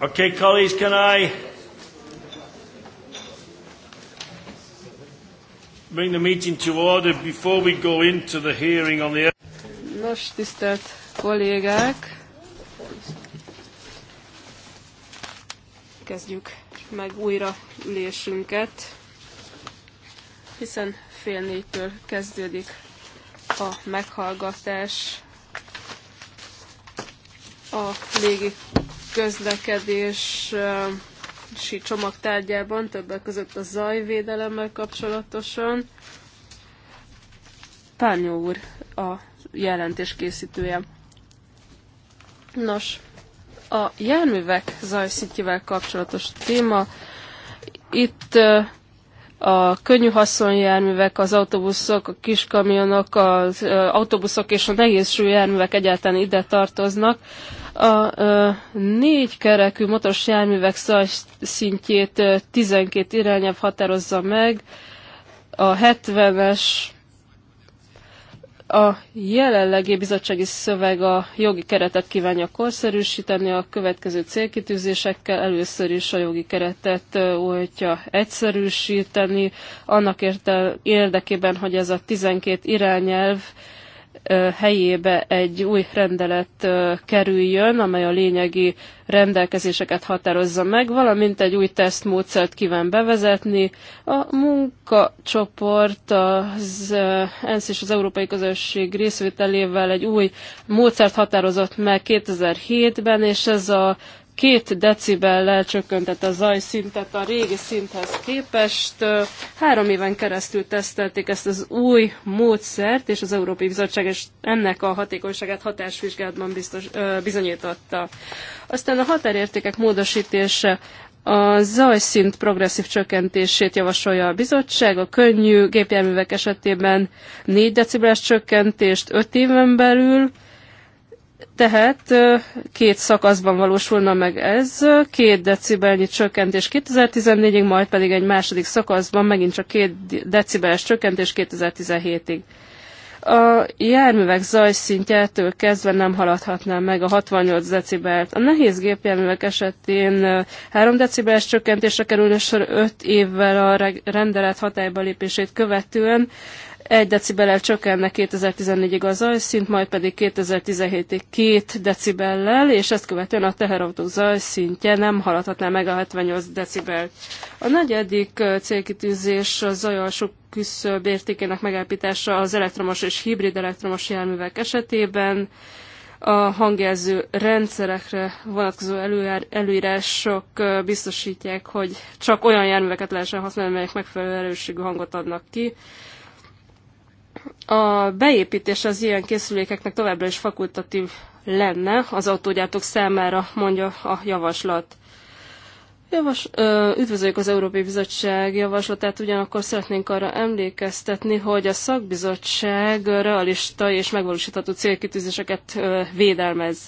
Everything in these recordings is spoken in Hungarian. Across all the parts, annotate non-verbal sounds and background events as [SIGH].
Okay, colleagues, can I bring the meeting to order before we go into the hearing on the... Nos, tisztelt kollégák, kezdjük meg újra ülésünket, hiszen fél négytől kezdődik a meghallgatás a légi közlekedési csomagtárgyában, többek között a zajvédelemmel kapcsolatosan. Pányó úr a jelentés készítője. Nos, a járművek zajszintjével kapcsolatos téma. Itt a könnyű haszonjárművek, az autóbuszok, a kiskamionok, az autóbuszok és a nehéz járművek egyáltalán ide tartoznak. A négy kerekű motoros járművek szintjét 12 irányelv határozza meg, a 70-es a jelenlegi bizottsági szöveg a jogi keretet kívánja korszerűsíteni a következő célkitűzésekkel. Először is a jogi keretet oltja egyszerűsíteni, annak érte, érdekében, hogy ez a 12 irányelv helyébe egy új rendelet kerüljön, amely a lényegi rendelkezéseket határozza meg, valamint egy új tesztmódszert kíván bevezetni. A munkacsoport az ENSZ és az Európai Közösség részvételével egy új módszert határozott meg 2007-ben, és ez a két decibellel csökkentett a zajszintet a régi szinthez képest. Három éven keresztül tesztelték ezt az új módszert, és az Európai Bizottság és ennek a hatékonyságát hatásvizsgálatban biztos, bizonyította. Aztán a határértékek módosítése a zajszint progresszív csökkentését javasolja a bizottság, a könnyű gépjárművek esetében 4 decibeles csökkentést 5 éven belül, tehát két szakaszban valósulna meg ez, két decibelnyi csökkentés 2014-ig, majd pedig egy második szakaszban megint csak két decibeles csökkentés 2017-ig. A járművek zajszintjától kezdve nem haladhatná meg a 68 decibelt. A nehéz gépjárművek esetén 3 decibeles csökkentésre kerülne sor 5 évvel a rendelet hatályba lépését követően, 1 decibellel csökkenne 2014-ig a zajszint, majd pedig 2017-ig 2 decibellel, és ezt követően a teherautó zajszintje nem haladhatná meg a 78 decibel. A negyedik célkitűzés a zajalsó küszöbb értékének megállapítása az elektromos és hibrid elektromos járművek esetében a hangjelző rendszerekre vonatkozó előjár, előírások biztosítják, hogy csak olyan járműveket lehessen használni, amelyek megfelelő erősségű hangot adnak ki a beépítés az ilyen készülékeknek továbbra is fakultatív lenne az autógyártók számára, mondja a javaslat. Javas, üdvözöljük az Európai Bizottság javaslatát, ugyanakkor szeretnénk arra emlékeztetni, hogy a szakbizottság realista és megvalósítható célkitűzéseket védelmez.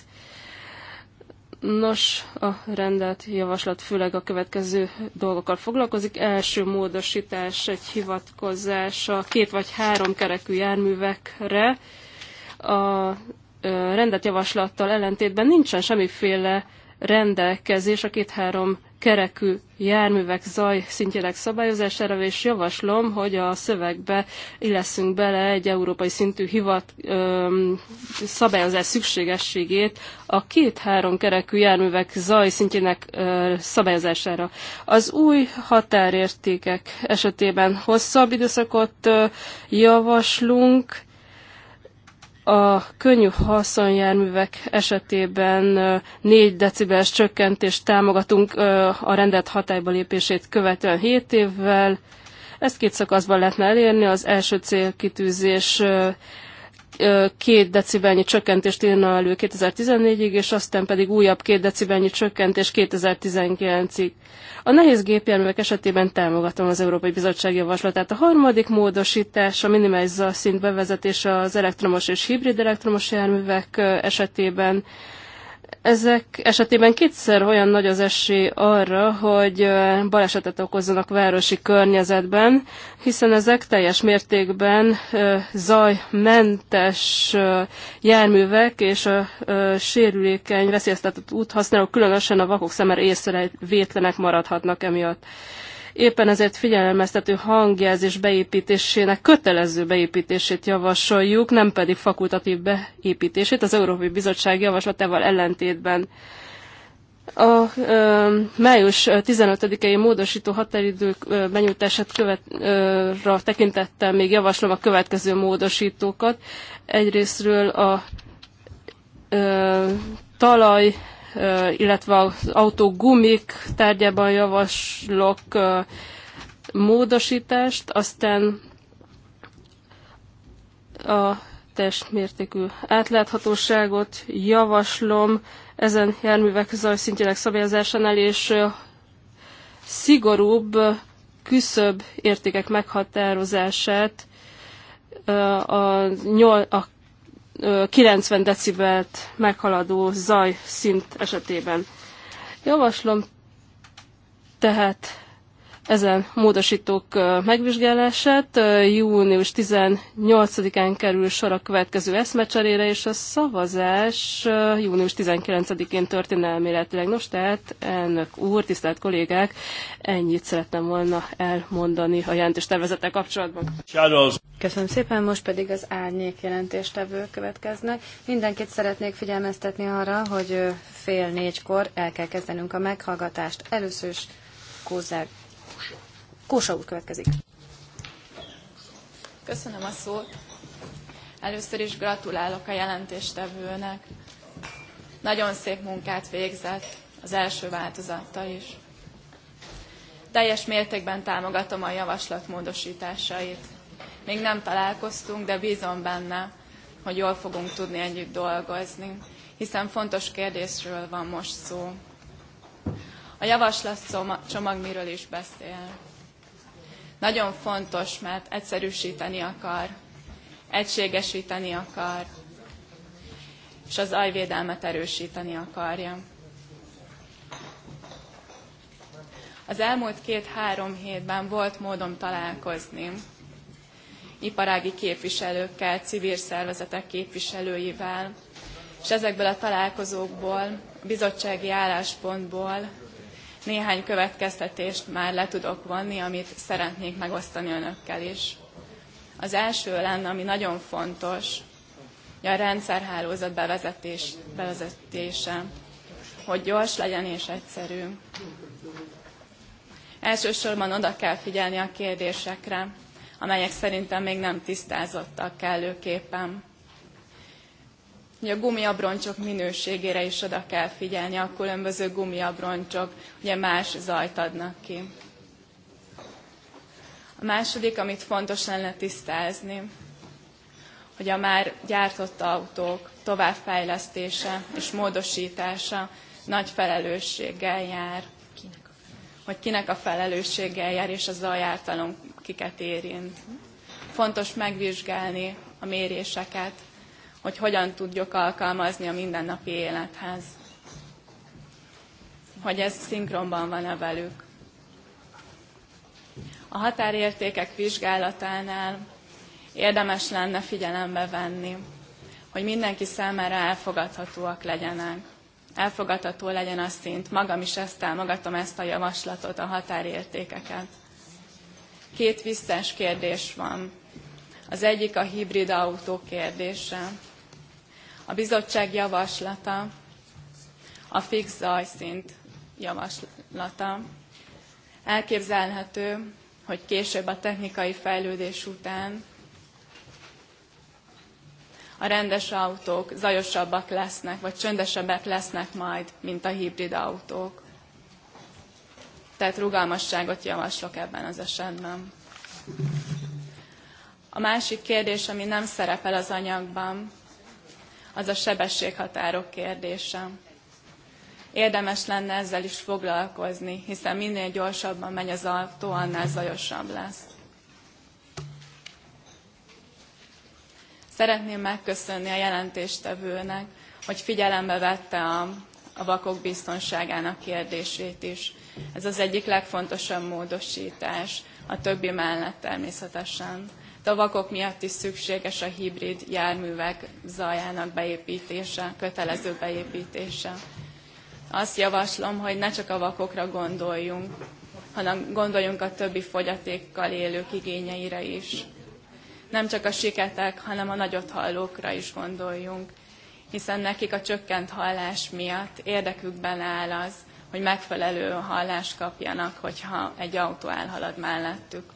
Nos, a rendelt javaslat főleg a következő dolgokkal foglalkozik. Első módosítás egy hivatkozás a két vagy három kerekű járművekre. A rendelt javaslattal ellentétben nincsen semmiféle rendelkezés a két-három kerekű járművek zaj szintjének szabályozására, és javaslom, hogy a szövegbe illeszünk bele egy európai szintű hivat ö, szabályozás szükségességét a két-három kerekű járművek zaj szintjének ö, szabályozására. Az új határértékek esetében hosszabb időszakot ö, javaslunk, a könnyű haszonjárművek esetében 4 decibeles csökkentést támogatunk a rendelt hatályba lépését követően 7 évvel. Ezt két szakaszban lehetne elérni. Az első célkitűzés két decibelnyi csökkentést írna elő 2014-ig, és aztán pedig újabb két decibelnyi csökkentés 2019-ig. A nehéz gépjárművek esetében támogatom az Európai Bizottság javaslatát. A harmadik módosítás, a minimális szint bevezetése az elektromos és hibrid elektromos járművek esetében, ezek esetében kétszer olyan nagy az esély arra, hogy balesetet okozzanak városi környezetben, hiszen ezek teljes mértékben zajmentes járművek és a sérülékeny, veszélyeztetett úthasználók, különösen a vakok szemére észrevétlenek maradhatnak emiatt. Éppen ezért figyelmeztető hangjelzés beépítésének kötelező beépítését javasoljuk, nem pedig fakultatív beépítését az Európai Bizottság javaslatával ellentétben. A ö, május 15-i módosító határidők ö, benyújtását követőre tekintettel még javaslom a következő módosítókat. Egyrésztről a ö, talaj illetve az autó gumik tárgyában javaslok módosítást, aztán a testmértékű átláthatóságot javaslom ezen járművek zajszintjének szabályozásánál, és szigorúbb küszöbb értékek meghatározását a, 90 decibelt meghaladó zaj szint esetében. Javaslom tehát ezen módosítók megvizsgálását. Június 18-án kerül sor a következő eszmecserére, és a szavazás június 19-én történne elméletileg. Nos, tehát elnök úr, tisztelt kollégák, ennyit szerettem volna elmondani a jelentéstervezettel kapcsolatban. Köszönöm szépen, most pedig az árnyék jelentéstevő következnek. Mindenkit szeretnék figyelmeztetni arra, hogy fél négykor el kell kezdenünk a meghallgatást. Először is Kózár Kósa úr következik. Köszönöm a szót. Először is gratulálok a jelentéstevőnek. Nagyon szép munkát végzett az első változattal is. Teljes mértékben támogatom a javaslat módosításait. Még nem találkoztunk, de bízom benne, hogy jól fogunk tudni együtt dolgozni, hiszen fontos kérdésről van most szó. A javaslat csomag miről is beszél? nagyon fontos, mert egyszerűsíteni akar, egységesíteni akar, és az ajvédelmet erősíteni akarja. Az elmúlt két-három hétben volt módom találkozni iparági képviselőkkel, civil szervezetek képviselőivel, és ezekből a találkozókból, a bizottsági álláspontból néhány következtetést már le tudok vonni, amit szeretnék megosztani önökkel is. Az első lenne, ami nagyon fontos, a rendszerhálózat bevezetés, bevezetése, hogy gyors legyen és egyszerű. Elsősorban oda kell figyelni a kérdésekre, amelyek szerintem még nem tisztázottak kellőképpen hogy a gumiabroncsok minőségére is oda kell figyelni, a különböző gumiabroncsok ugye más zajt adnak ki. A második, amit fontos lenne tisztázni, hogy a már gyártott autók továbbfejlesztése és módosítása nagy felelősséggel jár. Hogy kinek a felelősséggel jár, és a zajártalom kiket érint. Fontos megvizsgálni a méréseket, hogy hogyan tudjuk alkalmazni a mindennapi élethez. Hogy ez szinkronban van-e velük. A határértékek vizsgálatánál érdemes lenne figyelembe venni, hogy mindenki számára elfogadhatóak legyenek. Elfogadható legyen a szint. Magam is ezt támogatom, ezt a javaslatot, a határértékeket. Két visszás kérdés van. Az egyik a hibrid autó kérdése a bizottság javaslata, a fix zajszint javaslata. Elképzelhető, hogy később a technikai fejlődés után a rendes autók zajosabbak lesznek, vagy csöndesebbek lesznek majd, mint a hibrid autók. Tehát rugalmasságot javaslok ebben az esetben. A másik kérdés, ami nem szerepel az anyagban, az a sebességhatárok kérdése. Érdemes lenne ezzel is foglalkozni, hiszen minél gyorsabban megy az autó, annál zajosabb lesz. Szeretném megköszönni a jelentéstevőnek, hogy figyelembe vette a, a vakok biztonságának kérdését is. Ez az egyik legfontosabb módosítás, a többi mellett természetesen tavakok miatt is szükséges a hibrid járművek zajának beépítése, kötelező beépítése. Azt javaslom, hogy ne csak a vakokra gondoljunk, hanem gondoljunk a többi fogyatékkal élők igényeire is. Nem csak a siketek, hanem a nagyot hallókra is gondoljunk, hiszen nekik a csökkent hallás miatt érdekükben áll az, hogy megfelelő hallást kapjanak, hogyha egy autó elhalad mellettük.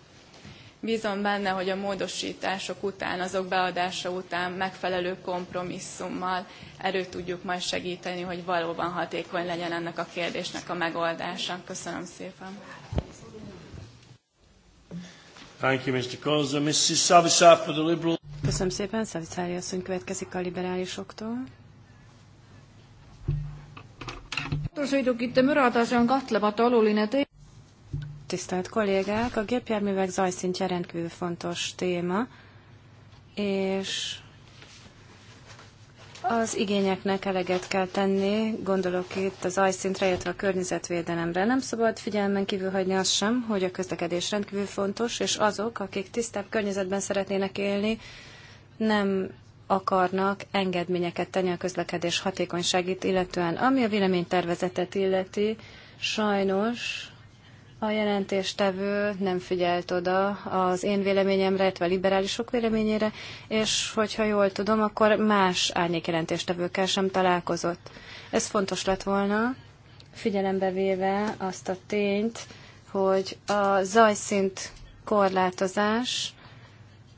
Bízom benne, hogy a módosítások után, azok beadása után megfelelő kompromisszummal erőt tudjuk majd segíteni, hogy valóban hatékony legyen ennek a kérdésnek a megoldása. Köszönöm szépen. Thank you, Mr. Koza. Mrs. Savisar for the Liberal. Köszönöm szépen, Szaviszári asszony következik a liberálisoktól. Autósõidukite müratase on kahtlemata oluline tee- Tisztelt kollégák, a gépjárművek zajszintje rendkívül fontos téma, és az igényeknek eleget kell tenni, gondolok itt az zajszintre, illetve a környezetvédelemre. Nem szabad figyelmen kívül hagyni azt sem, hogy a közlekedés rendkívül fontos, és azok, akik tisztább környezetben szeretnének élni, nem akarnak engedményeket tenni a közlekedés hatékonyságit, illetően. Ami a véleménytervezetet illeti, sajnos a jelentéstevő nem figyelt oda az én véleményemre, illetve a liberálisok véleményére, és hogyha jól tudom, akkor más jelentéstevőkkel sem találkozott. Ez fontos lett volna, figyelembe véve azt a tényt, hogy a zajszint korlátozás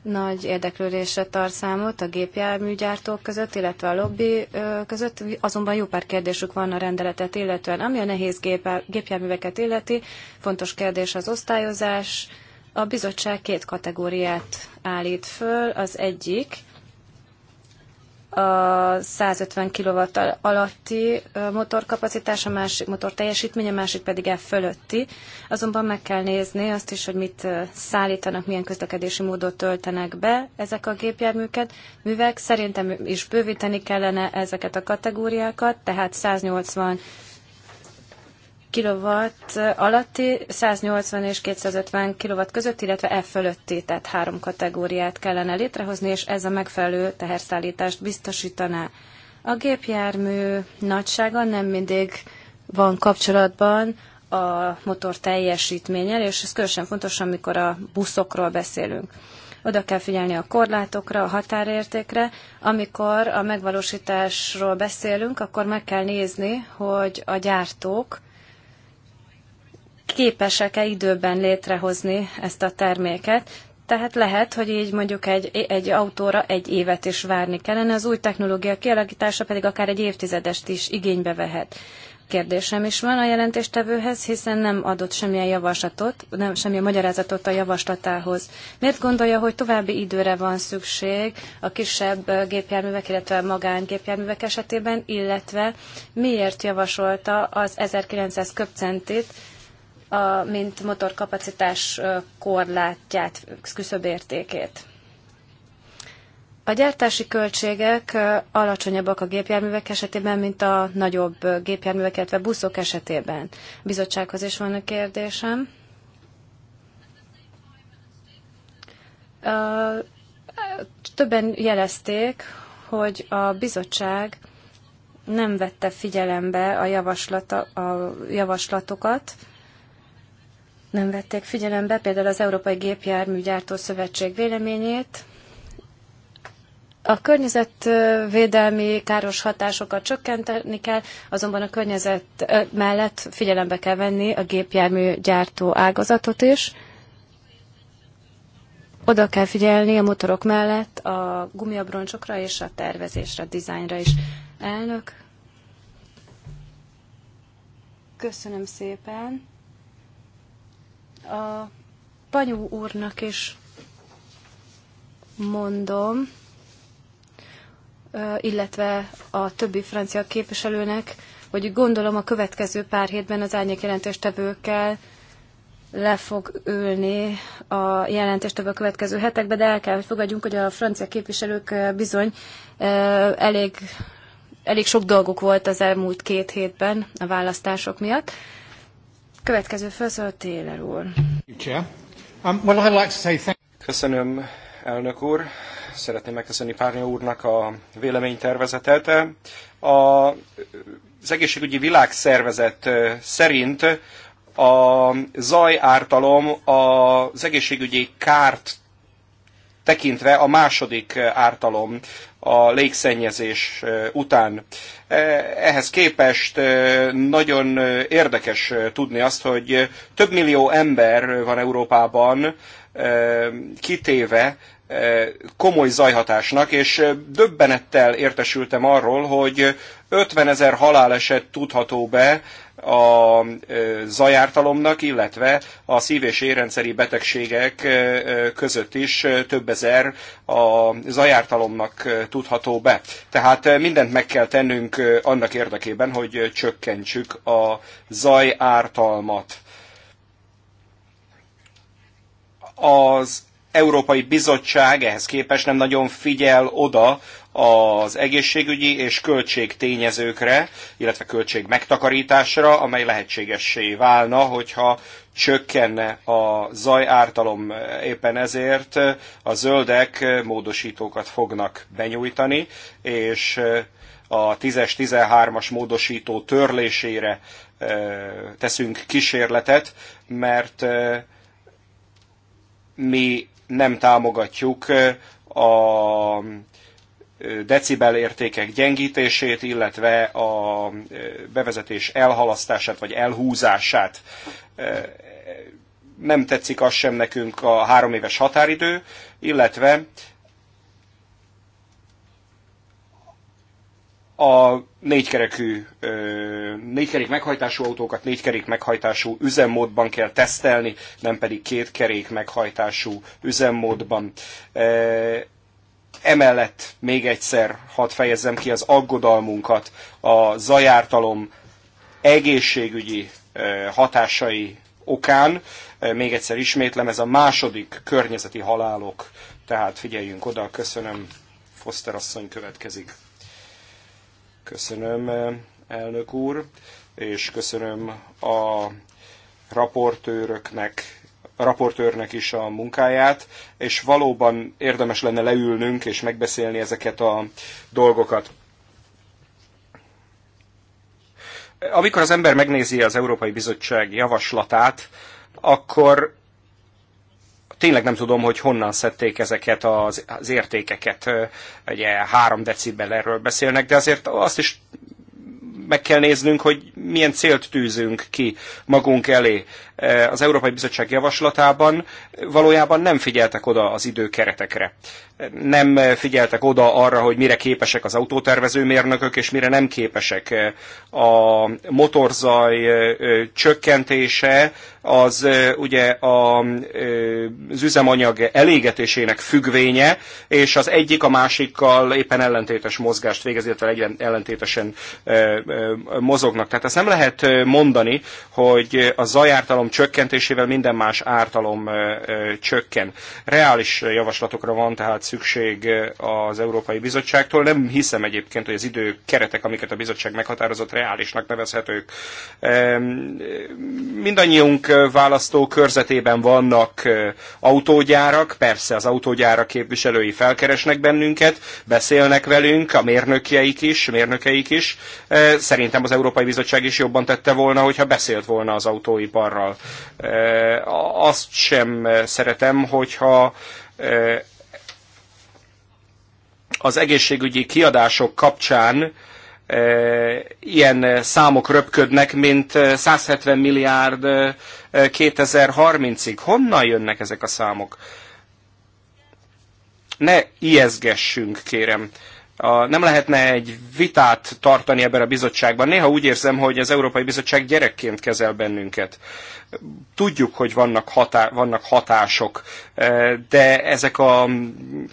nagy érdeklődésre tar számot a gépjárműgyártók között, illetve a lobby között, azonban jó pár kérdésük van a rendeletet illetően. Ami a nehéz gépjárműveket illeti, fontos kérdés az osztályozás. A bizottság két kategóriát állít föl. Az egyik a 150 kW alatti motorkapacitás, a másik motor teljesítmény, a másik pedig e fölötti. Azonban meg kell nézni azt is, hogy mit szállítanak, milyen közlekedési módot töltenek be ezek a gépjárműket. Művek szerintem is bővíteni kellene ezeket a kategóriákat, tehát 180 kW alatti, 180 és 250 kW között, illetve e fölötti, tehát három kategóriát kellene létrehozni, és ez a megfelelő teherszállítást biztosítaná. A gépjármű nagysága nem mindig van kapcsolatban a motor teljesítménnyel, és ez különösen fontos, amikor a buszokról beszélünk. Oda kell figyelni a korlátokra, a határértékre. Amikor a megvalósításról beszélünk, akkor meg kell nézni, hogy a gyártók képesek-e időben létrehozni ezt a terméket. Tehát lehet, hogy így mondjuk egy, egy autóra egy évet is várni kellene, az új technológia kialakítása pedig akár egy évtizedest is igénybe vehet. Kérdésem is van a jelentéstevőhez, hiszen nem adott semmilyen javaslatot, nem semmilyen magyarázatot a javaslatához. Miért gondolja, hogy további időre van szükség a kisebb gépjárművek, illetve magángépjárművek esetében, illetve miért javasolta az 1900 köpcentit, a, mint motorkapacitás korlátját, küszöbértékét. A gyártási költségek alacsonyabbak a gépjárművek esetében, mint a nagyobb gépjárművek, illetve buszok esetében. A bizottsághoz is van a kérdésem. Többen jelezték, hogy a bizottság nem vette figyelembe a, javaslata, a javaslatokat, nem vették figyelembe, például az Európai Gépjárműgyártó Szövetség véleményét. A környezetvédelmi káros hatásokat csökkenteni kell, azonban a környezet mellett figyelembe kell venni a gépjárműgyártó ágazatot is. Oda kell figyelni a motorok mellett a gumiabroncsokra és a tervezésre, a dizájnra is. Elnök, köszönöm szépen. A Panyú úrnak is mondom, illetve a többi francia képviselőnek, hogy gondolom a következő pár hétben az árnyék jelentéstevőkkel le fog ülni a jelentéstevő a következő hetekben, de el kell, hogy fogadjunk, hogy a francia képviselők bizony elég, elég sok dolguk volt az elmúlt két hétben a választások miatt. Következő felszól Taylor úr. Um, Köszönöm, elnök úr. Szeretném megköszönni Párnya úrnak a véleménytervezetet. A, az egészségügyi világszervezet szerint a zajártalom az egészségügyi kárt tekintve a második eh, ártalom a légszennyezés eh, után. Eh, ehhez képest nagyon érdekes tudni azt, hogy több millió ember van Európában kitéve komoly zajhatásnak, és döbbenettel értesültem arról, hogy 50 ezer haláleset tudható be a zajártalomnak, illetve a szív- és érrendszeri betegségek között is több ezer a zajártalomnak tudható be. Tehát mindent meg kell tennünk annak érdekében, hogy csökkentsük a zajártalmat. Az Európai Bizottság ehhez képest nem nagyon figyel oda az egészségügyi és költség tényezőkre, illetve költség megtakarításra, amely lehetségessé válna, hogyha csökkenne a zajártalom éppen ezért a zöldek módosítókat fognak benyújtani, és a 10-es, 13-as módosító törlésére e, teszünk kísérletet, mert e, mi nem támogatjuk e, a decibel értékek gyengítését, illetve a e, bevezetés elhalasztását vagy elhúzását. E, nem tetszik az sem nekünk a három éves határidő, illetve a négykerekű, e, négykerék meghajtású autókat négykerék meghajtású üzemmódban kell tesztelni, nem pedig kétkerék meghajtású üzemmódban. Emellett még egyszer hadd fejezzem ki az aggodalmunkat a zajártalom egészségügyi hatásai okán. Még egyszer ismétlem, ez a második környezeti halálok, tehát figyeljünk oda, köszönöm. Foster asszony következik. Köszönöm, elnök úr, és köszönöm a raportőröknek a raportőrnek is a munkáját, és valóban érdemes lenne leülnünk és megbeszélni ezeket a dolgokat. Amikor az ember megnézi az Európai Bizottság javaslatát, akkor tényleg nem tudom, hogy honnan szedték ezeket az, az értékeket. Ugye három decibel erről beszélnek, de azért azt is meg kell néznünk, hogy milyen célt tűzünk ki magunk elé. Eh, az Európai Bizottság javaslatában valójában nem figyeltek oda az időkeretekre. Nem figyeltek oda arra, hogy mire képesek az autótervező mérnökök és mire nem képesek. Eh, a motorzaj eh, csökkentése az ugye a, az üzemanyag elégetésének függvénye, és az egyik a másikkal éppen ellentétes mozgást végez, illetve ellentétesen mozognak. Tehát ezt nem lehet mondani, hogy a zajártalom ártalom csökkentésével minden más ártalom csökken. Reális javaslatokra van tehát szükség az Európai Bizottságtól. Nem hiszem egyébként, hogy az idő keretek, amiket a bizottság meghatározott, reálisnak nevezhetők. Mindannyiunk választó körzetében vannak autógyárak, persze az autógyárak képviselői felkeresnek bennünket, beszélnek velünk, a mérnökjeik is, mérnökeik is. Szerintem az Európai Bizottság is jobban tette volna, hogyha beszélt volna az autóiparral. Eh, azt sem szeretem, hogyha eh, az egészségügyi kiadások kapcsán eh, ilyen számok röpködnek, mint 170 milliárd 2030-ig. Honnan jönnek ezek a számok? Ne ijeszgessünk, kérem a, nem lehetne egy vitát tartani ebben a bizottságban. Néha úgy érzem, hogy az Európai Bizottság gyerekként kezel bennünket. Tudjuk, hogy vannak, hatá, vannak hatások, e, de ezek a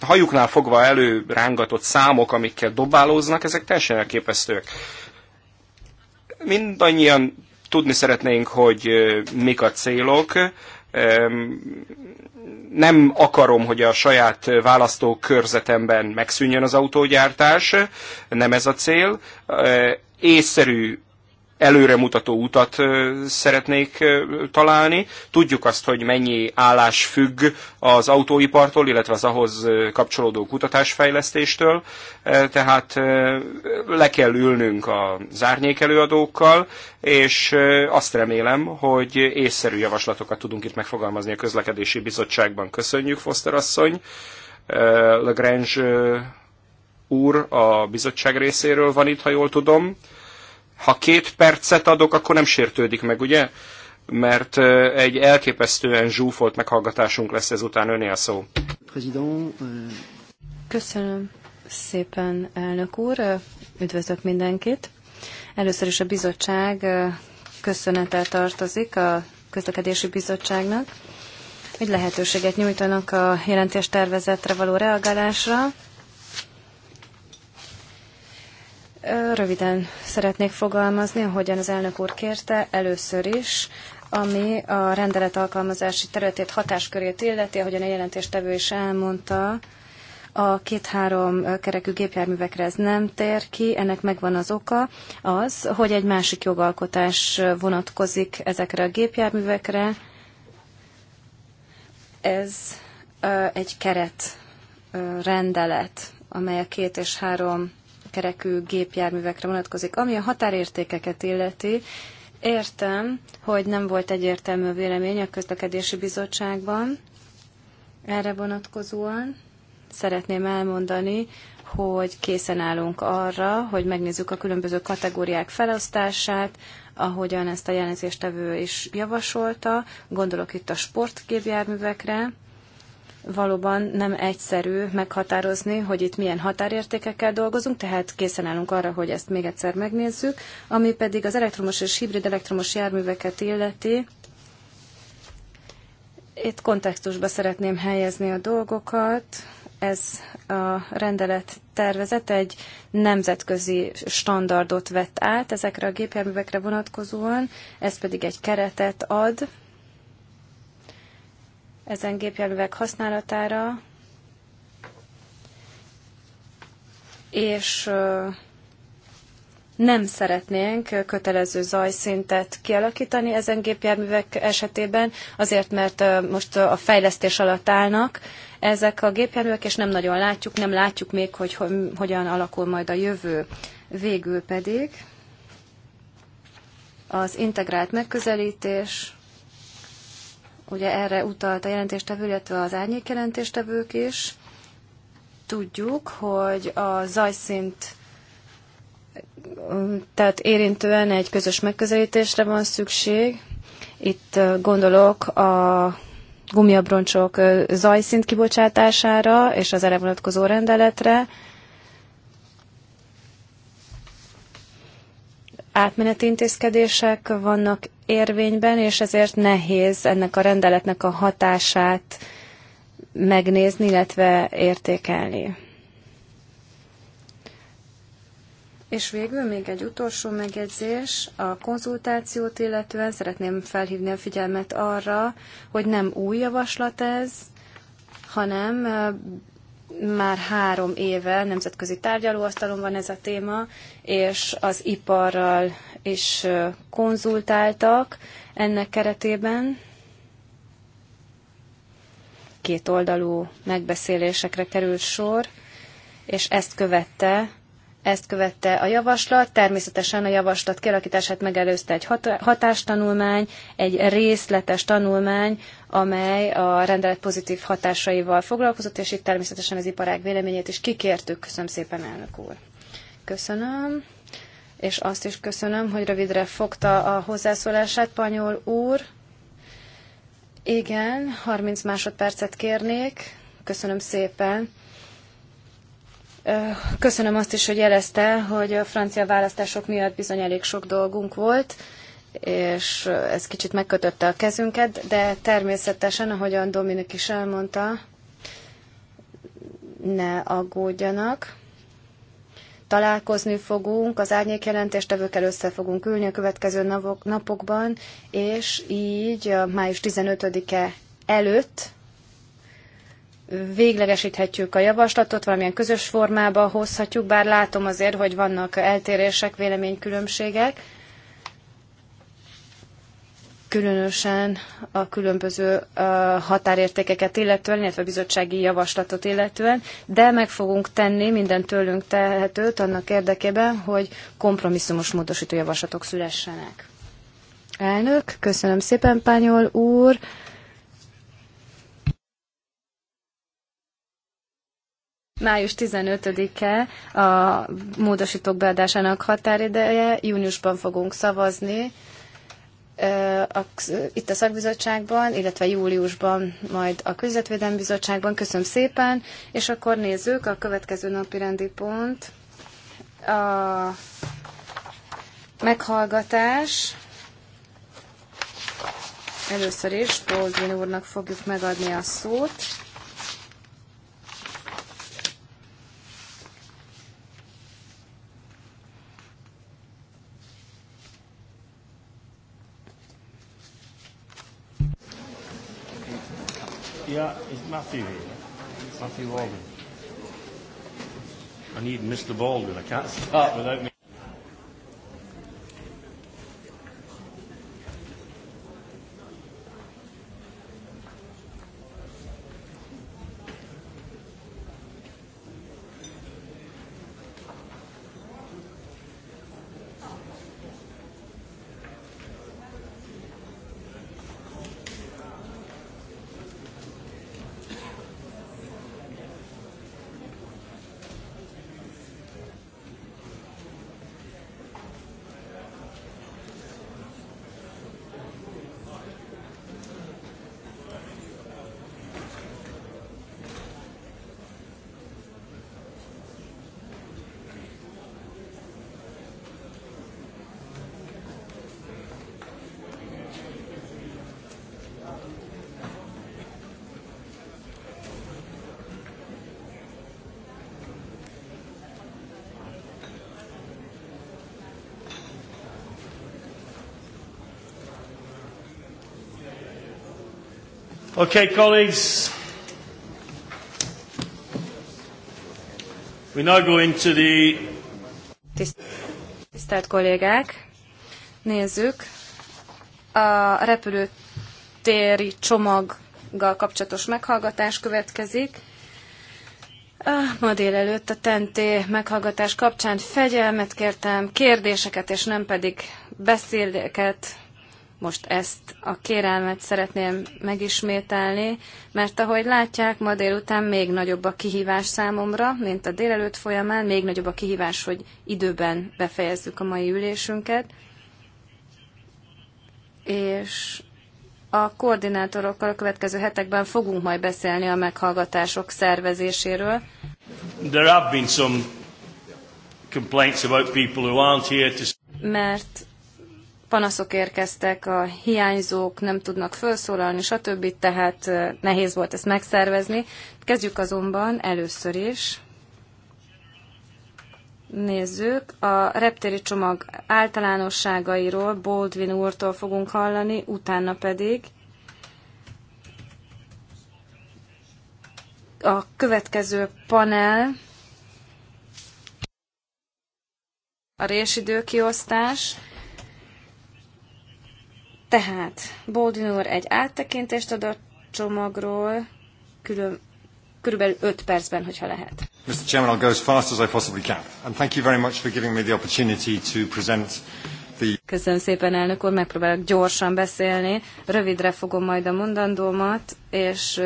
hajuknál fogva előrángatott számok, amikkel dobálóznak, ezek teljesen elképesztőek. Mindannyian tudni szeretnénk, hogy e, mik a célok, nem akarom, hogy a saját választókörzetemben megszűnjön az autógyártás, nem ez a cél. Észszerű előremutató utat szeretnék találni. Tudjuk azt, hogy mennyi állás függ az autóipartól, illetve az ahhoz kapcsolódó kutatásfejlesztéstől, tehát le kell ülnünk az előadókkal, és azt remélem, hogy észszerű javaslatokat tudunk itt megfogalmazni a közlekedési bizottságban. Köszönjük, Foster asszony! Lagrange úr a bizottság részéről van itt, ha jól tudom. Ha két percet adok, akkor nem sértődik meg, ugye? Mert egy elképesztően zsúfolt meghallgatásunk lesz ezután öné a szó. Köszönöm szépen, elnök úr. Üdvözlök mindenkit. Először is a bizottság köszönetel tartozik a közlekedési bizottságnak, hogy lehetőséget nyújtanak a jelentés való reagálásra, Röviden szeretnék fogalmazni, ahogyan az elnök úr kérte, először is, ami a rendelet alkalmazási területét, hatáskörét illeti, ahogyan a jelentéstevő is elmondta, a két-három kerekű gépjárművekre ez nem tér ki, ennek megvan az oka az, hogy egy másik jogalkotás vonatkozik ezekre a gépjárművekre. Ez egy keret rendelet, amely a két és három kerekű gépjárművekre vonatkozik. Ami a határértékeket illeti, értem, hogy nem volt egyértelmű vélemény a közlekedési bizottságban erre vonatkozóan. Szeretném elmondani, hogy készen állunk arra, hogy megnézzük a különböző kategóriák felosztását, ahogyan ezt a jelentéstevő is javasolta. Gondolok itt a sportgépjárművekre, valóban nem egyszerű meghatározni, hogy itt milyen határértékekkel dolgozunk, tehát készen állunk arra, hogy ezt még egyszer megnézzük. Ami pedig az elektromos és hibrid elektromos járműveket illeti, itt kontextusba szeretném helyezni a dolgokat. Ez a rendelet tervezet egy nemzetközi standardot vett át ezekre a gépjárművekre vonatkozóan, ez pedig egy keretet ad ezen gépjárművek használatára, és nem szeretnénk kötelező zajszintet kialakítani ezen gépjárművek esetében, azért mert most a fejlesztés alatt állnak ezek a gépjárművek, és nem nagyon látjuk, nem látjuk még, hogy hogyan alakul majd a jövő. Végül pedig az integrált megközelítés Ugye erre utalt a jelentéstevő, illetve az árnyék jelentéstevők is. Tudjuk, hogy a zajszint tehát érintően egy közös megközelítésre van szükség. Itt gondolok a gumiabroncsok zajszint kibocsátására és az erre vonatkozó rendeletre. átmeneti intézkedések vannak érvényben, és ezért nehéz ennek a rendeletnek a hatását megnézni, illetve értékelni. És végül még egy utolsó megjegyzés a konzultációt illetően. Szeretném felhívni a figyelmet arra, hogy nem új javaslat ez, hanem már három éve nemzetközi tárgyalóasztalon van ez a téma, és az iparral is konzultáltak ennek keretében. Két oldalú megbeszélésekre került sor, és ezt követte ezt követte a javaslat, természetesen a javaslat kialakítását megelőzte egy hatástanulmány, egy részletes tanulmány, amely a rendelet pozitív hatásaival foglalkozott, és itt természetesen az iparág véleményét is kikértük. Köszönöm szépen, elnök úr. Köszönöm. És azt is köszönöm, hogy rövidre fogta a hozzászólását, Panyol úr. Igen, 30 másodpercet kérnék. Köszönöm szépen. Köszönöm azt is, hogy jelezte, hogy a francia választások miatt bizony elég sok dolgunk volt és ez kicsit megkötötte a kezünket, de természetesen, ahogyan Dominik is elmondta, ne aggódjanak. Találkozni fogunk, az árnyékjelentéstevőkkel össze fogunk ülni a következő napokban, és így a május 15-e előtt véglegesíthetjük a javaslatot, valamilyen közös formába hozhatjuk, bár látom azért, hogy vannak eltérések, véleménykülönbségek, különösen a különböző határértékeket illetően, illetve a bizottsági javaslatot illetően, de meg fogunk tenni minden tőlünk tehetőt annak érdekében, hogy kompromisszumos módosító javaslatok szülessenek. Elnök, köszönöm szépen, Pányol úr. Május 15-e a módosítók beadásának határideje, júniusban fogunk szavazni, itt a szakbizottságban, illetve júliusban majd a Közvetvédelmi Bizottságban. Köszönöm szépen, és akkor nézzük a következő napi rendi pont. A meghallgatás. Először is Pózvin úrnak fogjuk megadni a szót. Yeah, is Matthew here? Matthew Walden. I need Mr. Baldwin. I can't ah. start without me. Okay, colleagues. We now go into the... Tisztelt kollégák, nézzük a repülőtéri csomaggal kapcsolatos meghallgatás következik. Ma délelőtt a tenté meghallgatás kapcsán fegyelmet kértem, kérdéseket és nem pedig beszéleket most ezt a kérelmet szeretném megismételni, mert ahogy látják, ma délután még nagyobb a kihívás számomra, mint a délelőtt folyamán, még nagyobb a kihívás, hogy időben befejezzük a mai ülésünket. És a koordinátorokkal a következő hetekben fogunk majd beszélni a meghallgatások szervezéséről. There have been some complaints about people who aren't here to... Mert panaszok érkeztek, a hiányzók nem tudnak felszólalni, stb. Tehát nehéz volt ezt megszervezni. Kezdjük azonban először is. Nézzük, a reptéri csomag általánosságairól Baldwin úrtól fogunk hallani, utána pedig a következő panel a résidőkiosztás, tehát Boldin úr egy áttekintést ad a csomagról, külön, körülbelül 5 percben, hogyha lehet. Mr. Chairman, I'll go as fast as I possibly can. And thank you very much for giving me the opportunity to present the... Köszönöm szépen, elnök úr, megpróbálok gyorsan beszélni. Rövidre fogom majd a mondandómat, és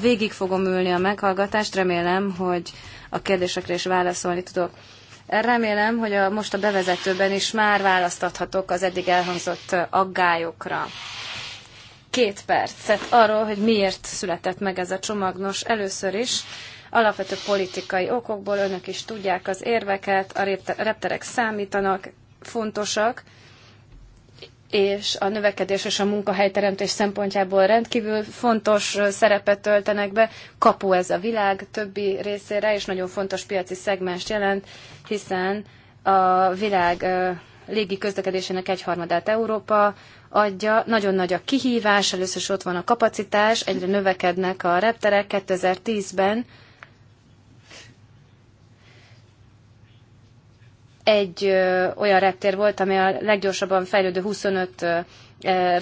végig fogom ülni a meghallgatást. Remélem, hogy a kérdésekre is válaszolni tudok. Remélem, hogy a, most a bevezetőben is már választathatok az eddig elhangzott aggályokra. Két percet hát arról, hogy miért született meg ez a csomag. Nos, először is alapvető politikai okokból önök is tudják az érveket, a repterek számítanak, fontosak, és a növekedés és a munkahelyteremtés szempontjából rendkívül fontos szerepet töltenek be. Kapu ez a világ többi részére, és nagyon fontos piaci szegmens jelent, hiszen a világ légi közlekedésének egyharmadát Európa adja. Nagyon nagy a kihívás, először is ott van a kapacitás, egyre növekednek a repterek 2010-ben egy ö, olyan reptér volt, ami a leggyorsabban fejlődő 25 ö,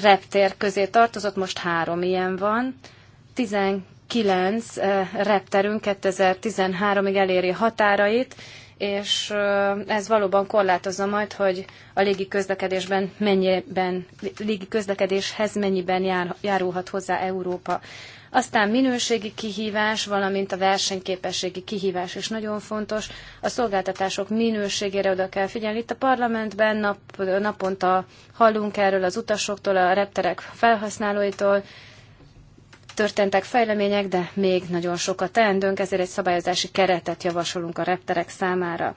reptér közé tartozott, most három ilyen van. 19 ö, repterünk 2013-ig eléri határait, és ez valóban korlátozza majd, hogy a légi közlekedésben mennyiben, légi közlekedéshez mennyiben jár, járulhat hozzá Európa. Aztán minőségi kihívás, valamint a versenyképességi kihívás is nagyon fontos. A szolgáltatások minőségére oda kell figyelni. Itt a parlamentben nap, naponta hallunk erről az utasoktól, a repterek felhasználóitól, történtek fejlemények, de még nagyon sokat teendőnk, ezért egy szabályozási keretet javasolunk a repterek számára.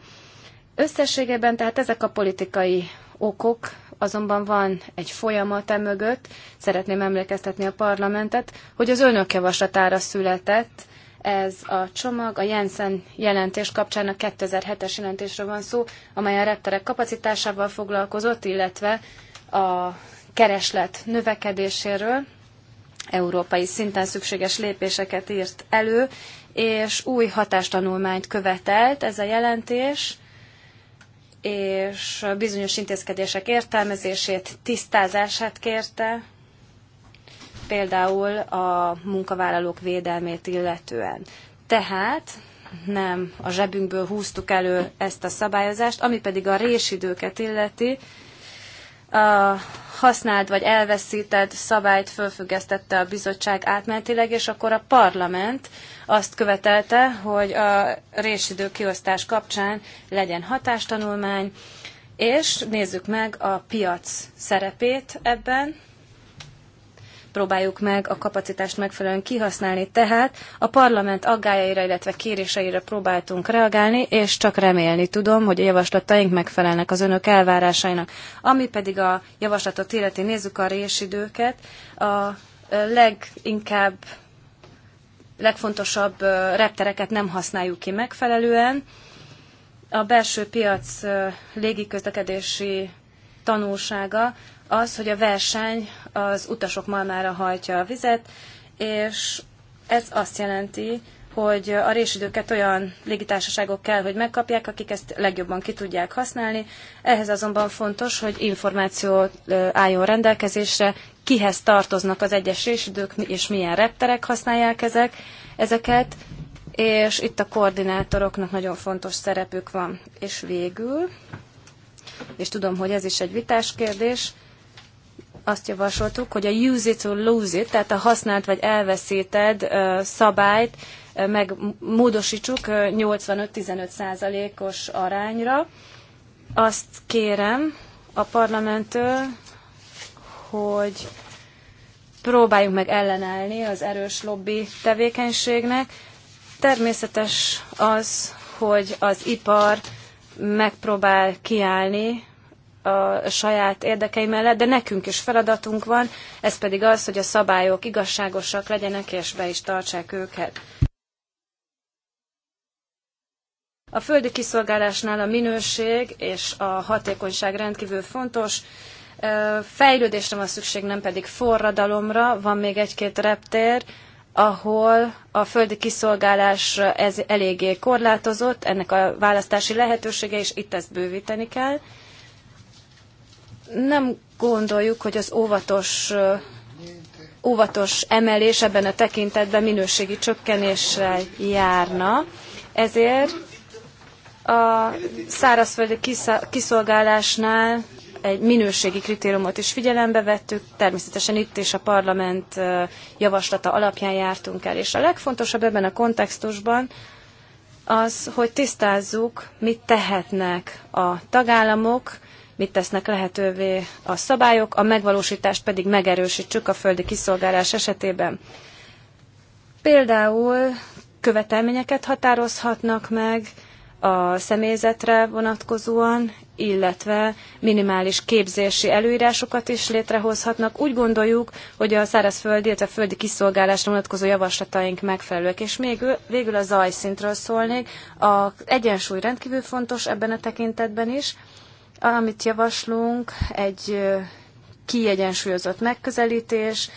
Összességében tehát ezek a politikai okok azonban van egy folyamat e mögött, szeretném emlékeztetni a parlamentet, hogy az önök javaslatára született ez a csomag, a Jensen jelentés kapcsán a 2007-es jelentésről van szó, amely a repterek kapacitásával foglalkozott, illetve a kereslet növekedéséről európai szinten szükséges lépéseket írt elő, és új hatástanulmányt követelt ez a jelentés, és bizonyos intézkedések értelmezését, tisztázását kérte, például a munkavállalók védelmét illetően. Tehát nem a zsebünkből húztuk elő ezt a szabályozást, ami pedig a résidőket illeti, a használt vagy elveszített szabályt fölfüggesztette a bizottság átmenetileg, és akkor a parlament azt követelte, hogy a résidő kiosztás kapcsán legyen hatástanulmány, és nézzük meg a piac szerepét ebben, próbáljuk meg a kapacitást megfelelően kihasználni. Tehát a parlament aggájaira, illetve kéréseire próbáltunk reagálni, és csak remélni tudom, hogy a javaslataink megfelelnek az önök elvárásainak. Ami pedig a javaslatot illeti, nézzük a résidőket. A leginkább legfontosabb reptereket nem használjuk ki megfelelően. A belső piac légiközlekedési tanulsága az, hogy a verseny az utasok malmára hajtja a vizet, és ez azt jelenti, hogy a résidőket olyan légitársaságok kell, hogy megkapják, akik ezt legjobban ki tudják használni. Ehhez azonban fontos, hogy információ álljon rendelkezésre, kihez tartoznak az egyes résidők, és milyen repterek használják ezek, ezeket, és itt a koordinátoroknak nagyon fontos szerepük van. És végül, és tudom, hogy ez is egy vitás kérdés, azt javasoltuk, hogy a use it or lose it, tehát a használt vagy elveszíted szabályt megmódosítsuk 85-15 százalékos arányra. Azt kérem a parlamenttől, hogy próbáljunk meg ellenállni az erős lobby tevékenységnek. Természetes az, hogy az ipar megpróbál kiállni a saját érdekei mellett, de nekünk is feladatunk van, ez pedig az, hogy a szabályok igazságosak legyenek, és be is tartsák őket. A földi kiszolgálásnál a minőség és a hatékonyság rendkívül fontos. Fejlődésre van szükség, nem pedig forradalomra. Van még egy-két reptér, ahol a földi kiszolgálás ez eléggé korlátozott, ennek a választási lehetősége, és itt ezt bővíteni kell nem gondoljuk, hogy az óvatos, óvatos emelés ebben a tekintetben minőségi csökkenéssel járna. Ezért a szárazföldi kiszolgálásnál egy minőségi kritériumot is figyelembe vettük, természetesen itt is a parlament javaslata alapján jártunk el, és a legfontosabb ebben a kontextusban az, hogy tisztázzuk, mit tehetnek a tagállamok, mit tesznek lehetővé a szabályok, a megvalósítást pedig megerősítsük a földi kiszolgálás esetében. Például követelményeket határozhatnak meg a személyzetre vonatkozóan, illetve minimális képzési előírásokat is létrehozhatnak. Úgy gondoljuk, hogy a szárazföldi, illetve földi kiszolgálásra vonatkozó javaslataink megfelelőek. És még, végül a zajszintről szólnék. Az egyensúly rendkívül fontos ebben a tekintetben is. Amit javaslunk, egy kiegyensúlyozott megközelítés,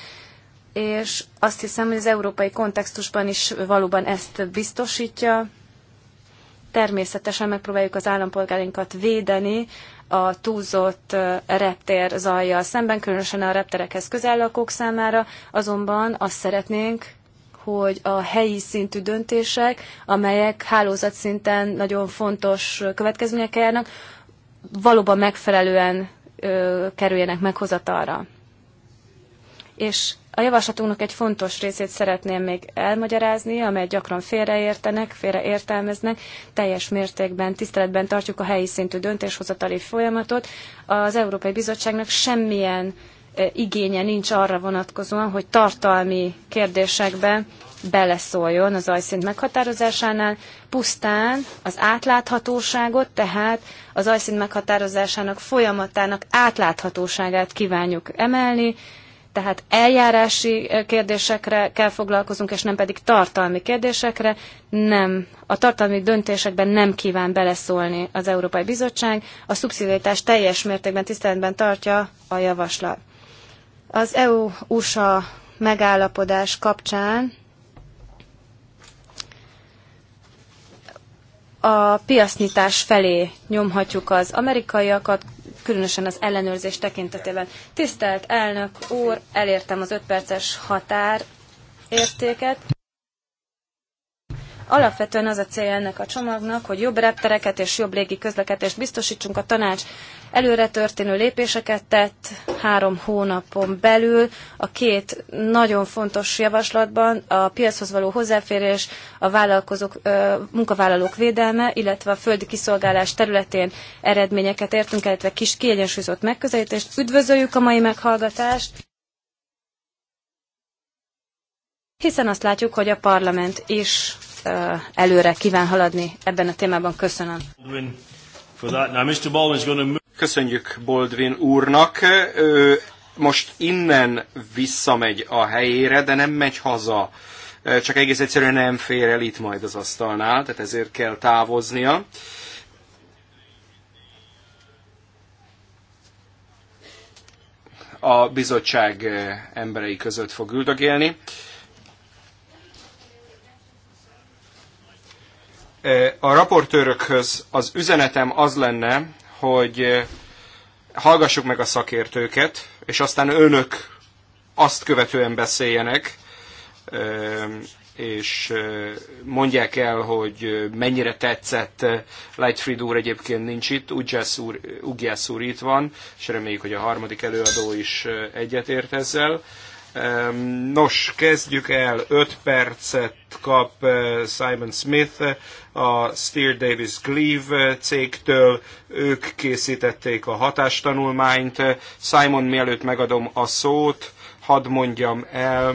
és azt hiszem, hogy az európai kontextusban is valóban ezt biztosítja. Természetesen megpróbáljuk az állampolgárinkat védeni a túlzott reptér zajjal szemben, különösen a repterekhez közel lakók számára, azonban azt szeretnénk, hogy a helyi szintű döntések, amelyek hálózat szinten nagyon fontos következményekkel járnak, valóban megfelelően ö, kerüljenek meghozatalra. És a javaslatunknak egy fontos részét szeretném még elmagyarázni, amely gyakran félreértenek, félreértelmeznek. Teljes mértékben tiszteletben tartjuk a helyi szintű döntéshozatali folyamatot. Az Európai Bizottságnak semmilyen igénye nincs arra vonatkozóan, hogy tartalmi kérdésekbe beleszóljon az ajszint meghatározásánál, pusztán az átláthatóságot, tehát az ajszint meghatározásának folyamatának átláthatóságát kívánjuk emelni, tehát eljárási eh, kérdésekre kell foglalkozunk, és nem pedig tartalmi kérdésekre. Nem. A tartalmi döntésekben nem kíván beleszólni az Európai Bizottság. A szubszidiaritás teljes mértékben tiszteletben tartja a javaslat. Az EU-USA megállapodás kapcsán a piacnyitás felé nyomhatjuk az amerikaiakat, különösen az ellenőrzés tekintetében. Tisztelt elnök úr, elértem az 5 perces határértéket. Alapvetően az a célja ennek a csomagnak, hogy jobb reptereket és jobb légi közlekedést biztosítsunk. A tanács Előre történő lépéseket tett három hónapon belül a két nagyon fontos javaslatban a piachoz való hozzáférés, a vállalkozók, munkavállalók védelme, illetve a földi kiszolgálás területén eredményeket értünk, illetve kis kiegyensúlyozott megközelítést. Üdvözöljük a mai meghallgatást! hiszen azt látjuk, hogy a parlament is előre kíván haladni ebben a témában. Köszönöm. Köszönjük Boldvin úrnak. Ő most innen visszamegy a helyére, de nem megy haza. Csak egész egyszerűen nem fér el itt majd az asztalnál, tehát ezért kell távoznia. A bizottság emberei között fog üldögélni. A raportőrökhöz az üzenetem az lenne, hogy eh, hallgassuk meg a szakértőket, és aztán önök azt követően beszéljenek, eh, és eh, mondják el, hogy mennyire tetszett Lightfried úr egyébként nincs itt, Ugyász úr, Ugyász úr itt van, és reméljük, hogy a harmadik előadó is egyetért ezzel. Nos, kezdjük el. 5 percet kap eh, Simon Smith eh, a Steer Davis Cleave eh, cégtől. Ők készítették a hatástanulmányt. Simon, mielőtt megadom a szót, hadd mondjam el,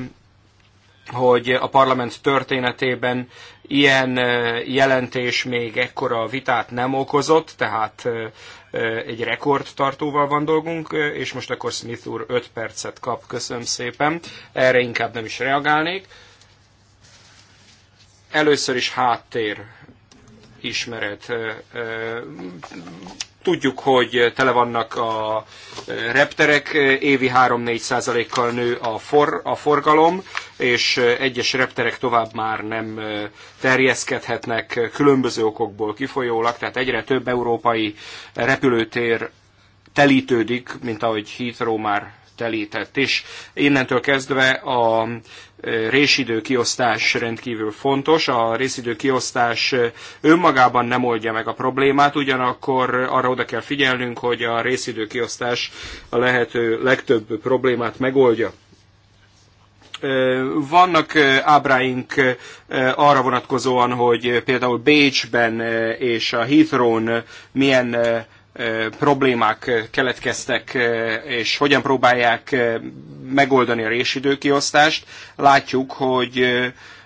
hogy a parlament történetében ilyen jelentés még ekkora vitát nem okozott, tehát egy rekordtartóval van dolgunk, és most akkor Smith úr 5 percet kap, köszönöm szépen. Erre inkább nem is reagálnék. Először is háttér ismeret. Tudjuk, hogy tele vannak a repterek, évi 3-4 százalékkal nő a, for, a forgalom, és egyes repterek tovább már nem terjeszkedhetnek különböző okokból kifolyólag, tehát egyre több európai repülőtér telítődik, mint ahogy Heathrow már telített és Innentől kezdve a résidő kiosztás rendkívül fontos. A részidő kiosztás önmagában nem oldja meg a problémát, ugyanakkor arra oda kell figyelnünk, hogy a részidő kiosztás a lehető legtöbb problémát megoldja. Vannak ábráink arra vonatkozóan, hogy például Bécsben és a Heathrow-n milyen problémák keletkeztek, és hogyan próbálják megoldani a résidőkiosztást. Látjuk, hogy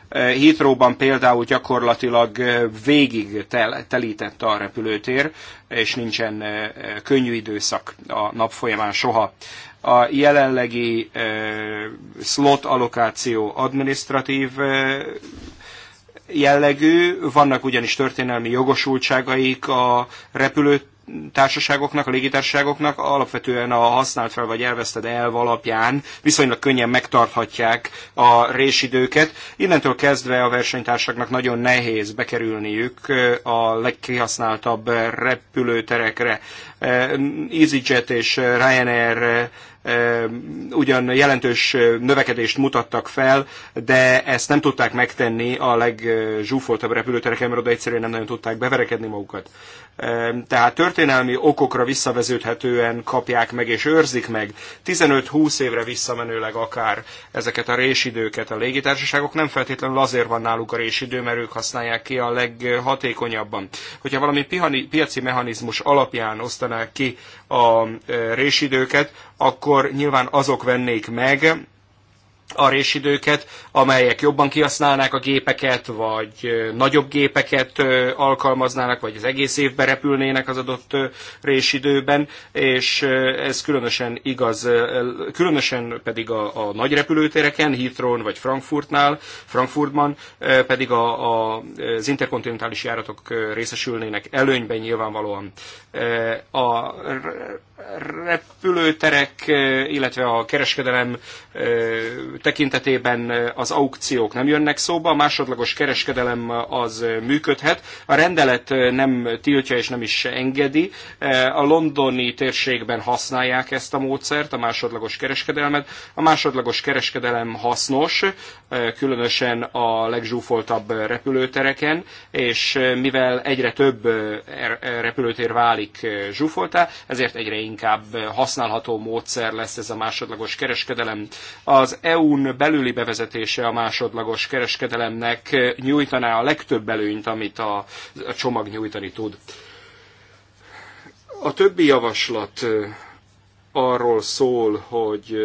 Heathrow-ban például gyakorlatilag végig tel, telített a repülőtér, és nincsen könnyű időszak a nap folyamán soha. A jelenlegi slot allokáció administratív jellegű, vannak ugyanis történelmi jogosultságaik a repülőt társaságoknak, a légitársaságoknak alapvetően a használt fel vagy elveszted el alapján viszonylag könnyen megtarthatják a résidőket. Innentől kezdve a versenytársaknak nagyon nehéz bekerülniük a legkihasználtabb repülőterekre. EasyJet és Ryanair ugyan jelentős növekedést mutattak fel, de ezt nem tudták megtenni a legzsúfoltabb repülőtereken, mert oda egyszerűen nem nagyon tudták beverekedni magukat tehát történelmi okokra visszavezethetően kapják meg és őrzik meg 15-20 évre visszamenőleg akár ezeket a résidőket. A légitársaságok nem feltétlenül azért van náluk a résidő, mert ők használják ki a leghatékonyabban. Hogyha valami pihani, piaci mechanizmus alapján osztanák ki a e, résidőket, akkor nyilván azok vennék meg, a résidőket, amelyek jobban kihasználnák a gépeket, vagy nagyobb gépeket alkalmaznának, vagy az egész évben repülnének az adott résidőben, és ez különösen igaz, különösen pedig a, a nagy repülőtéreken, Heathrow vagy Frankfurtnál, Frankfurtban pedig a, a, az interkontinentális járatok részesülnének előnyben nyilvánvalóan. A repülőterek, eh, illetve a kereskedelem eh, tekintetében eh, az aukciók nem jönnek szóba, a másodlagos kereskedelem az működhet. A rendelet nem tiltja és nem is engedi. A londoni térségben használják ezt a módszert, a másodlagos kereskedelmet. A másodlagos kereskedelem hasznos, különösen a legzsúfoltabb repülőtereken, és mivel egyre több er-, repülőtér válik zsúfoltá, ezért egyre inkább használható módszer lesz ez a másodlagos kereskedelem. Az EU-n belüli bevezetése a másodlagos kereskedelemnek nyújtaná a legtöbb előnyt, amit a, a csomag nyújtani tud. A többi javaslat arról szól, hogy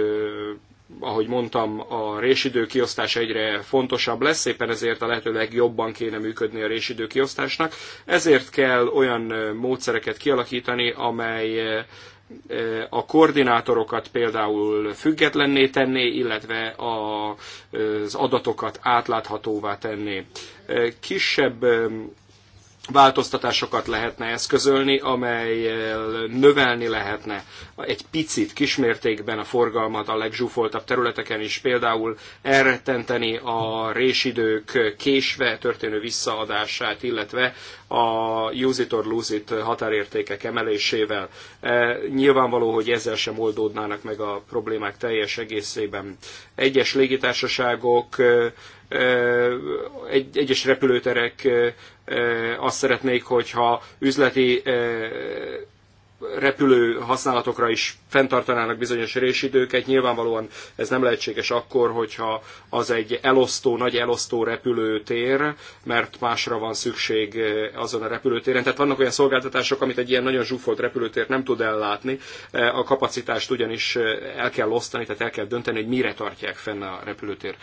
ahogy mondtam, a résidő kiosztás egyre fontosabb lesz, éppen ezért a lehető legjobban kéne működni a résidő kiosztásnak. Ezért kell olyan módszereket kialakítani, amely a koordinátorokat például függetlenné tenné, illetve az adatokat átláthatóvá tenné. Kisebb változtatásokat lehetne eszközölni, amelyel növelni lehetne egy picit kismértékben a forgalmat a legzsúfoltabb területeken is, például elrettenteni a résidők késve történő visszaadását, illetve a use it or lose it határértékek emelésével. E, nyilvánvaló, hogy ezzel sem oldódnának meg a problémák teljes egészében. Egyes légitársaságok egy, egyes repülőterek azt szeretnék, hogyha üzleti repülő használatokra is fenntartanának bizonyos résidőket. Nyilvánvalóan ez nem lehetséges akkor, hogyha az egy elosztó, nagy elosztó repülőtér, mert másra van szükség eh, azon a repülőtéren. Tehát vannak olyan szolgáltatások, amit egy ilyen nagyon zsúfolt repülőtér nem tud ellátni. Eh, a kapacitást ugyanis eh, el kell osztani, tehát el kell dönteni, hogy mire tartják fenn a repülőtér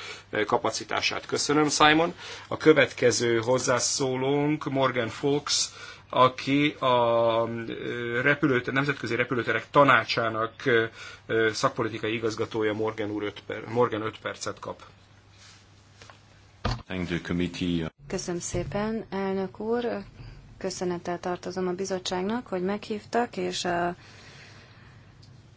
kapacitását. Köszönöm, Simon. A következő hozzászólónk Morgan Fox, aki a repülőt, nemzetközi repülőterek tanácsának szakpolitikai igazgatója Morgan, úr 5 per, Morgan 5 percet kap. Köszönöm szépen, elnök úr. Köszönettel tartozom a bizottságnak, hogy meghívtak, és, a,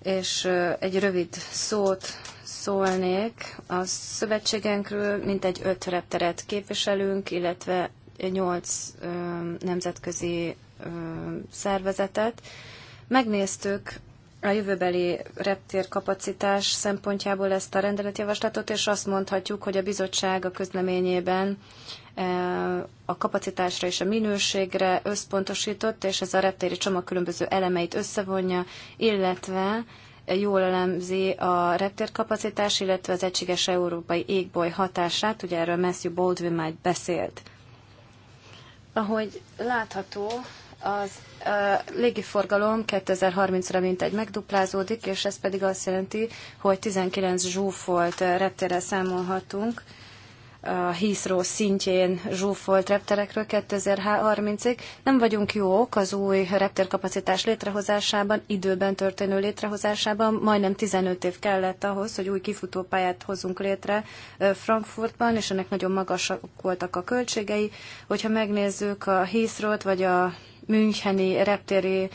és egy rövid szót szólnék. A szövetségenkről mintegy öt repteret képviselünk, illetve nyolc nemzetközi szervezetet. Megnéztük a jövőbeli reptérkapacitás szempontjából ezt a rendeletjavaslatot, és azt mondhatjuk, hogy a bizottság a közleményében a kapacitásra és a minőségre összpontosított, és ez a reptéri csomag különböző elemeit összevonja, illetve jól elemzi a reptérkapacitás, illetve az egységes európai égboly hatását, ugye erről Matthew Baldwin már beszélt. Ahogy látható, az a légiforgalom 2030-ra mintegy megduplázódik, és ez pedig azt jelenti, hogy 19 zsúfolt reptérrel számolhatunk a Heathrow szintjén zsúfolt repterekről 2030-ig. Nem vagyunk jók az új repterkapacitás létrehozásában, időben történő létrehozásában. Majdnem 15 év kellett ahhoz, hogy új kifutópályát hozzunk létre Frankfurtban, és ennek nagyon magasak voltak a költségei. Hogyha megnézzük a Heathrow-t, vagy a Müncheni reptéri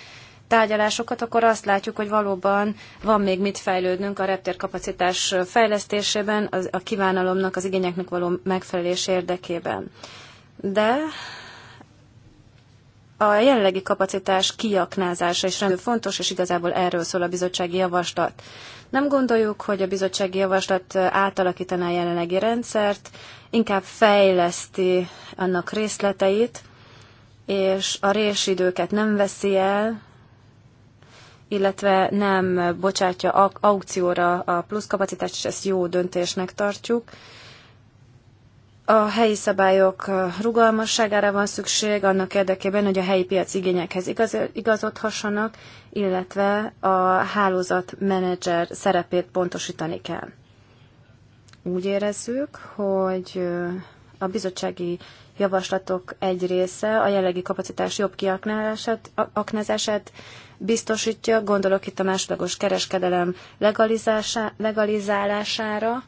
tárgyalásokat, akkor azt látjuk, hogy valóban van még mit fejlődnünk a reptérkapacitás fejlesztésében, az, a kívánalomnak, az igényeknek való megfelelés érdekében. De a jelenlegi kapacitás kiaknázása is rendkívül fontos, és igazából erről szól a bizottsági javaslat. Nem gondoljuk, hogy a bizottsági javaslat átalakítaná a jelenlegi rendszert, inkább fejleszti annak részleteit, és a résidőket nem veszi el, illetve nem bocsátja aukcióra a pluszkapacitást, és ezt jó döntésnek tartjuk. A helyi szabályok rugalmasságára van szükség annak érdekében, hogy a helyi piac igényekhez igaz, igazodhassanak, illetve a hálózat menedzser szerepét pontosítani kell. Úgy érezzük, hogy a bizottsági javaslatok egy része a jelenlegi kapacitás jobb kiaknázását aknázását biztosítja, gondolok itt a másodlagos kereskedelem legalizálására.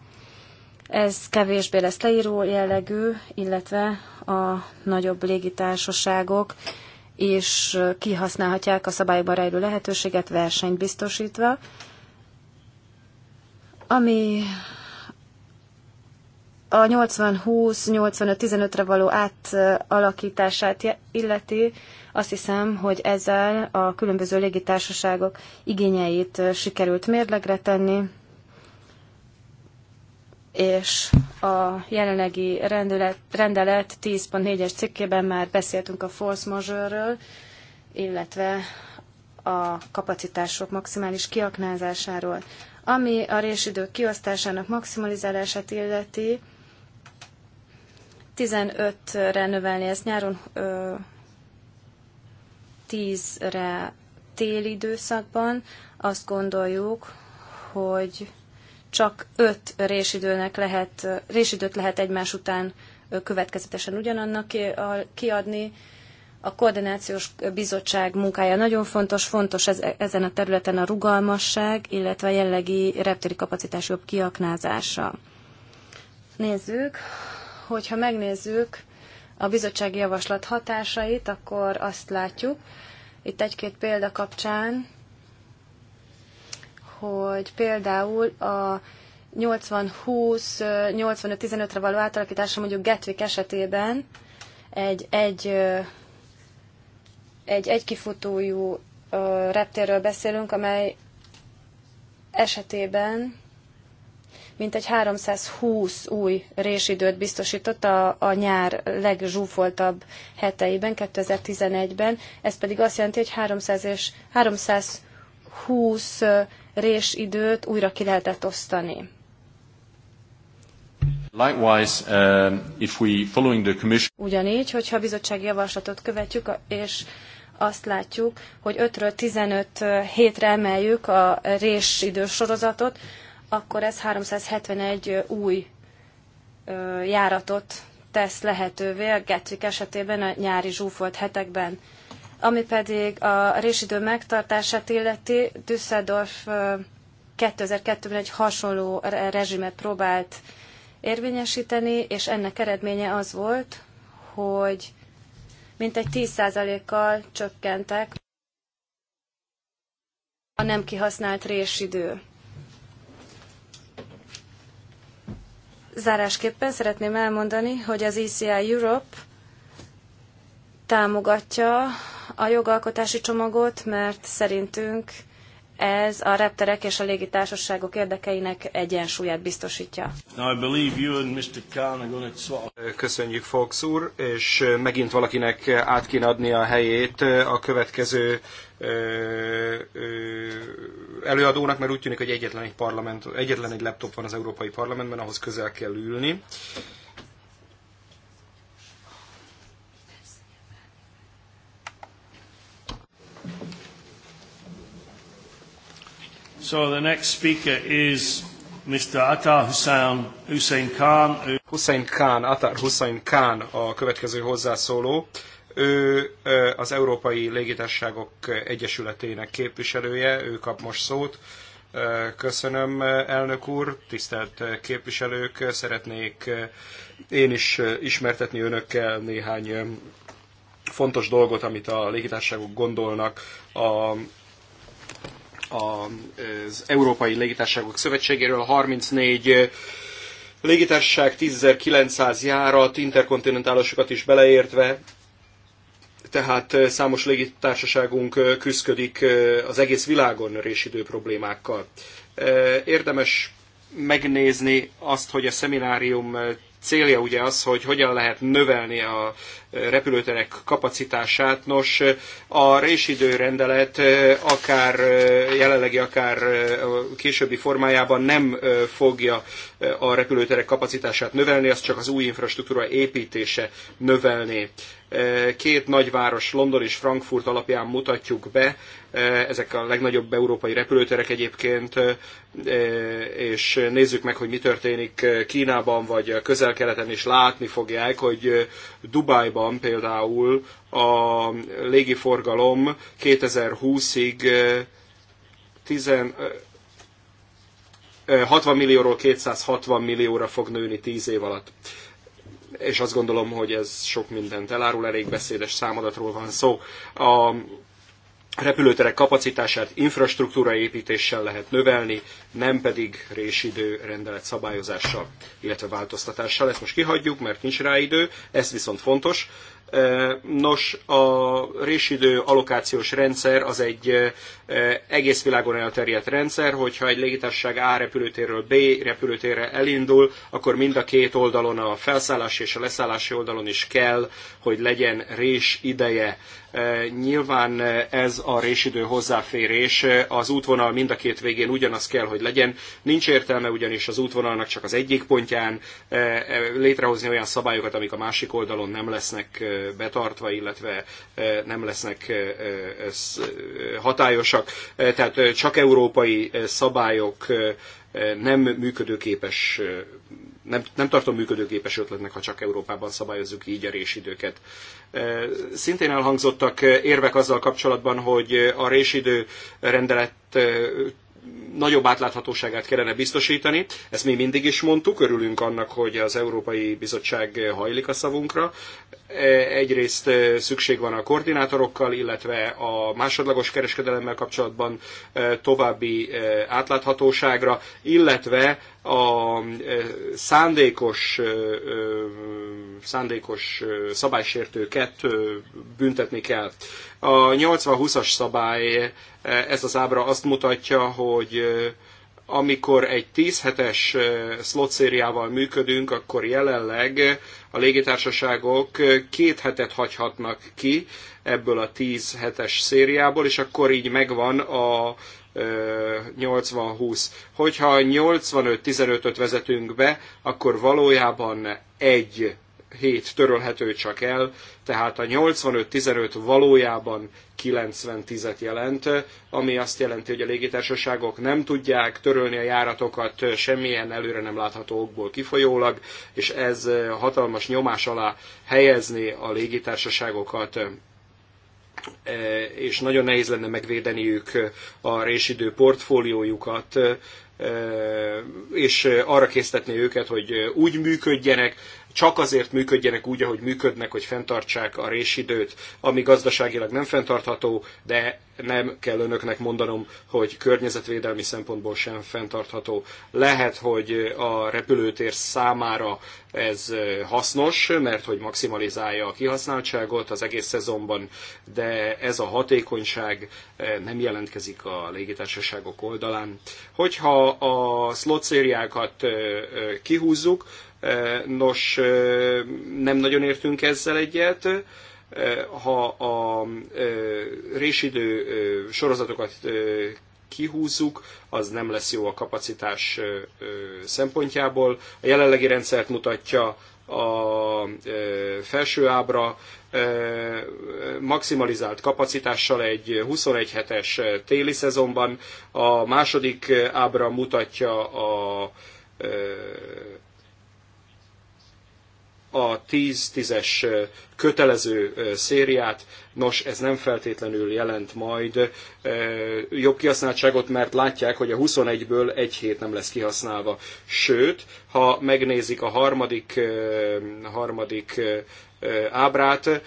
Ez kevésbé lesz leíró jellegű, illetve a nagyobb légitársaságok és kihasználhatják a szabályban rejlő lehetőséget versenyt biztosítva. Ami a 80-20-85-15-re való átalakítását illeti, azt hiszem, hogy ezzel a különböző légitársaságok igényeit sikerült mérlegre tenni, és a jelenlegi rendelet, rendelet 10.4-es cikkében már beszéltünk a force majeure illetve a kapacitások maximális kiaknázásáról. Ami a résidők kiosztásának maximalizálását illeti, 15-re növelni ezt nyáron, 10-re téli időszakban. Azt gondoljuk, hogy csak 5 résidőnek lehet, résidőt lehet egymás után következetesen ugyanannak kiadni. A koordinációs bizottság munkája nagyon fontos, fontos ez, ezen a területen a rugalmasság, illetve a jellegi reptéri kapacitás jobb kiaknázása. Nézzük, Hogyha megnézzük a bizottsági javaslat hatásait, akkor azt látjuk, itt egy-két példa kapcsán, hogy például a 80-20, 85-15-re való átalakításra mondjuk Getwick esetében egy, egy, egy egy kifutójú reptérről beszélünk, amely esetében mintegy 320 új résidőt biztosított a, a nyár legzsúfoltabb heteiben, 2011-ben. Ez pedig azt jelenti, hogy 300 és 320 résidőt újra ki lehetett osztani. Likewise, um, if we following the commission... Ugyanígy, hogyha a bizottság javaslatot követjük, és azt látjuk, hogy 5-ről 15 hétre emeljük a résidős sorozatot, akkor ez 371 új járatot tesz lehetővé a Gatwick esetében a nyári zsúfolt hetekben. Ami pedig a résidő megtartását illeti, Düsseldorf 2002-ben egy hasonló rezsimet próbált érvényesíteni, és ennek eredménye az volt, hogy mintegy 10%-kal csökkentek a nem kihasznált résidő. Zárásképpen szeretném elmondani, hogy az ECI Europe támogatja a jogalkotási csomagot, mert szerintünk ez a repterek és a légitársaságok érdekeinek egyensúlyát biztosítja. Köszönjük, Fox úr, és megint valakinek át kéne adni a helyét a következő előadónak, mert úgy tűnik, hogy egyetlen egy, parlament, egyetlen egy laptop van az Európai Parlamentben, ahhoz közel kell ülni. So the next speaker is Mr. Atar Hussein, Hussein Khan. Hussein Khan, Atar Hussein Khan a következő hozzászóló. Uh, ő az Európai Légitárságok Egyesületének képviselője, ő kap most szót. Köszönöm, elnök úr, tisztelt képviselők, szeretnék én is ismertetni önökkel néhány fontos dolgot, amit a légitárságok gondolnak a az Európai Légitárságok Szövetségéről, 34 légitársaság, 10.900 járat, interkontinentálosokat is beleértve, tehát számos légitársaságunk küszködik az egész világon résidő problémákkal. Érdemes megnézni azt, hogy a szeminárium célja ugye az, hogy hogyan lehet növelni a repülőterek kapacitását. Nos, a résidőrendelet akár jelenlegi, akár későbbi formájában nem fogja a repülőterek kapacitását növelni, az csak az új infrastruktúra építése növelni. Két nagyváros, London és Frankfurt alapján mutatjuk be, Eh, ezek a legnagyobb európai repülőterek egyébként, eh, és nézzük meg, hogy mi történik eh, Kínában, vagy közel-keleten is látni fogják, hogy Dubajban például a légiforgalom 2020-ig 10, 60 millióról 260 millióra fog nőni 10 év alatt. És azt gondolom, hogy ez sok mindent elárul, elég beszédes számadatról van szó. A repülőterek kapacitását építéssel lehet növelni, nem pedig résidő rendelet szabályozással, illetve változtatással. Ezt most kihagyjuk, mert nincs rá idő, ez viszont fontos. E, nos, a résidő allokációs rendszer az egy e, egész világon elterjedt rendszer, hogyha egy légitársaság A repülőtérről B repülőtérre elindul, akkor mind a két oldalon, a felszállási és a leszállási oldalon is kell, hogy legyen rés ideje. E, nyilván ez a résidő hozzáférés e, az útvonal mind a két végén ugyanaz kell, hogy legyen. Nincs értelme ugyanis az útvonalnak csak az egyik pontján e, létrehozni olyan szabályokat, amik a másik oldalon nem lesznek betartva, illetve nem lesznek hatályosak. Tehát csak európai szabályok nem működőképes nem, nem tartom működőképes ötletnek, ha csak Európában szabályozzuk így a résidőket. E, szintén elhangzottak érvek azzal kapcsolatban, hogy a résidő rendelet e, nagyobb átláthatóságát kellene biztosítani. Ezt mi mindig is mondtuk, örülünk annak, hogy az Európai Bizottság hajlik a szavunkra. Egyrészt eh, szükség van a koordinátorokkal, illetve a másodlagos kereskedelemmel kapcsolatban eh, további eh, átláthatóságra, illetve a szándékos, szándékos szabálysértőket büntetni kell. A 80-20-as szabály, ez az ábra azt mutatja, hogy amikor egy 10 hetes slot szériával működünk, akkor jelenleg a légitársaságok két hetet hagyhatnak ki ebből a 10 hetes szériából, és akkor így megvan a 80-20. Hogyha 85-15-öt vezetünk be, akkor valójában egy 7 törölhető csak el, tehát a 85-15 valójában 90-10-et jelent, ami azt jelenti, hogy a légitársaságok nem tudják törölni a járatokat semmilyen előre nem látható okból kifolyólag, és ez hatalmas nyomás alá helyezni a légitársaságokat és nagyon nehéz lenne megvédeniük a résidő portfóliójukat, és arra késztetni őket, hogy úgy működjenek, csak azért működjenek úgy, ahogy működnek, hogy fenntartsák a résidőt, ami gazdaságilag nem fenntartható, de nem kell önöknek mondanom, hogy környezetvédelmi szempontból sem fenntartható. Lehet, hogy a repülőtér számára ez hasznos, mert hogy maximalizálja a kihasználtságot az egész szezonban, de ez a hatékonyság eh, nem jelentkezik a légitársaságok oldalán. Hogyha a slot szériákat eh, eh, kihúzzuk, Nos, nem nagyon értünk ezzel egyet. Ha a résidő sorozatokat kihúzzuk, az nem lesz jó a kapacitás szempontjából. A jelenlegi rendszert mutatja a felső ábra maximalizált kapacitással egy 21 hetes téli szezonban. A második ábra mutatja a a 10-10-es kötelező szériát, nos, ez nem feltétlenül jelent majd jobb kihasználtságot, mert látják, hogy a 21-ből egy hét nem lesz kihasználva. Sőt, ha megnézik a harmadik, harmadik ábrát,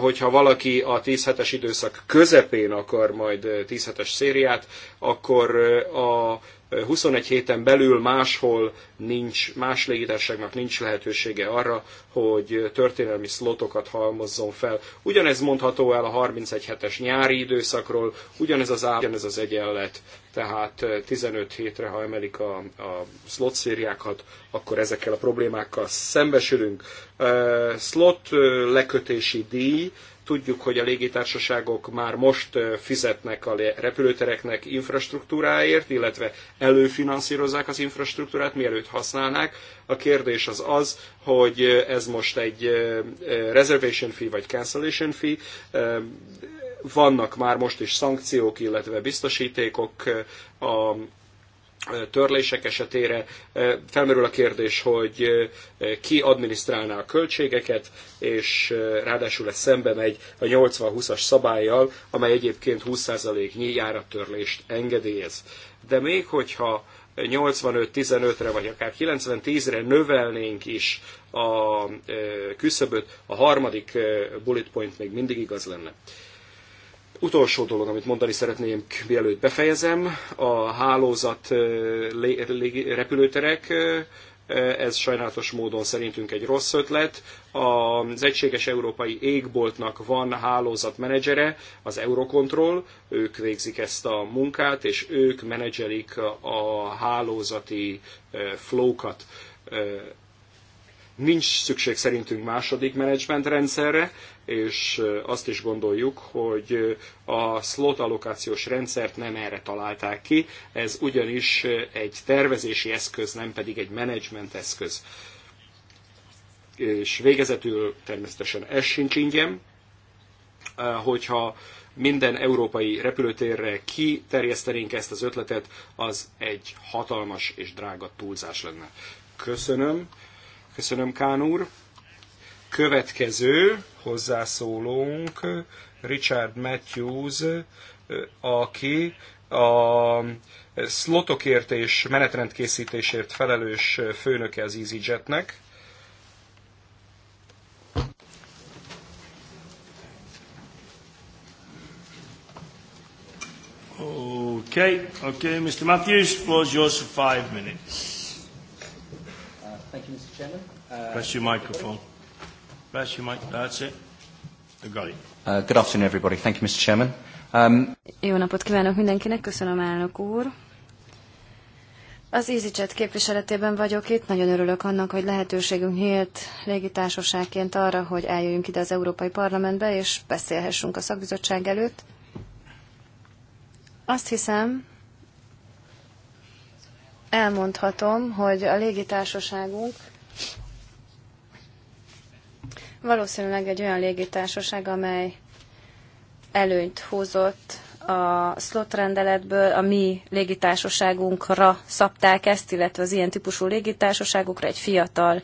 hogyha valaki a 10 es időszak közepén akar majd 10 es szériát, akkor a 21 héten belül máshol nincs, más légitárságnak nincs lehetősége arra, hogy történelmi szlotokat halmozzon fel. Ugyanez mondható el a 31 hetes nyári időszakról, ugyanez az, á, ugyanez az egyenlet, tehát 15 eh, hétre, ha emelik a, a slot szériákat, akkor ezekkel a problémákkal szembesülünk. Eh, slot eh, lekötési díj Tudjuk, hogy a légitársaságok már most fizetnek a repülőtereknek infrastruktúráért, illetve előfinanszírozzák az infrastruktúrát, mielőtt használnák. A kérdés az az, hogy ez most egy reservation fee vagy cancellation fee, vannak már most is szankciók, illetve biztosítékok a törlések esetére felmerül a kérdés, hogy ki adminisztrálná a költségeket, és ráadásul ez szembe megy a 80-20-as szabályjal, amely egyébként 20%-nyi járattörlést engedélyez. De még hogyha 85-15-re, vagy akár 90-10-re növelnénk is a küszöböt, a harmadik bullet point még mindig igaz lenne. Utolsó dolog, amit mondani szeretnék, mielőtt befejezem, a hálózat repülőterek, ez sajnálatos módon szerintünk egy rossz ötlet. Az Egységes Európai Égboltnak van hálózatmenedzsere, az Eurocontrol, ők végzik ezt a munkát, és ők menedzselik a hálózati flókat Nincs szükség szerintünk második menedzsment rendszerre, és azt is gondoljuk, hogy a slot allokációs rendszert nem erre találták ki, ez ugyanis egy tervezési eszköz, nem pedig egy menedzsment eszköz. És végezetül természetesen ez sincs ingyen, hogyha minden európai repülőtérre kiterjesztenénk ezt az ötletet, az egy hatalmas és drága túlzás lenne. Köszönöm. Köszönöm, Kán úr. Következő hozzászólónk Richard Matthews, aki a szlotokért és menetrendkészítésért felelős főnöke az EasyJetnek. Okay, okay, Mr. Matthews, floor is yours for five minutes. Thank you, Mr. Chairman. Uh, Press your microphone. Press your mic. That's it. I got it. Uh, good afternoon, everybody. Thank you, Mr. Chairman. Um, Jó napot kívánok mindenkinek, köszönöm elnök úr. Az EasyJet képviseletében vagyok itt, nagyon örülök annak, hogy lehetőségünk nyílt légitársaságként arra, hogy eljöjjünk ide az Európai Parlamentbe, és beszélhessünk a szakbizottság előtt. Azt hiszem, elmondhatom, hogy a légitársaságunk valószínűleg egy olyan légitársaság, amely előnyt húzott a slot rendeletből a mi légitársaságunkra szabták ezt, illetve az ilyen típusú légitársaságokra egy fiatal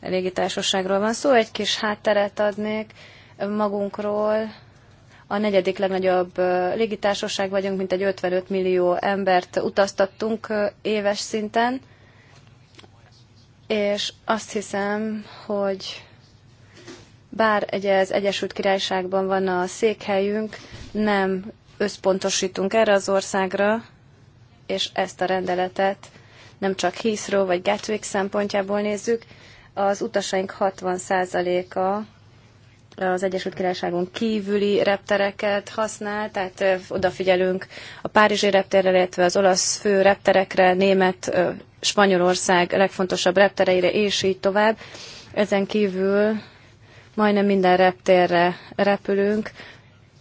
légitársaságról van szó. Egy kis hátteret adnék magunkról, a negyedik legnagyobb légitársaság vagyunk, mint egy 55 millió embert utaztattunk éves szinten, és azt hiszem, hogy bár egy az Egyesült Királyságban van a székhelyünk, nem összpontosítunk erre az országra, és ezt a rendeletet nem csak Heathrow vagy Gatwick szempontjából nézzük, az utasaink 60%-a az Egyesült Királyságon kívüli reptereket használ, tehát odafigyelünk a Párizsi reptérre, illetve az olasz fő repterekre, német, Spanyolország legfontosabb reptereire, és így tovább. Ezen kívül majdnem minden reptérre repülünk.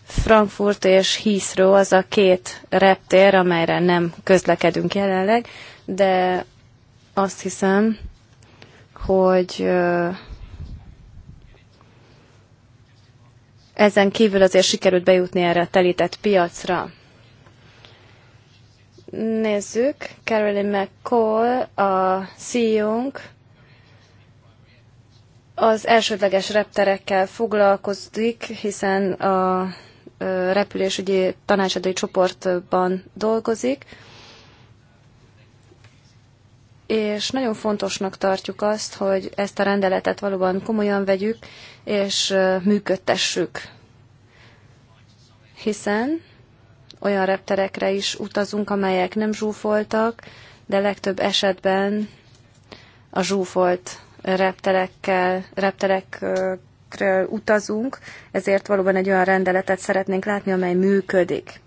Frankfurt és Heathrow az a két reptér, amelyre nem közlekedünk jelenleg, de azt hiszem, hogy Ezen kívül azért sikerült bejutni erre a telített piacra. Nézzük, Carolyn McCall, a ceo az elsődleges repterekkel foglalkozik, hiszen a repülésügyi tanácsadói csoportban dolgozik és nagyon fontosnak tartjuk azt, hogy ezt a rendeletet valóban komolyan vegyük, és működtessük. Hiszen olyan repterekre is utazunk, amelyek nem zsúfoltak, de legtöbb esetben a zsúfolt repterekkel, repterekről utazunk, ezért valóban egy olyan rendeletet szeretnénk látni, amely működik.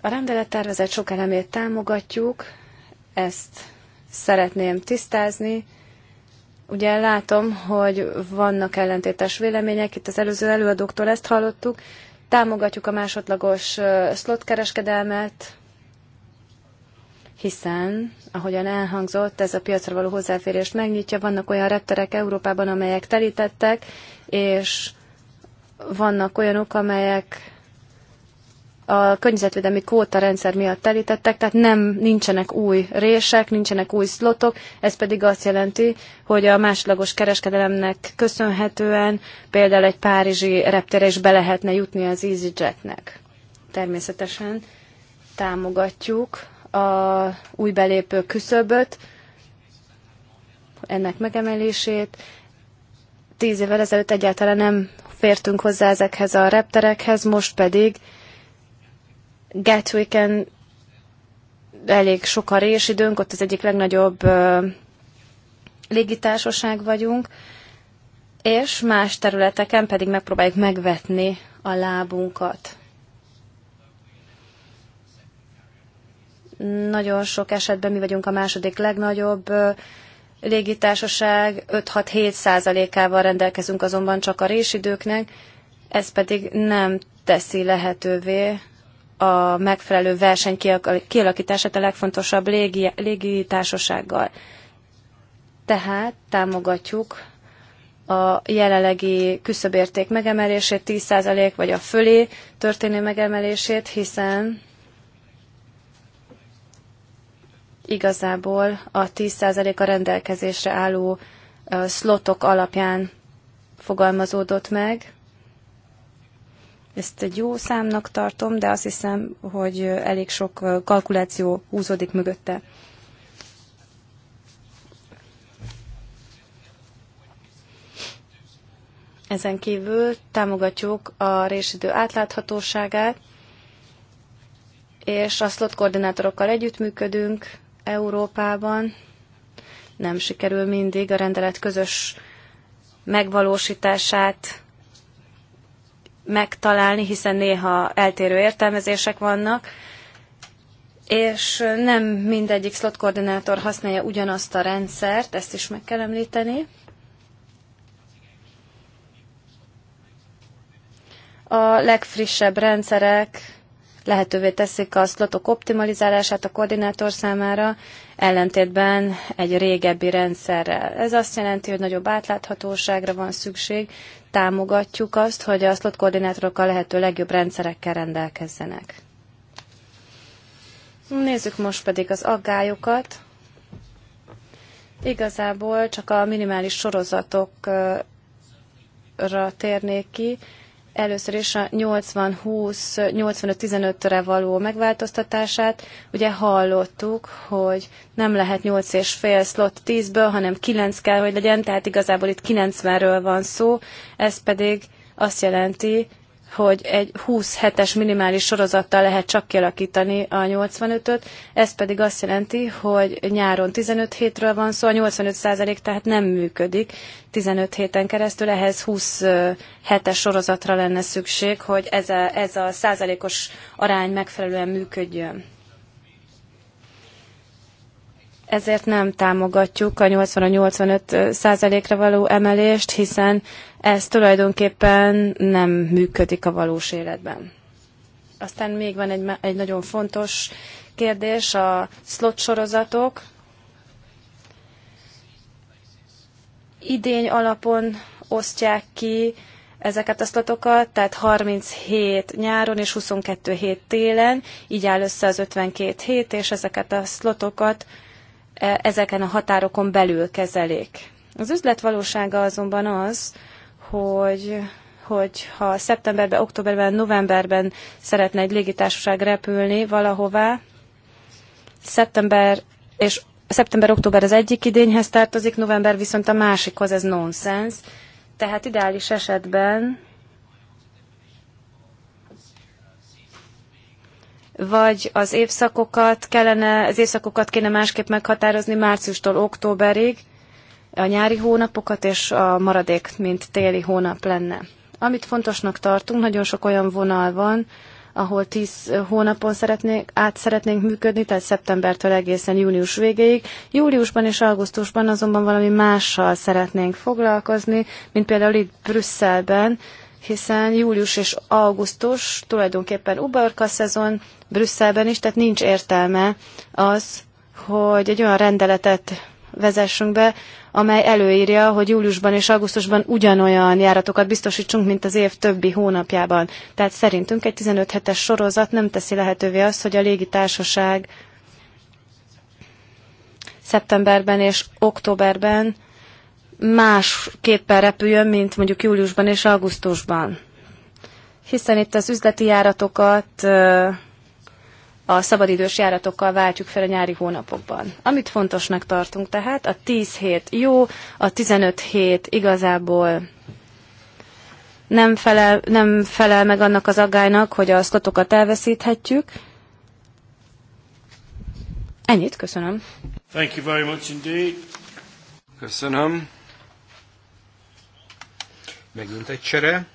A rendelettervezet sok elemét támogatjuk, ezt szeretném tisztázni. Ugye látom, hogy vannak ellentétes vélemények, itt az előző előadóktól ezt hallottuk. Támogatjuk a másodlagos slot kereskedelmet, hiszen, ahogyan elhangzott, ez a piacra való hozzáférést megnyitja. Vannak olyan repterek Európában, amelyek telítettek, és vannak olyanok, amelyek a környezetvédelmi kóta rendszer miatt telítettek, tehát nem nincsenek új rések, nincsenek új szlotok, ez pedig azt jelenti, hogy a másodlagos kereskedelemnek köszönhetően például egy párizsi reptére is be lehetne jutni az EasyJetnek. Természetesen támogatjuk a új belépő küszöböt, ennek megemelését. Tíz évvel ezelőtt egyáltalán nem fértünk hozzá ezekhez a repterekhez, most pedig Gatwicken elég sok a résidőnk, ott az egyik legnagyobb légitársaság vagyunk, és más területeken pedig megpróbáljuk megvetni a lábunkat. Nagyon sok esetben mi vagyunk a második legnagyobb légitársaság, 5-6-7 százalékával rendelkezünk azonban csak a résidőknek, ez pedig nem teszi lehetővé a megfelelő verseny kialakítását a legfontosabb légi, légitársasággal. Tehát támogatjuk a jelenlegi küszöbérték megemelését, 10% vagy a fölé történő megemelését, hiszen igazából a 10% a rendelkezésre álló szlotok alapján fogalmazódott meg. Ezt egy jó számnak tartom, de azt hiszem, hogy elég sok kalkuláció húzódik mögötte. Ezen kívül támogatjuk a résidő átláthatóságát, és a slot koordinátorokkal együttműködünk Európában. Nem sikerül mindig a rendelet közös megvalósítását megtalálni, hiszen néha eltérő értelmezések vannak, és nem mindegyik slot koordinátor használja ugyanazt a rendszert, ezt is meg kell említeni. A legfrissebb rendszerek lehetővé teszik a szlotok optimalizálását a koordinátor számára, ellentétben egy régebbi rendszerrel. Ez azt jelenti, hogy nagyobb átláthatóságra van szükség, támogatjuk azt, hogy a slot koordinátorok a lehető legjobb rendszerekkel rendelkezzenek. Nézzük most pedig az aggályokat. Igazából csak a minimális sorozatokra térnék ki először is a 80-20-85-15-re való megváltoztatását. Ugye hallottuk, hogy nem lehet 8 és fél slot 10-ből, hanem 9 kell, hogy legyen, tehát igazából itt 90-ről van szó, ez pedig azt jelenti, hogy egy 20 hetes minimális sorozattal lehet csak kialakítani a 85-öt, ez pedig azt jelenti, hogy nyáron 15 hétről van szó, a 85% tehát nem működik 15 héten keresztül, ehhez 20 hetes sorozatra lenne szükség, hogy ez a, ez a százalékos arány megfelelően működjön ezért nem támogatjuk a 80-85 százalékra való emelést, hiszen ez tulajdonképpen nem működik a valós életben. Aztán még van egy, egy nagyon fontos kérdés, a slot sorozatok. Idény alapon osztják ki ezeket a szlotokat, tehát 37 nyáron és 22 hét télen, így áll össze az 52 hét, és ezeket a szlotokat E, ezeken a határokon belül kezelik. Az üzlet valósága azonban az, hogy hogy ha szeptemberben, októberben, novemberben szeretne egy légitársaság repülni valahová, szeptember és szeptember-október az egyik idényhez tartozik, november viszont a másikhoz, ez nonsens. Tehát ideális esetben vagy az évszakokat kellene, az évszakokat kéne másképp meghatározni márciustól októberig, a nyári hónapokat és a maradék, mint téli hónap lenne. Amit fontosnak tartunk, nagyon sok olyan vonal van, ahol 10 hónapon szeretnék, át szeretnénk működni, tehát szeptembertől egészen június végéig. Júliusban és augusztusban azonban valami mással szeretnénk foglalkozni, mint például itt Brüsszelben, hiszen július és augusztus tulajdonképpen uborka szezon Brüsszelben is, tehát nincs értelme az, hogy egy olyan rendeletet vezessünk be, amely előírja, hogy júliusban és augusztusban ugyanolyan járatokat biztosítsunk, mint az év többi hónapjában. Tehát szerintünk egy 15 hetes sorozat nem teszi lehetővé azt, hogy a légitársaság szeptemberben és októberben másképpen repüljön, mint mondjuk júliusban és augusztusban. Hiszen itt az üzleti járatokat a szabadidős járatokkal váltjuk fel a nyári hónapokban. Amit fontosnak tartunk tehát, a 10 hét jó, a 15 hét igazából nem felel, nem felel meg annak az aggálynak, hogy a szlotokat elveszíthetjük. Ennyit, köszönöm. Thank you very much indeed. Köszönöm. Megint egy csere.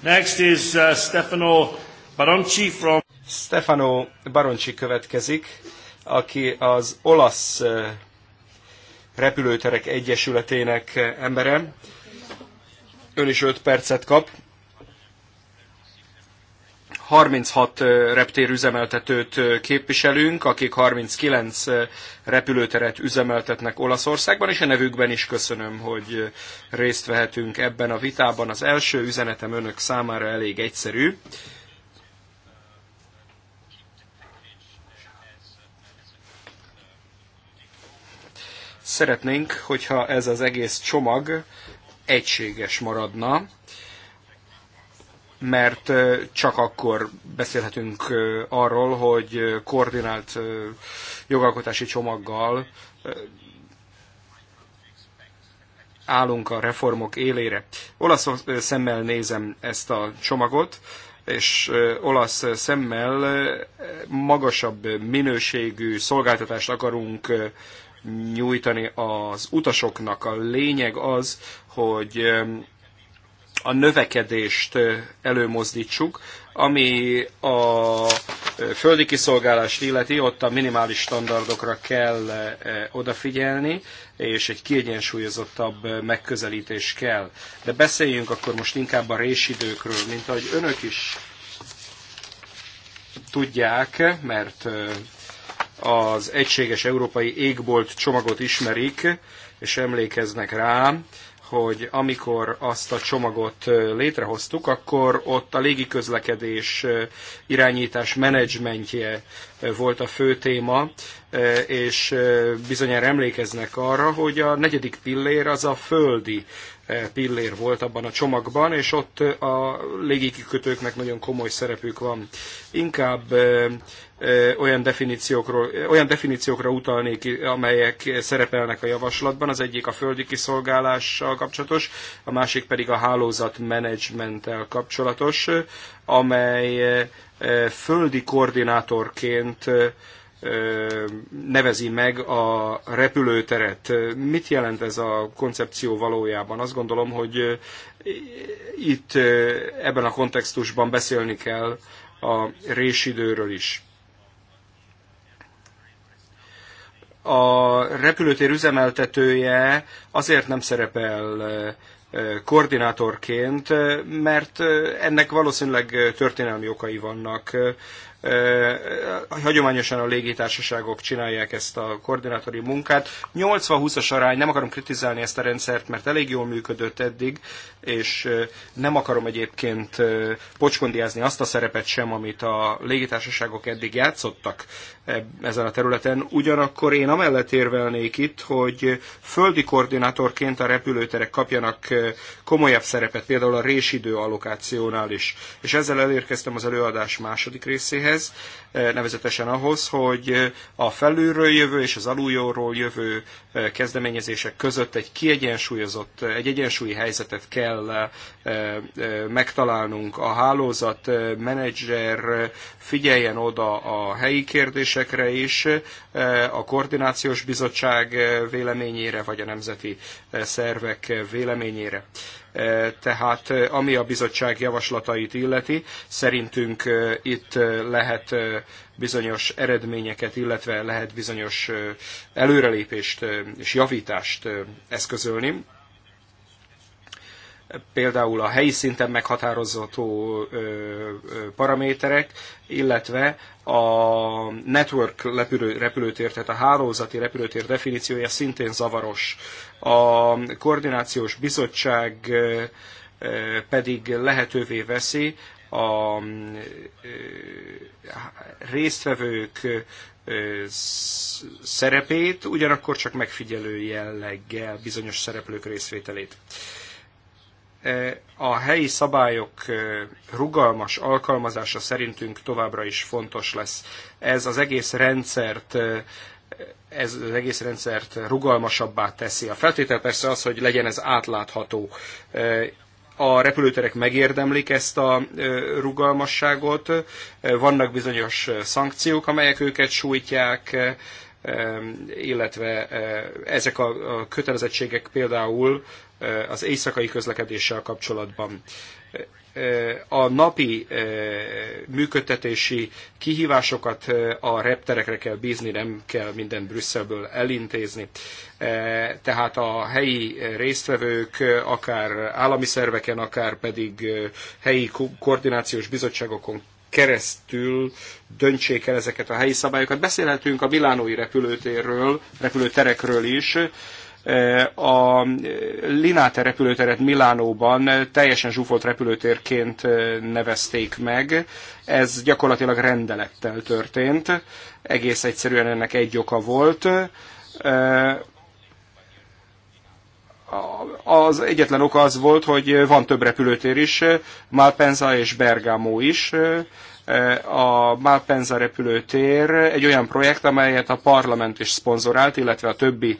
Next is uh, Stefano Baronci from... Stefano Baronci következik, aki az olasz uh, repülőterek egyesületének uh, embere. Ön is 5 percet kap. 36 reptérüzemeltetőt képviselünk, akik 39 repülőteret üzemeltetnek Olaszországban, és a nevükben is köszönöm, hogy részt vehetünk ebben a vitában. Az első üzenetem önök számára elég egyszerű. Szeretnénk, hogyha ez az egész csomag egységes maradna, mert csak akkor beszélhetünk arról, hogy koordinált jogalkotási csomaggal állunk a reformok élére. Olasz szemmel nézem ezt a csomagot, és olasz szemmel magasabb minőségű szolgáltatást akarunk nyújtani az utasoknak. A lényeg az, hogy a növekedést előmozdítsuk, ami a földi kiszolgálást illeti, ott a minimális standardokra kell odafigyelni, és egy kiegyensúlyozottabb megközelítés kell. De beszéljünk akkor most inkább a résidőkről, mint ahogy önök is tudják, mert az egységes európai égbolt csomagot ismerik, és emlékeznek rám hogy amikor azt a csomagot létrehoztuk, akkor ott a légiközlekedés irányítás menedzsmentje volt a fő téma, és bizonyára emlékeznek arra, hogy a negyedik pillér az a földi pillér volt abban a csomagban, és ott a légikikötőknek nagyon komoly szerepük van. Inkább olyan definíciókról, olyan definíciókra utalnék, amelyek szerepelnek a javaslatban. Az egyik a földi kiszolgálással kapcsolatos, a másik pedig a hálózat menedzsmenttel kapcsolatos, amely földi koordinátorként nevezi meg a repülőteret. Mit jelent ez a koncepció valójában? Azt gondolom, hogy itt ebben a kontextusban beszélni kell a résidőről is. A repülőtér üzemeltetője azért nem szerepel koordinátorként, mert ennek valószínűleg történelmi okai vannak. Hagyományosan a légitársaságok csinálják ezt a koordinátori munkát. 80-20-as arány, nem akarom kritizálni ezt a rendszert, mert elég jól működött eddig, és nem akarom egyébként pocskondiázni azt a szerepet sem, amit a légitársaságok eddig játszottak ezen a területen. Ugyanakkor én amellett érvelnék itt, hogy földi koordinátorként a repülőterek kapjanak komolyabb szerepet, például a résidő allokációnál is. És ezzel elérkeztem az előadás második részéhez ehhez, eh, nevezetesen ahhoz, hogy eh, a felülről jövő és az aluljóról jövő eh, kezdeményezések között egy kiegyensúlyozott, egy egyensúlyi helyzetet kell megtalálnunk. A hálózat menedzser figyeljen oda a helyi kérdésekre is, a koordinációs bizottság véleményére, vagy a nemzeti szervek véleményére. E, tehát e, ami a bizottság javaslatait illeti, szerintünk e, itt lehet bizonyos eredményeket, illetve lehet bizonyos előrelépést és javítást eszközölni például a helyi szinten meghatározható paraméterek, illetve a network repülőtér, tehát a hálózati repülőtér definíciója szintén zavaros. A koordinációs bizottság pedig lehetővé veszi a résztvevők szerepét, ugyanakkor csak megfigyelő jelleggel bizonyos szereplők részvételét. Eh, a helyi szabályok eh, rugalmas alkalmazása szerintünk továbbra is fontos lesz. Ez az egész rendszert eh, ez az egész rendszert rugalmasabbá teszi. A feltétel persze az, hogy legyen ez átlátható. A repülőterek megérdemlik ezt a rugalmasságot, vannak bizonyos szankciók, amelyek őket sújtják, illetve ezek a kötelezettségek például Eh, az éjszakai közlekedéssel kapcsolatban. Eh, a napi eh, működtetési kihívásokat a repterekre kell bízni, nem kell minden Brüsszelből elintézni. Tehát a helyi résztvevők, akár állami szerveken, akár pedig helyi koordinációs bizottságokon keresztül döntsék el ezeket a helyi szabályokat. Beszélhetünk a Milánói repülőtérről, repülőterekről is, Eh, a Linate repülőteret Milánóban teljesen zsúfolt repülőtérként eh, nevezték meg. Ez gyakorlatilag rendelettel történt. Egész egyszerűen ennek egy oka volt eh, az egyetlen oka az volt, hogy van több repülőtér is, Malpensa és Bergamo is. A Malpensa repülőtér egy olyan projekt, amelyet a parlament is szponzorált, illetve a többi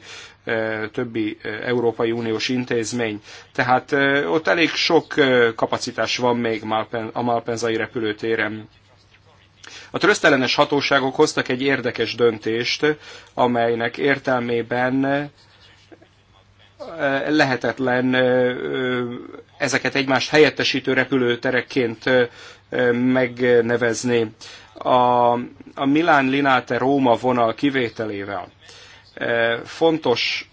többi Európai Uniós intézmény. Tehát ott elég sok kapacitás van még a Malpenzai repülőtéren. A trösztelenes hatóságok hoztak egy érdekes döntést, amelynek értelmében lehetetlen ezeket egymást helyettesítő repülőterekként megnevezni. A, a Milán-Linate-Róma vonal kivételével Fontos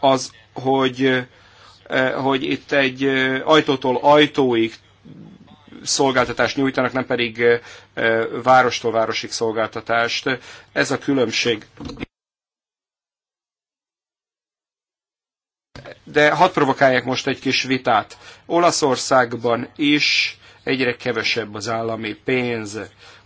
az, hogy, eh, hogy itt egy eh, ajtótól ajtóig szolgáltatást nyújtanak, nem pedig eh, várostól városig szolgáltatást. Ez a különbség. De hadd provokálják most egy kis vitát. Olaszországban is egyre kevesebb az állami pénz.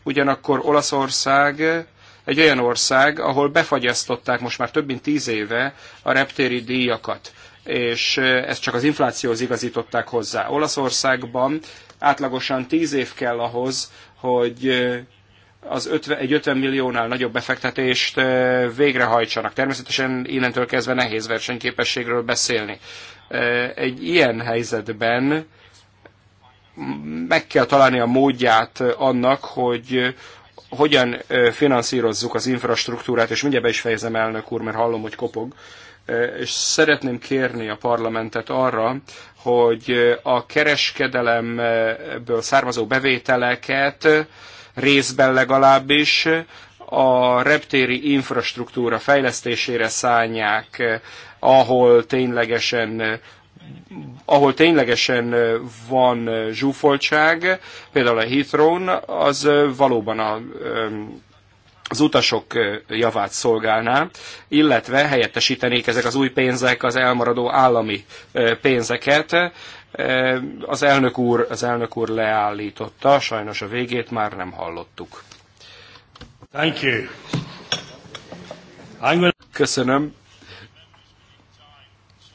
Ugyanakkor Olaszország egy olyan ország, ahol befagyasztották most már több mint tíz éve a reptéri díjakat, és eh, ezt csak az inflációhoz igazították hozzá. Olaszországban átlagosan tíz év kell ahhoz, hogy eh, az 50, egy 50 milliónál nagyobb befektetést eh, végrehajtsanak. Természetesen innentől kezdve nehéz versenyképességről beszélni. Egy ilyen helyzetben meg kell találni a módját annak, hogy hogyan finanszírozzuk az infrastruktúrát, és mindjárt be is fejezem elnök úr, mert hallom, hogy kopog, és szeretném kérni a parlamentet arra, hogy a kereskedelemből származó bevételeket részben legalábbis a reptéri infrastruktúra fejlesztésére szállják, ahol ténylegesen ahol ténylegesen van zsúfoltság, például a heathrow az valóban a, az utasok javát szolgálná, illetve helyettesítenék ezek az új pénzek az elmaradó állami pénzeket. Az elnök úr, az elnök úr leállította, sajnos a végét már nem hallottuk. Thank you. Köszönöm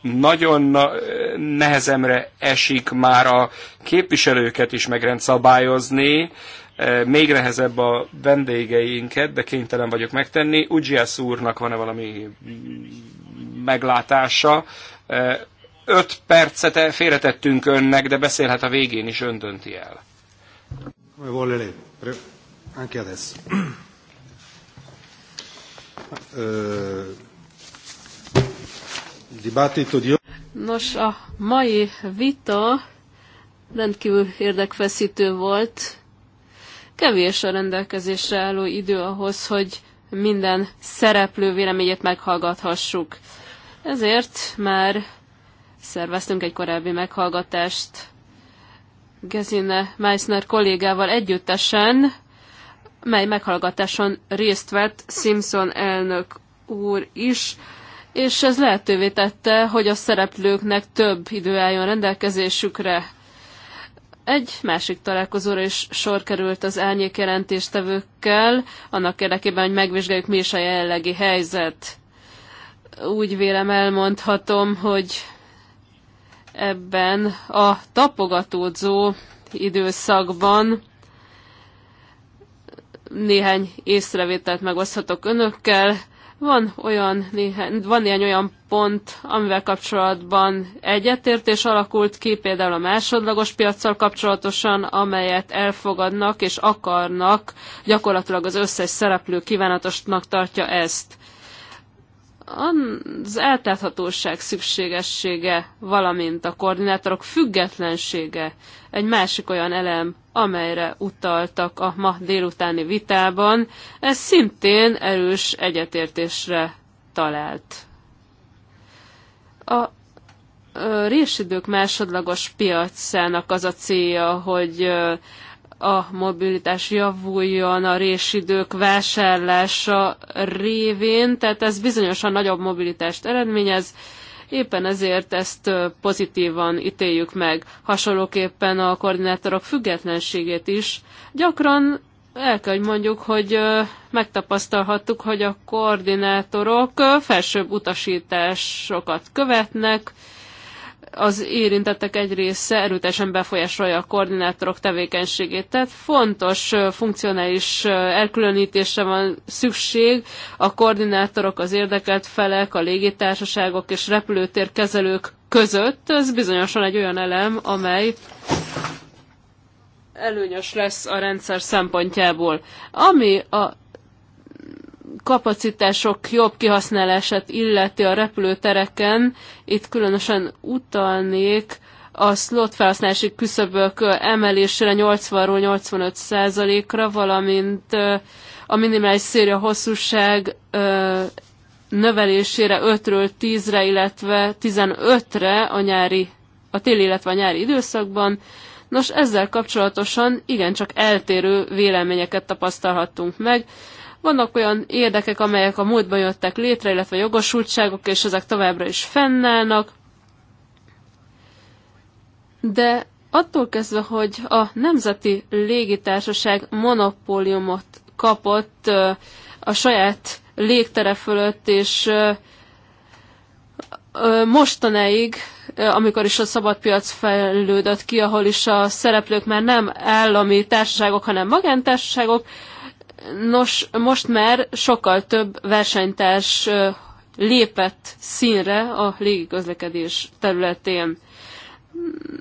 nagyon nehezemre esik már a képviselőket is megrendszabályozni, e, még nehezebb a vendégeinket, de kénytelen vagyok megtenni. Ugyász úrnak van-e valami meglátása? E, öt percet félretettünk önnek, de beszélhet a végén is, ön dönti el. Eh, dibattito di Nos, a mai vita rendkívül érdekfeszítő volt. Kevés a rendelkezésre álló idő ahhoz, hogy minden szereplő véleményét meghallgathassuk. Ezért már szerveztünk egy korábbi meghallgatást Gezine Meissner kollégával együttesen, mely meghallgatáson részt vett Simpson elnök úr is, és ez lehetővé tette, hogy a szereplőknek több idő álljon rendelkezésükre. Egy másik találkozóra is sor került az árnyék jelentéstevőkkel, annak érdekében, hogy megvizsgáljuk, mi is a jelenlegi helyzet. Úgy vélem elmondhatom, hogy ebben a tapogatódzó időszakban néhány észrevételt megoszthatok önökkel, van, olyan néhány, van néhány olyan pont, amivel kapcsolatban egyetértés alakult ki, például a másodlagos piaccal kapcsolatosan, amelyet elfogadnak és akarnak, gyakorlatilag az összes szereplő kívánatosnak tartja ezt az eltáthatóság szükségessége, valamint a koordinátorok függetlensége egy másik olyan elem, amelyre utaltak a ma délutáni vitában, ez szintén erős egyetértésre talált. A résidők másodlagos piacának az a célja, hogy a mobilitás javuljon a résidők vásárlása révén, tehát ez bizonyosan nagyobb mobilitást eredményez, éppen ezért ezt pozitívan ítéljük meg. Hasonlóképpen a koordinátorok függetlenségét is. Gyakran el kell, hogy mondjuk, hogy megtapasztalhattuk, hogy a koordinátorok felsőbb utasításokat követnek, az érintettek egy része erőteljesen befolyásolja a koordinátorok tevékenységét. Tehát fontos funkcionális elkülönítésre van szükség. A koordinátorok, az érdekelt felek, a légitársaságok és repülőtérkezelők között. Ez bizonyosan egy olyan elem, amely előnyös lesz a rendszer szempontjából. Ami a kapacitások jobb kihasználását illeti a repülőtereken, itt különösen utalnék a slot felhasználási küszöbök emelésére 80-ról 85%-ra, valamint a minimális széria hosszúság növelésére 5-ről 10-re, illetve 15-re a nyári, a téli, illetve a nyári időszakban. Nos, ezzel kapcsolatosan igencsak eltérő véleményeket tapasztalhattunk meg. Vannak olyan érdekek, amelyek a múltban jöttek létre, illetve jogosultságok, és ezek továbbra is fennállnak. De attól kezdve, hogy a Nemzeti Légitársaság monopóliumot kapott a saját légtere fölött, és mostanáig, amikor is a szabadpiac fejlődött ki, ahol is a szereplők már nem állami társaságok, hanem magántársaságok, Nos, most már sokkal több versenytárs lépett színre a légiközlekedés területén.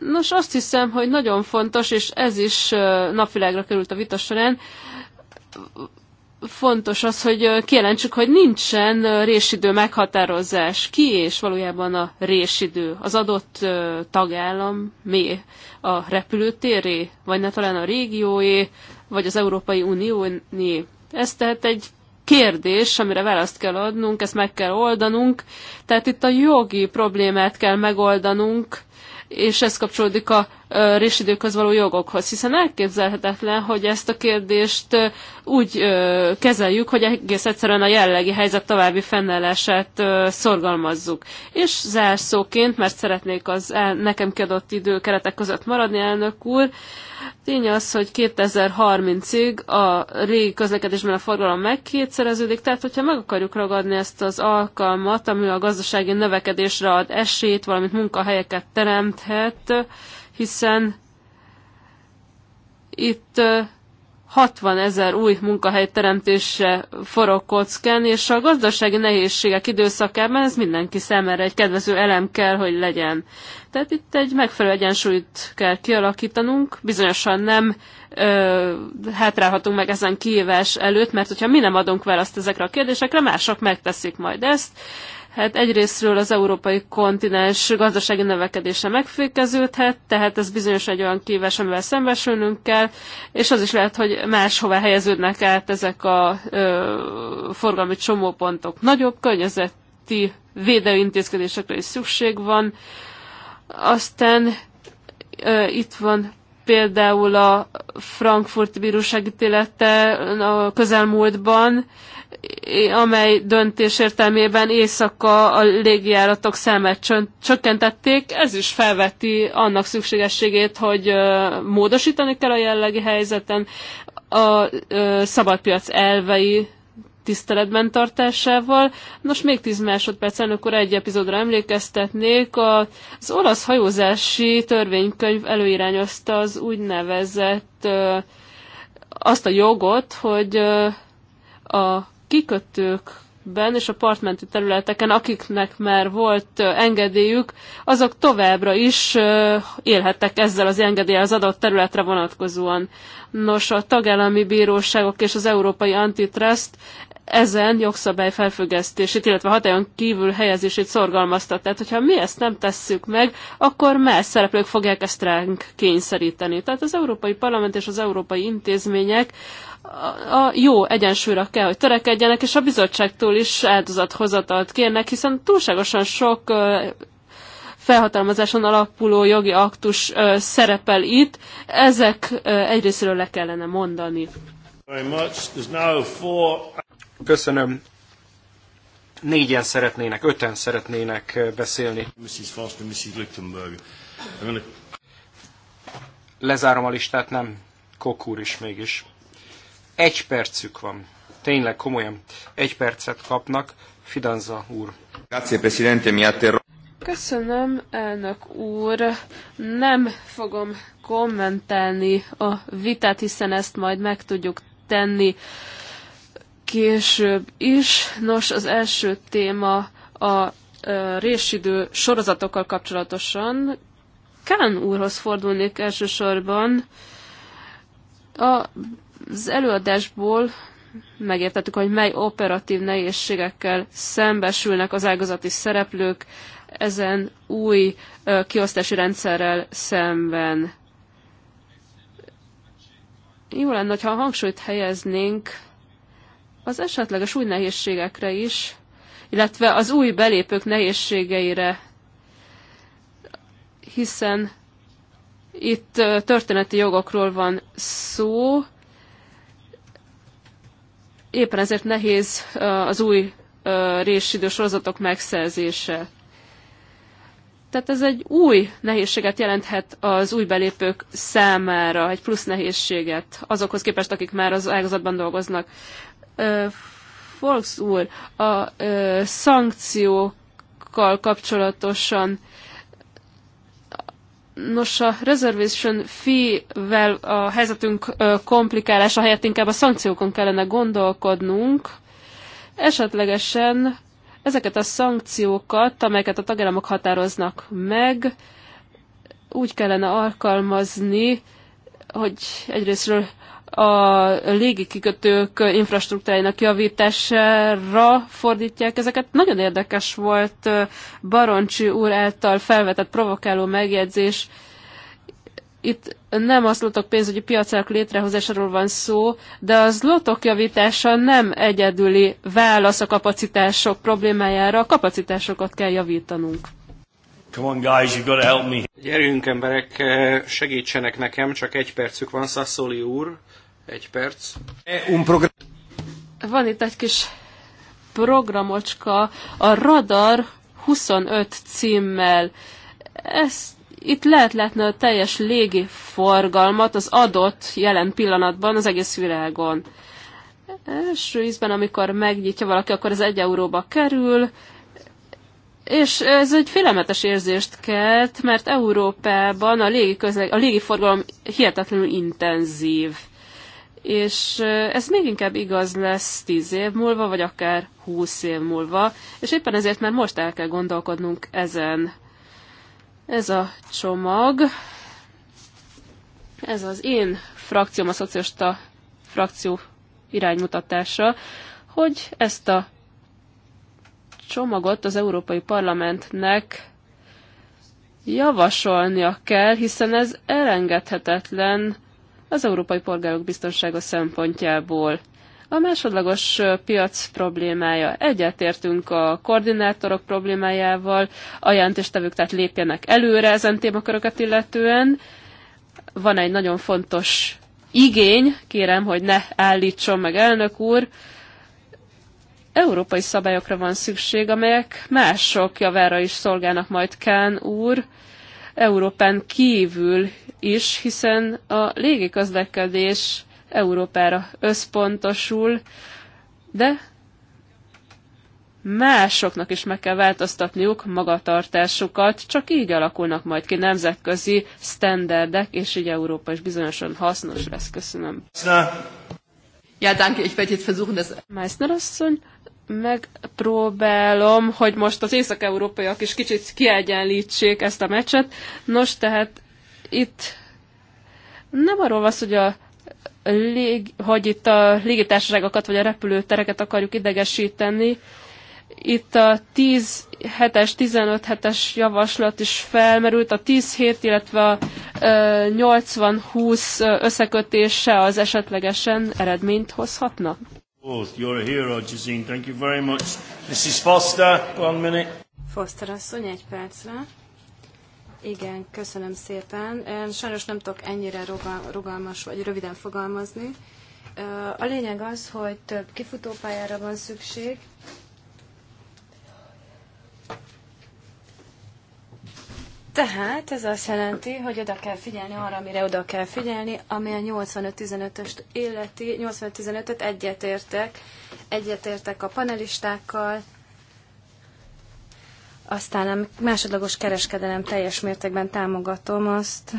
Nos, azt hiszem, hogy nagyon fontos, és ez is napvilágra került a vita során, fontos az, hogy kijelentsük, hogy nincsen résidő meghatározás. Ki és valójában a résidő? Az adott tagállam mi? A repülőtéré? Vagy ne talán a régióé? vagy az Európai Unióné. Ez tehát egy kérdés, amire választ kell adnunk, ezt meg kell oldanunk. Tehát itt a jogi problémát kell megoldanunk, és ez kapcsolódik a résidőkhöz való jogokhoz, hiszen elképzelhetetlen, hogy ezt a kérdést úgy kezeljük, hogy egész egyszerűen a jellegi helyzet további fennállását szorgalmazzuk. És zárszóként, mert szeretnék az nekem kiadott időkeretek között maradni, elnök úr, Tény az, hogy 2030-ig a régi közlekedésben a forgalom megkétszereződik, tehát hogyha meg akarjuk ragadni ezt az alkalmat, ami a gazdasági növekedésre ad esélyt, valamint munkahelyeket teremthet, hiszen itt 60 ezer új munkahely teremtése forog kockán, és a gazdasági nehézségek időszakában ez mindenki számára egy kedvező elem kell, hogy legyen. Tehát itt egy megfelelő egyensúlyt kell kialakítanunk, bizonyosan nem ö, hátrálhatunk meg ezen kihívás előtt, mert hogyha mi nem adunk választ ezekre a kérdésekre, mások megteszik majd ezt. Hát egyrésztről az európai kontinens gazdasági növekedése megfékeződhet, tehát ez bizonyos egy olyan kívás, amivel szembesülnünk kell, és az is lehet, hogy máshová helyeződnek át ezek a ö, forgalmi csomópontok. Nagyobb környezeti védőintézkedésekre is szükség van. Aztán ö, itt van például a Frankfurti Bíróság ítélete a közelmúltban, amely döntés értelmében éjszaka a légijáratok számát csökkentették. Ez is felveti annak szükségességét, hogy módosítani kell a jellegi helyzeten a szabadpiac elvei tiszteletben tartásával. Nos, még 10 másodperc, akkor egy epizódra emlékeztetnék. Az olasz hajózási törvénykönyv előirányozta az úgynevezett azt a jogot, hogy a kikötőkben és a partmenti területeken, akiknek már volt engedélyük, azok továbbra is élhettek ezzel az engedéllyel az adott területre vonatkozóan. Nos, a tagállami bíróságok és az Európai Antitrust ezen jogszabály felfüggesztését, illetve hatályon kívül helyezését szorgalmaztat. Tehát, hogyha mi ezt nem tesszük meg, akkor más szereplők fogják ezt ránk kényszeríteni. Tehát az Európai Parlament és az európai intézmények a jó egyensúlyra kell, hogy törekedjenek, és a bizottságtól is áldozathozatalt kérnek, hiszen túlságosan sok felhatalmazáson alapuló jogi aktus szerepel itt, ezek egyrésztről le kellene mondani. Köszönöm. Négyen szeretnének, öten szeretnének eh, beszélni. Mrs. Foster, Mrs. Lichtenberg. Gonna... Lezárom a listát, nem? Kokúr is mégis. Egy percük van. Tényleg, komolyan. Egy percet kapnak. Fidanza úr. Grazie, Presidente, mi Köszönöm, elnök úr. Nem fogom kommentálni a vitát, hiszen ezt majd meg tudjuk tenni később is. Nos, az első téma a résidő sorozatokkal kapcsolatosan. Kán úrhoz fordulnék elsősorban. A, az előadásból megértettük, hogy mely operatív nehézségekkel szembesülnek az ágazati szereplők ezen új kiosztási rendszerrel szemben. Jó lenne, ha hangsúlyt helyeznénk az esetleges új nehézségekre is, illetve az új belépők nehézségeire, hiszen itt történeti jogokról van szó, éppen ezért nehéz az új résidő megszerzése. Tehát ez egy új nehézséget jelenthet az új belépők számára, egy plusz nehézséget azokhoz képest, akik már az ágazatban dolgoznak. Folks úr, a szankciókkal kapcsolatosan Nos, a reservation fee-vel a helyzetünk komplikálása helyett inkább a szankciókon kellene gondolkodnunk. Esetlegesen ezeket a szankciókat, amelyeket a tagállamok határoznak meg, úgy kellene alkalmazni, hogy egyrésztről a légikikötők infrastruktúrájának javítására fordítják ezeket. Nagyon érdekes volt Baroncsi úr által felvetett provokáló megjegyzés. Itt nem a szlotok pénzügyi piacák létrehozásáról van szó, de a szlotok javítása nem egyedüli válasz a kapacitások problémájára, a kapacitásokat kell javítanunk. Come on guys, you gotta help me. Gyerünk emberek, segítsenek nekem, csak egy percük van, Sassoli úr. Egy perc. Van itt egy kis programocska, a Radar 25 címmel. Ez itt lehet látni a teljes légi forgalmat az adott jelen pillanatban az egész világon. Első ízben, amikor megnyitja valaki, akkor ez egy euróba kerül, és ez egy félelmetes érzést kelt, mert Európában a légi, közleg, a légi forgalom hihetetlenül intenzív és ez még inkább igaz lesz tíz év múlva, vagy akár húsz év múlva, és éppen ezért már most el kell gondolkodnunk ezen. Ez a csomag, ez az én frakcióm, a szocialista frakció iránymutatása, hogy ezt a csomagot az Európai Parlamentnek javasolnia kell, hiszen ez elengedhetetlen, az európai polgárok biztonsága szempontjából. A másodlagos piac problémája. Egyetértünk a koordinátorok problémájával, a jelentéstevők tehát lépjenek előre ezen témaköröket illetően. Van egy nagyon fontos igény, kérem, hogy ne állítson meg elnök úr, európai szabályokra van szükség, amelyek mások javára is szolgálnak majd Kán úr. Európán kívül is, hiszen a légiközlekedés Európára összpontosul, de másoknak is meg kell változtatniuk magatartásukat, csak így alakulnak majd ki nemzetközi sztenderdek, és így Európa is bizonyosan hasznos lesz. Köszönöm. Ja, danke, ich werde jetzt versuchen, das... Meissner asszony, megpróbálom, hogy most az észak-európaiak is kicsit kiegyenlítsék ezt a meccset. Nos, tehát itt nem arról van hogy a lég, hogy itt a légitársaságokat vagy a repülőtereket akarjuk idegesíteni. Itt a 10 hetes, 15 hetes javaslat is felmerült, a 10 hét, illetve a 80-20 összekötése az esetlegesen eredményt hozhatna? Oh, you're a hero, Jazine. Thank you very much. Mrs. Foster, one minute. Foster asszony, egy percre. Igen, köszönöm szépen. Én sajnos nem tudok ennyire rugalmas vagy röviden fogalmazni. A lényeg az, hogy több kifutópályára van szükség, Tehát ez azt jelenti, hogy oda kell figyelni arra, amire oda kell figyelni, ami a 85-15-öst illeti, 85-15-öt egyetértek, egyetértek a panelistákkal, aztán a másodlagos kereskedelem teljes mértékben támogatom azt,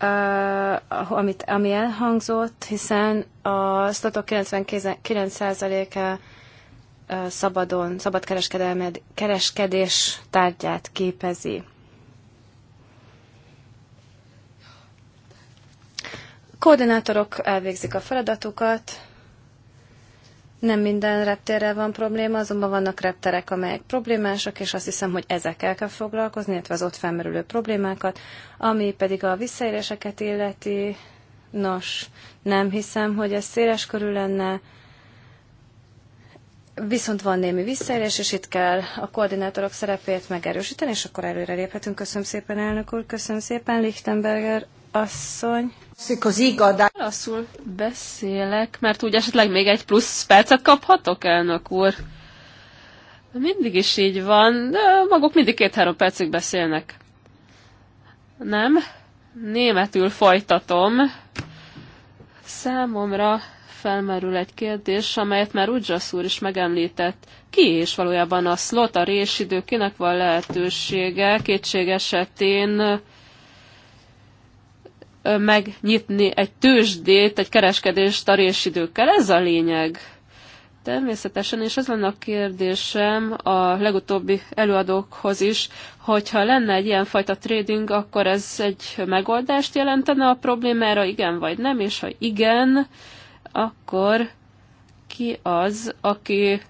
uh, amit, ami elhangzott, hiszen a szlotok 99%-a szabadon, szabad kereskedés tárgyát képezi. koordinátorok elvégzik a feladatukat, nem minden reptérrel van probléma, azonban vannak repterek, amelyek problémásak, és azt hiszem, hogy ezekkel kell foglalkozni, illetve az ott felmerülő problémákat, ami pedig a visszaéléseket illeti. Nos, nem hiszem, hogy ez széles körül lenne, Viszont van némi visszaélés, és itt kell a koordinátorok szerepét megerősíteni, és akkor előre léphetünk. Köszönöm szépen, elnök úr, köszönöm szépen, Lichtenberger asszony. Rosszul beszélek, mert úgy esetleg még egy plusz percet kaphatok, elnök úr. Mindig is így van, de maguk mindig két-három percig beszélnek. Nem? Németül folytatom. Számomra felmerül egy kérdés, amelyet már Ujjasz úr is megemlített. Ki is valójában a szlot, a résidő, kinek van lehetősége kétség esetén megnyitni egy tőzsdét, egy kereskedést a résidőkkel? Ez a lényeg. Természetesen, és ez lenne a kérdésem a legutóbbi előadókhoz is, hogyha lenne egy ilyenfajta trading, akkor ez egy megoldást jelentene a problémára, igen vagy nem, és ha igen, akkor ki az, aki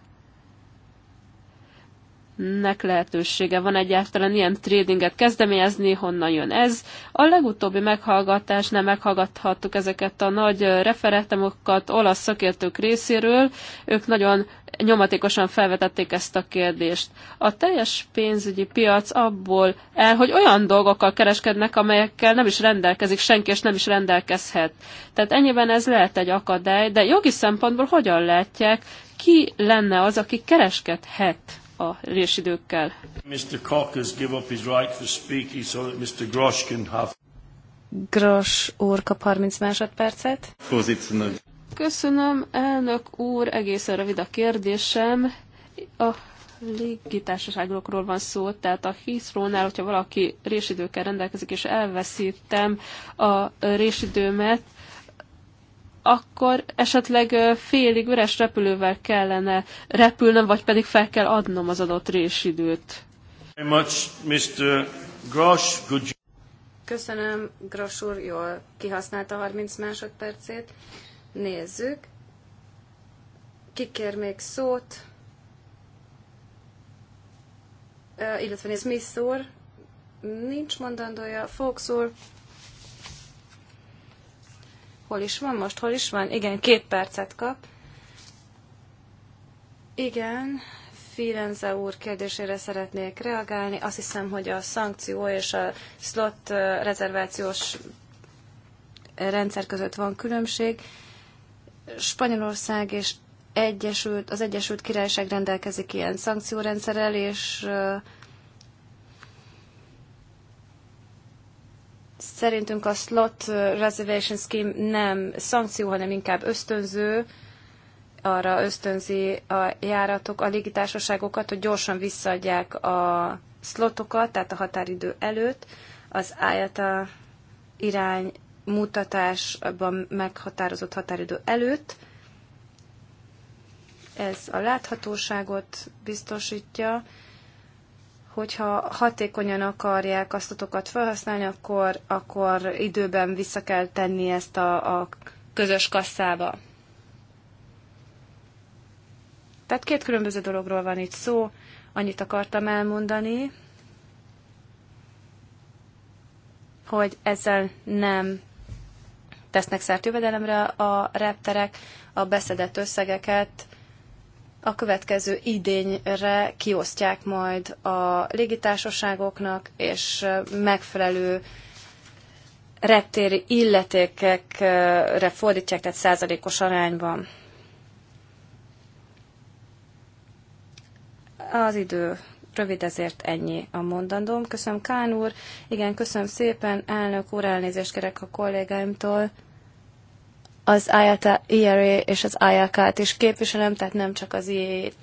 nek lehetősége van egyáltalán ilyen tradinget kezdeményezni, honnan jön ez. A legutóbbi meghallgatásnál meghallgathattuk ezeket a nagy referátumokat olasz szakértők részéről, ők nagyon nyomatékosan felvetették ezt a kérdést. A teljes pénzügyi piac abból el, hogy olyan dolgokkal kereskednek, amelyekkel nem is rendelkezik senki, és nem is rendelkezhet. Tehát ennyiben ez lehet egy akadály, de jogi szempontból hogyan látják, ki lenne az, aki kereskedhet? a résidőkkel. Mr. has give up his right for speaking so that Mr. Grosh can have... Grosh úr kap 30 másodpercet. Köszönöm. Köszönöm, elnök úr, egészen rövid a kérdésem. A légitársaságokról van szó, tehát a Heathrow-nál, hogyha valaki résidőkkel rendelkezik, és elveszítem a résidőmet, akkor esetleg félig üres repülővel kellene repülnöm, vagy pedig fel kell adnom az adott résidőt. Köszönöm, Grosz úr, jól kihasználta 30 másodpercét. Nézzük. Ki kér még szót? Illetve néz Smith úr, nincs mondandója, Fox úr, hol is van most, hol is van? Igen, két percet kap. Igen, Firenze úr kérdésére szeretnék reagálni. Azt hiszem, hogy a szankció és a slot rezervációs rendszer között van különbség. Spanyolország és Egyesült, az Egyesült Királyság rendelkezik ilyen szankciórendszerrel, és Szerintünk a slot reservation scheme nem szankció, hanem inkább ösztönző, arra ösztönzi a járatok, a légitársaságokat, hogy gyorsan visszaadják a slotokat, tehát a határidő előtt. Az IATA irány mutatásban meghatározott határidő előtt. Ez a láthatóságot biztosítja, hogyha hatékonyan akarják azt utokat felhasználni, akkor, akkor időben vissza kell tenni ezt a, a közös kasszába. Tehát két különböző dologról van itt szó, annyit akartam elmondani, hogy ezzel nem tesznek szert jövedelemre a repterek, a beszedett összegeket a következő idényre kiosztják majd a légitársaságoknak, és megfelelő reptéri illetékekre fordítják, tehát százalékos arányban. Az idő rövid, ezért ennyi a mondandóm. Köszönöm Kán úr, igen, köszönöm szépen, elnök úr, elnézést kérek a kollégáimtól az IATA, IRA e és az IAK-t is képviselem, tehát nem csak az IE-t.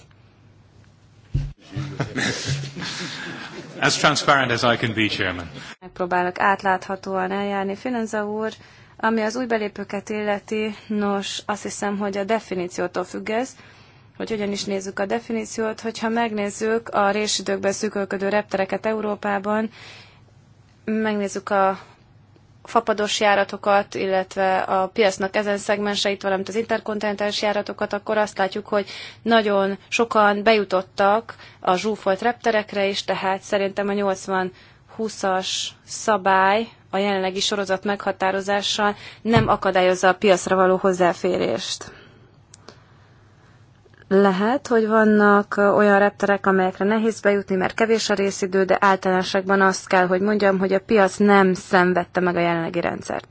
as transparent as I can be, Chairman. Megpróbálok átláthatóan eljárni. Finanza úr, ami az új belépőket illeti, nos, azt hiszem, hogy a definíciótól függ ez, hogy hogyan is nézzük a definíciót, hogyha megnézzük a résidőkben szűkölködő reptereket Európában, megnézzük a fapados járatokat, illetve a piacnak ezen szegmenseit, valamint az interkontinentális járatokat, akkor azt látjuk, hogy nagyon sokan bejutottak a zsúfolt repterekre is, tehát szerintem a 80 20-as szabály a jelenlegi sorozat meghatározással nem akadályozza a piacra való hozzáférést. Lehet, hogy vannak olyan repterek, amelyekre nehéz bejutni, mert kevés a részidő, de általánosságban azt kell, hogy mondjam, hogy a piac nem szenvedte meg a jelenlegi rendszert.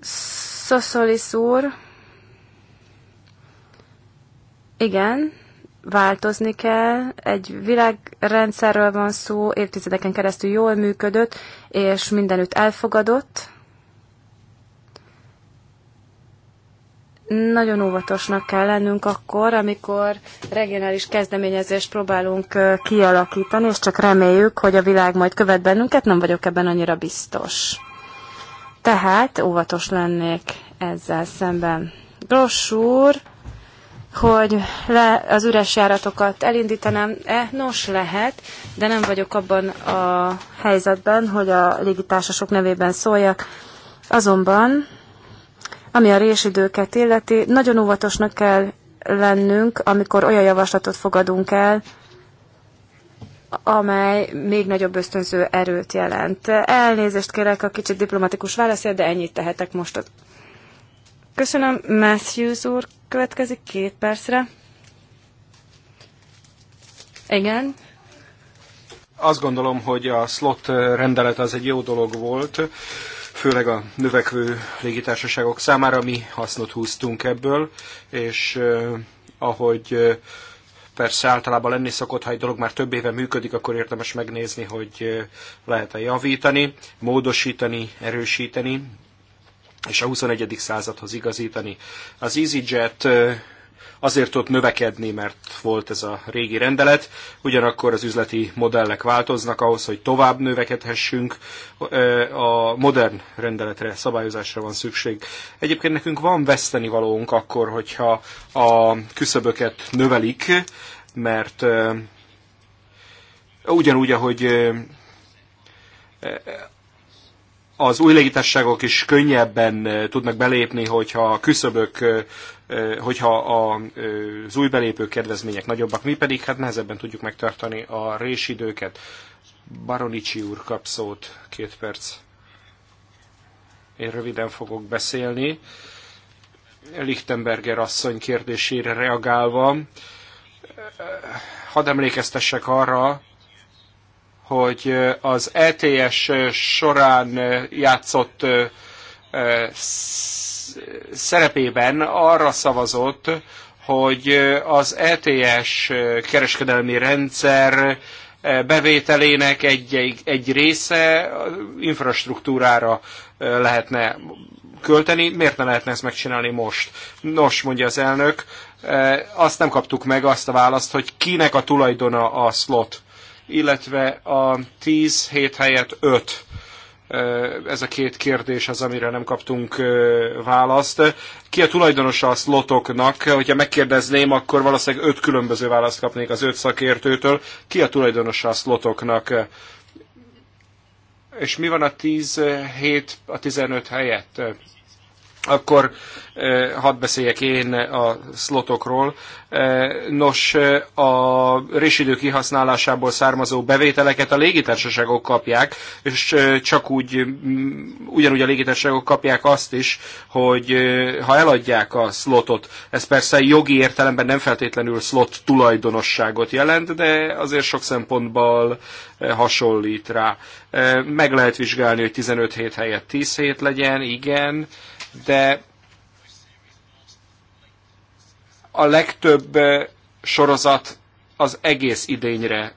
Szoszolis úr, igen, változni kell. Egy világrendszerről van szó, évtizedeken keresztül jól működött, és mindenütt elfogadott. nagyon óvatosnak kell lennünk akkor, amikor regionális kezdeményezést próbálunk kialakítani, és csak reméljük, hogy a világ majd követ bennünket, nem vagyok ebben annyira biztos. Tehát óvatos lennék ezzel szemben. Gross hogy le az üres járatokat elindítanám-e? Nos, lehet, de nem vagyok abban a helyzetben, hogy a légitársaság nevében szóljak. Azonban ami a résidőket illeti, nagyon óvatosnak kell lennünk, amikor olyan javaslatot fogadunk el, amely még nagyobb ösztönző erőt jelent. Elnézést kérek a kicsit diplomatikus válaszért, de ennyit tehetek most. Köszönöm, Matthews úr következik két percre. Igen. Azt gondolom, hogy a slot rendelet az egy jó dolog volt főleg a növekvő légitársaságok számára mi hasznot húztunk ebből, és ahogy persze általában lenni szokott, ha egy dolog már több éve működik, akkor érdemes megnézni, hogy lehet-e javítani, módosítani, erősíteni, és a 21. századhoz igazítani. Az EasyJet azért tudott növekedni, mert volt ez a régi rendelet, ugyanakkor az üzleti modellek változnak ahhoz, hogy tovább növekedhessünk, a modern rendeletre, szabályozásra van szükség. Egyébként nekünk van vesztenivalónk akkor, hogyha a küszöböket növelik, mert ugyanúgy, ahogy az új légitárságok is könnyebben tudnak belépni, hogyha a küszöbök hogyha a, az új belépő kedvezmények nagyobbak, mi pedig hát nehezebben tudjuk megtartani a résidőket. Baronicsi úr kap szót, két perc. Én röviden fogok beszélni. Lichtenberger asszony kérdésére reagálva, hadd emlékeztessek arra, hogy az ETS során játszott szerepében arra szavazott, hogy az ETS kereskedelmi rendszer bevételének egy, egy része infrastruktúrára lehetne költeni, miért ne lehetne ezt megcsinálni most? Nos, mondja az elnök, azt nem kaptuk meg azt a választ, hogy kinek a tulajdona a slot, illetve a 10 hét helyett 5 ez a két kérdés az, amire nem kaptunk választ. Ki a tulajdonosa a szlotoknak? Hogyha megkérdezném, akkor valószínűleg öt különböző választ kapnék az öt szakértőtől. Ki a tulajdonosa a szlotoknak? És mi van a 10 hét, a 15 helyett? akkor eh, hadd beszéljek én a szlotokról. Eh, nos, eh, a résidő kihasználásából származó bevételeket a légitársaságok kapják, és csak úgy, mm, ugyanúgy a légitársaságok kapják azt is, hogy ha eladják a szlotot, ez persze jogi értelemben nem feltétlenül szlot tulajdonosságot jelent, de azért sok szempontból hasonlít rá. Meg lehet vizsgálni, hogy 15 hét helyett 10 hét legyen, igen, de a legtöbb eh, sorozat az egész idényre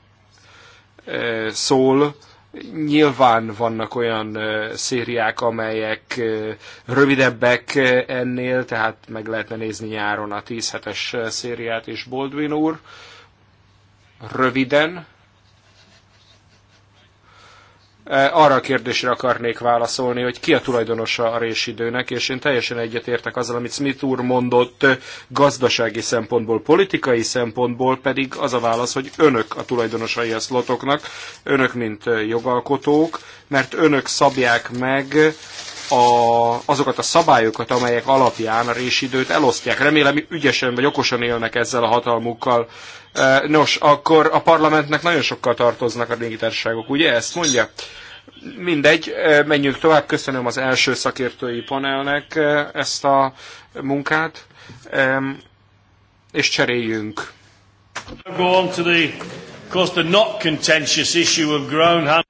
eh, szól. Nyilván vannak olyan eh, szériák, amelyek rövidebbek ennél, tehát meg lehetne nézni nyáron a 10 hetes szériát és Boldvin úr. Röviden, arra a kérdésre akarnék válaszolni, hogy ki a tulajdonosa a résidőnek, és én teljesen egyetértek azzal, amit Smith úr mondott gazdasági szempontból, politikai szempontból pedig az a válasz, hogy önök a tulajdonosai a szlotoknak, önök mint jogalkotók, mert önök szabják meg a, azokat a szabályokat, amelyek alapján a résidőt elosztják. Remélem, ügyesen vagy okosan élnek ezzel a hatalmukkal. Eh, nos, akkor a parlamentnek nagyon sokkal tartoznak a légitársaságok, ugye ezt mondja? Mindegy, eh, menjünk tovább. Köszönöm az első szakértői panelnek eh, ezt a munkát, és cseréljünk.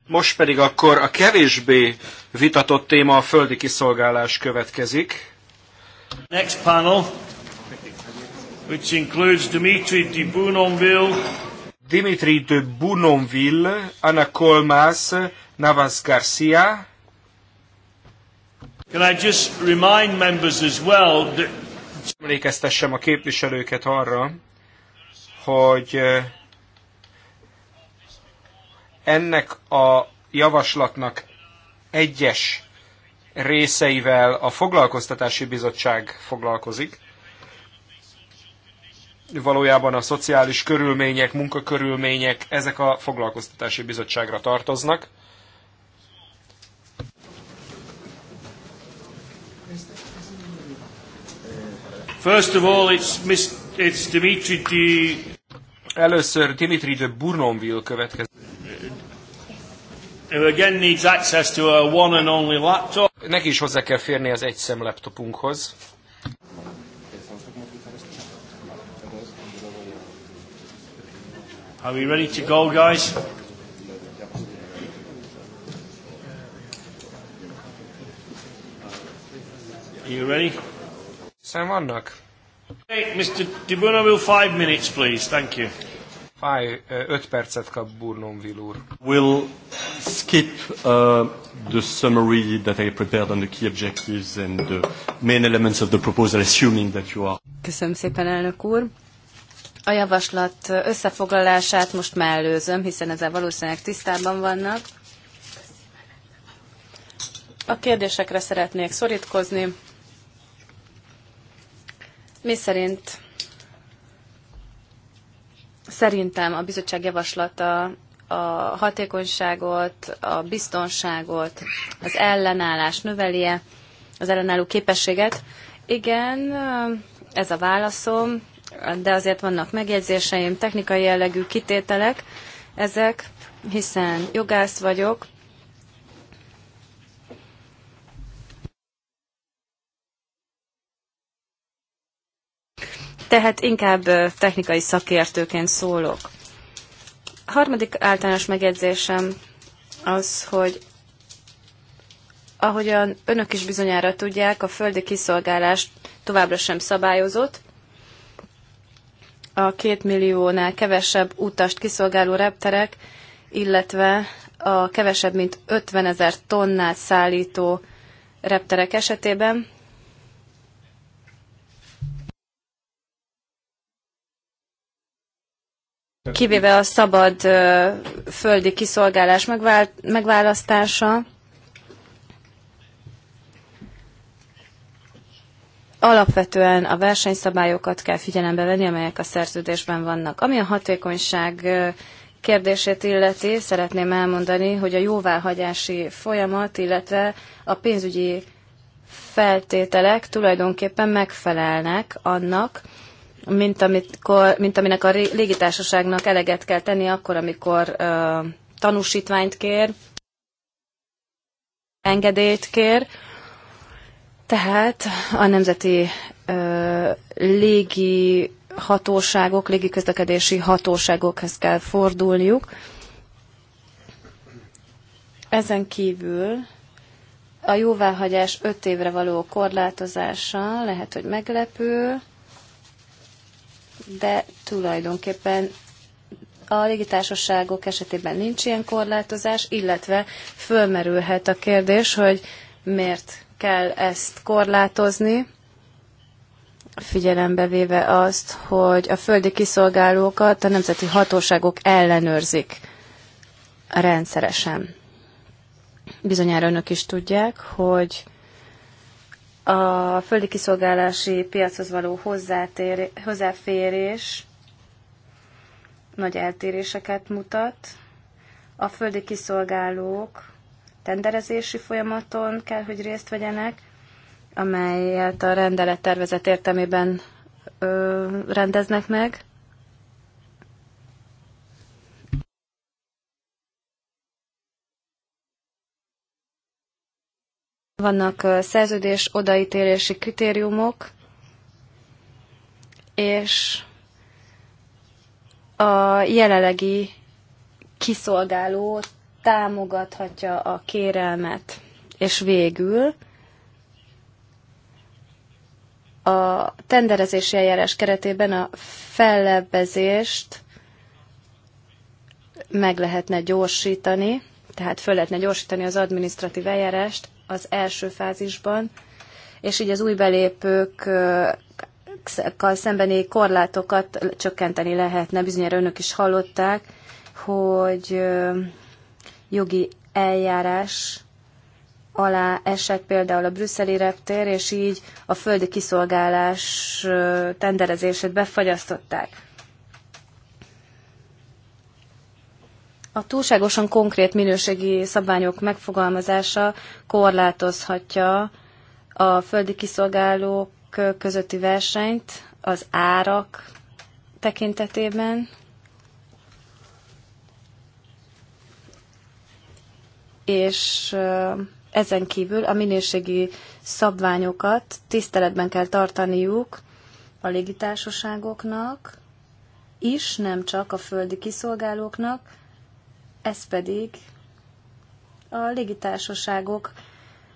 Most pedig akkor a kevésbé vitatott téma a földi kiszolgálás következik. Next panel which includes Dimitri de Bounonville, Dimitri de Bounonville, Anna Colmas, Navas Garcia. Can I just remind members as well that... Emlékeztessem a képviselőket arra, hogy eh, ennek a javaslatnak egyes részeivel a foglalkoztatási bizottság foglalkozik, valójában a szociális körülmények, munkakörülmények, ezek a foglalkoztatási bizottságra tartoznak. First of all, it's, Miss, it's Dimitri de... Először Dimitri de Bournonville következik. Who again needs access to a one and only laptop. Neki is hozzá kell férni az egyszem laptopunkhoz. Are we ready to go, guys? Are you ready? Sam vannak. Hey, Mr. Dibunovil, five minutes, please. Thank you. Fáj, öt percet kap Burnonville úr. We'll skip uh, the summary that I prepared on the key objectives and the main elements of the proposal, assuming that you are. Köszönöm szépen, elnök úr. A javaslat összefoglalását most mellőzöm, hiszen ezzel valószínűleg tisztában vannak. A kérdésekre szeretnék szorítkozni. Mi szerint szerintem a bizottság javaslata a hatékonyságot, a biztonságot, az ellenállás növelie, az ellenálló képességet. Igen, ez a válaszom de azért vannak megjegyzéseim, technikai jellegű kitételek ezek, hiszen jogász vagyok, tehát inkább technikai szakértőként szólok. A harmadik általános megjegyzésem az, hogy ahogyan önök is bizonyára tudják, a földi kiszolgálás továbbra sem szabályozott, a két milliónál kevesebb utast kiszolgáló repterek, illetve a kevesebb mint 50 ezer tonnát szállító repterek esetében. Kivéve a szabad földi kiszolgálás megválasztása, Alapvetően a versenyszabályokat kell figyelembe venni, amelyek a szerződésben vannak. Ami a hatékonyság kérdését illeti, szeretném elmondani, hogy a jóváhagyási folyamat, illetve a pénzügyi feltételek tulajdonképpen megfelelnek annak, mint, amikor, mint aminek a légitársaságnak eleget kell tenni akkor, amikor ö, tanúsítványt kér, engedélyt kér, tehát a nemzeti ö, légi hatóságok, közlekedési hatóságokhez kell fordulniuk. Ezen kívül a jóváhagyás 5 évre való korlátozása lehet, hogy meglepő, de tulajdonképpen a légitársaságok esetében nincs ilyen korlátozás, illetve fölmerülhet a kérdés, hogy miért kell ezt korlátozni, figyelembe véve azt, hogy a földi kiszolgálókat a nemzeti hatóságok ellenőrzik rendszeresen. Bizonyára önök is tudják, hogy a földi kiszolgálási piachoz való hozzátér, hozzáférés nagy eltéréseket mutat. A földi kiszolgálók tenderezési folyamaton kell, hogy részt vegyenek, amelyet a rendelet tervezet értelmében ö, rendeznek meg. Vannak szerződés odaítélési kritériumok, és a jelenlegi kiszolgáló támogathatja a kérelmet. És végül a tenderezési eljárás keretében a fellebbezést meg lehetne gyorsítani, tehát föl lehetne gyorsítani az adminisztratív eljárást az első fázisban, és így az új belépők szembeni korlátokat csökkenteni lehetne. Bizonyára önök is hallották, hogy jogi eljárás alá esett például a brüsszeli reptér, és így a földi kiszolgálás tenderezését befagyasztották. A túlságosan konkrét minőségi szabványok megfogalmazása korlátozhatja a földi kiszolgálók közötti versenyt az árak tekintetében, és ezen kívül a minőségi szabványokat tiszteletben kell tartaniuk a légitársaságoknak is, nem csak a földi kiszolgálóknak, ez pedig a légitársaságok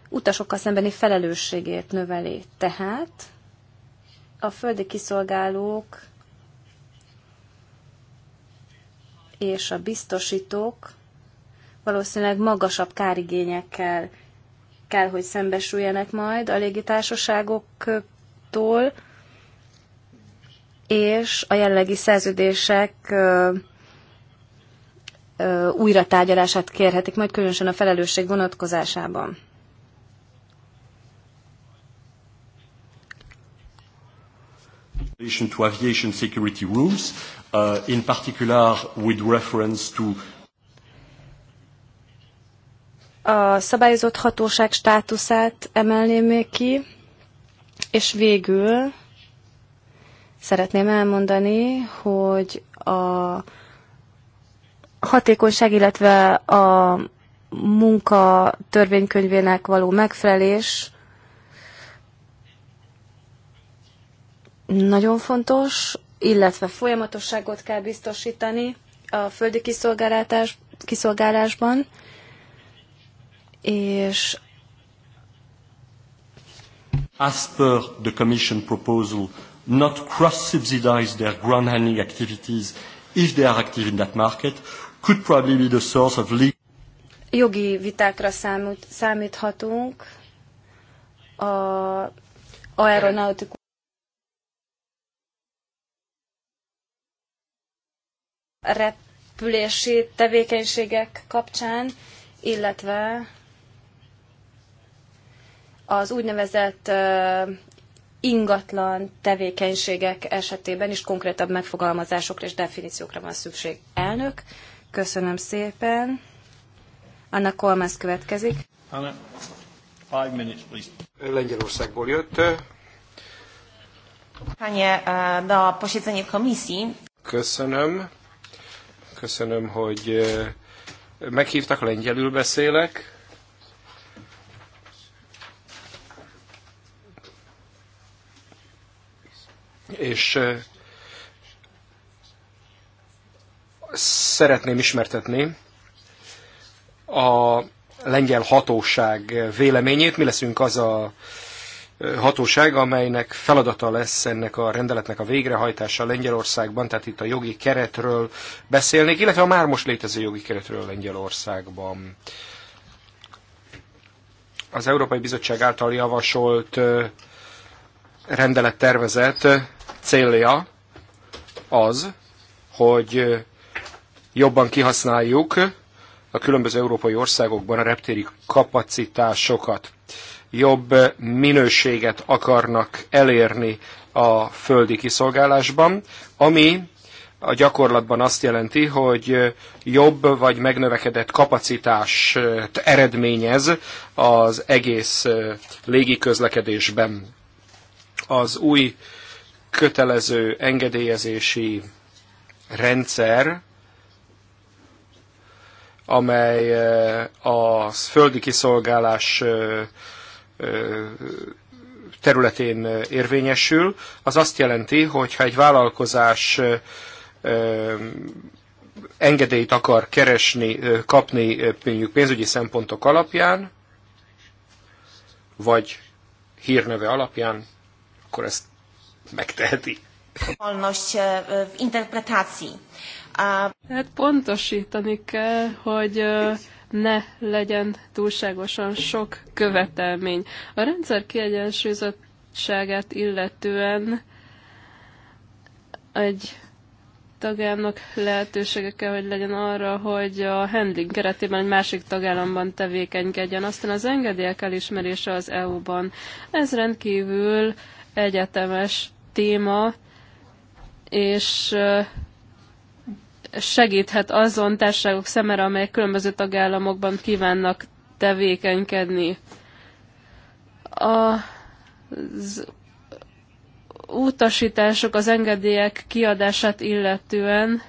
utasokkal szembeni felelősségét növeli. Tehát a földi kiszolgálók és a biztosítók valószínűleg magasabb kárigényekkel kell, hogy szembesüljenek majd a légitársaságoktól, és a jelenlegi szerződések újra tárgyalását kérhetik, majd különösen a felelősség vonatkozásában. to aviation security rules, uh, in particular with reference to a szabályozott hatóság státuszát emelném még ki, és végül szeretném elmondani, hogy a hatékonyság, illetve a munka törvénykönyvének való megfelelés nagyon fontos, illetve folyamatosságot kell biztosítani a földi kiszolgálásban, és as per the Commission proposal, not cross-subsidize their ground handling activities if they are active in that market, could probably be the source of legal... Jogi vitákra számít, számíthatunk a aeronautikus repülési tevékenységek kapcsán, illetve az úgynevezett ingatlan tevékenységek esetében is konkrétabb megfogalmazásokra és definíciókra van szükség. Elnök, köszönöm szépen. Anna Kolmász következik. Anna, five minutes, please. Lengyelországból jött. Panie, e, da posiedzenie komisji. Köszönöm. Köszönöm, hogy e, meghívtak, lengyelül beszélek. és szeretném ismertetni a lengyel hatóság véleményét. Mi leszünk az a hatóság, amelynek feladata lesz ennek a rendeletnek a végrehajtása Lengyelországban, tehát itt a jogi keretről beszélnék, illetve a már most létező jogi keretről Lengyelországban. Az Európai Bizottság által javasolt rendelettervezet célja az, hogy jobban kihasználjuk a különböző európai országokban a reptéri kapacitásokat. Jobb minőséget akarnak elérni a földi kiszolgálásban, ami a gyakorlatban azt jelenti, hogy jobb vagy megnövekedett kapacitást eredményez az egész légiközlekedésben az új kötelező engedélyezési rendszer, amely eh, a földi kiszolgálás eh, eh, területén érvényesül, az azt jelenti, hogy ha egy vállalkozás engedélyt akar keresni, kapni mondjuk pénzügyi szempontok alapján, vagy hírneve alapján, akkor ezt megteheti. E, interpretáció. Hát pontosítani kell, hogy e, ne legyen túlságosan sok követelmény. A rendszer kiegyensúlyozottságát illetően egy tagállamnak lehetősége kell, hogy legyen arra, hogy a handling keretében egy másik tagállamban tevékenykedjen. Aztán az engedélyek elismerése az EU-ban. Ez rendkívül uh, egyetemes téma, és eh, segíthet azon társaságok szemére, amelyek különböző tagállamokban kívánnak tevékenykedni. Az utasítások, az engedélyek kiadását illetően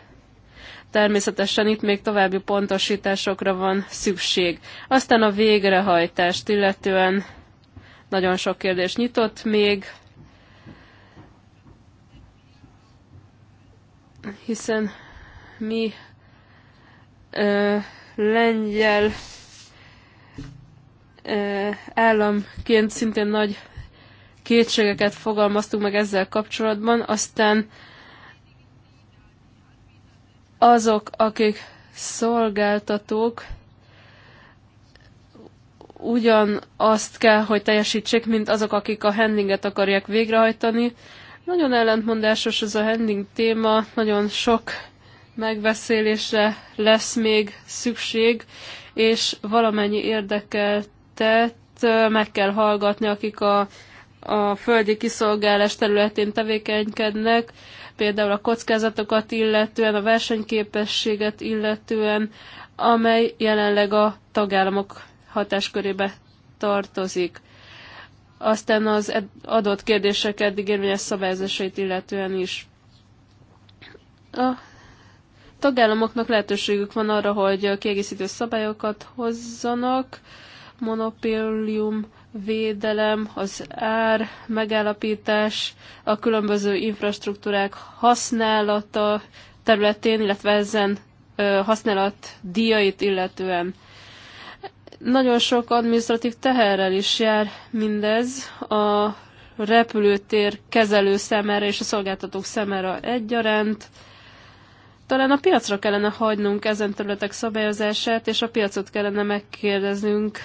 természetesen itt még további pontosításokra van szükség. Aztán a végrehajtást illetően nagyon sok kérdés nyitott még, hiszen mi ö, lengyel ö, államként szintén nagy kétségeket fogalmaztunk meg ezzel kapcsolatban, aztán azok, akik szolgáltatók, ugyanazt kell, hogy teljesítsék, mint azok, akik a handlinget akarják végrehajtani, nagyon ellentmondásos ez a handling téma, nagyon sok megbeszélésre lesz még szükség, és valamennyi érdekeltet meg kell hallgatni, akik a, a földi kiszolgálás területén tevékenykednek, például a kockázatokat illetően, a versenyképességet illetően, amely jelenleg a tagállamok hatáskörébe tartozik aztán az adott kérdések eddig érvényes szabályozásait illetően is. A tagállamoknak lehetőségük van arra, hogy kiegészítő szabályokat hozzanak, monopólium, védelem, az ár megállapítás, a különböző infrastruktúrák használata területén, illetve ezen használat díjait illetően. Nagyon sok administratív teherrel is jár mindez a repülőtér kezelő szemére és a szolgáltatók szemére egyaránt. Talán a piacra kellene hagynunk ezen területek szabályozását, és a piacot kellene megkérdeznünk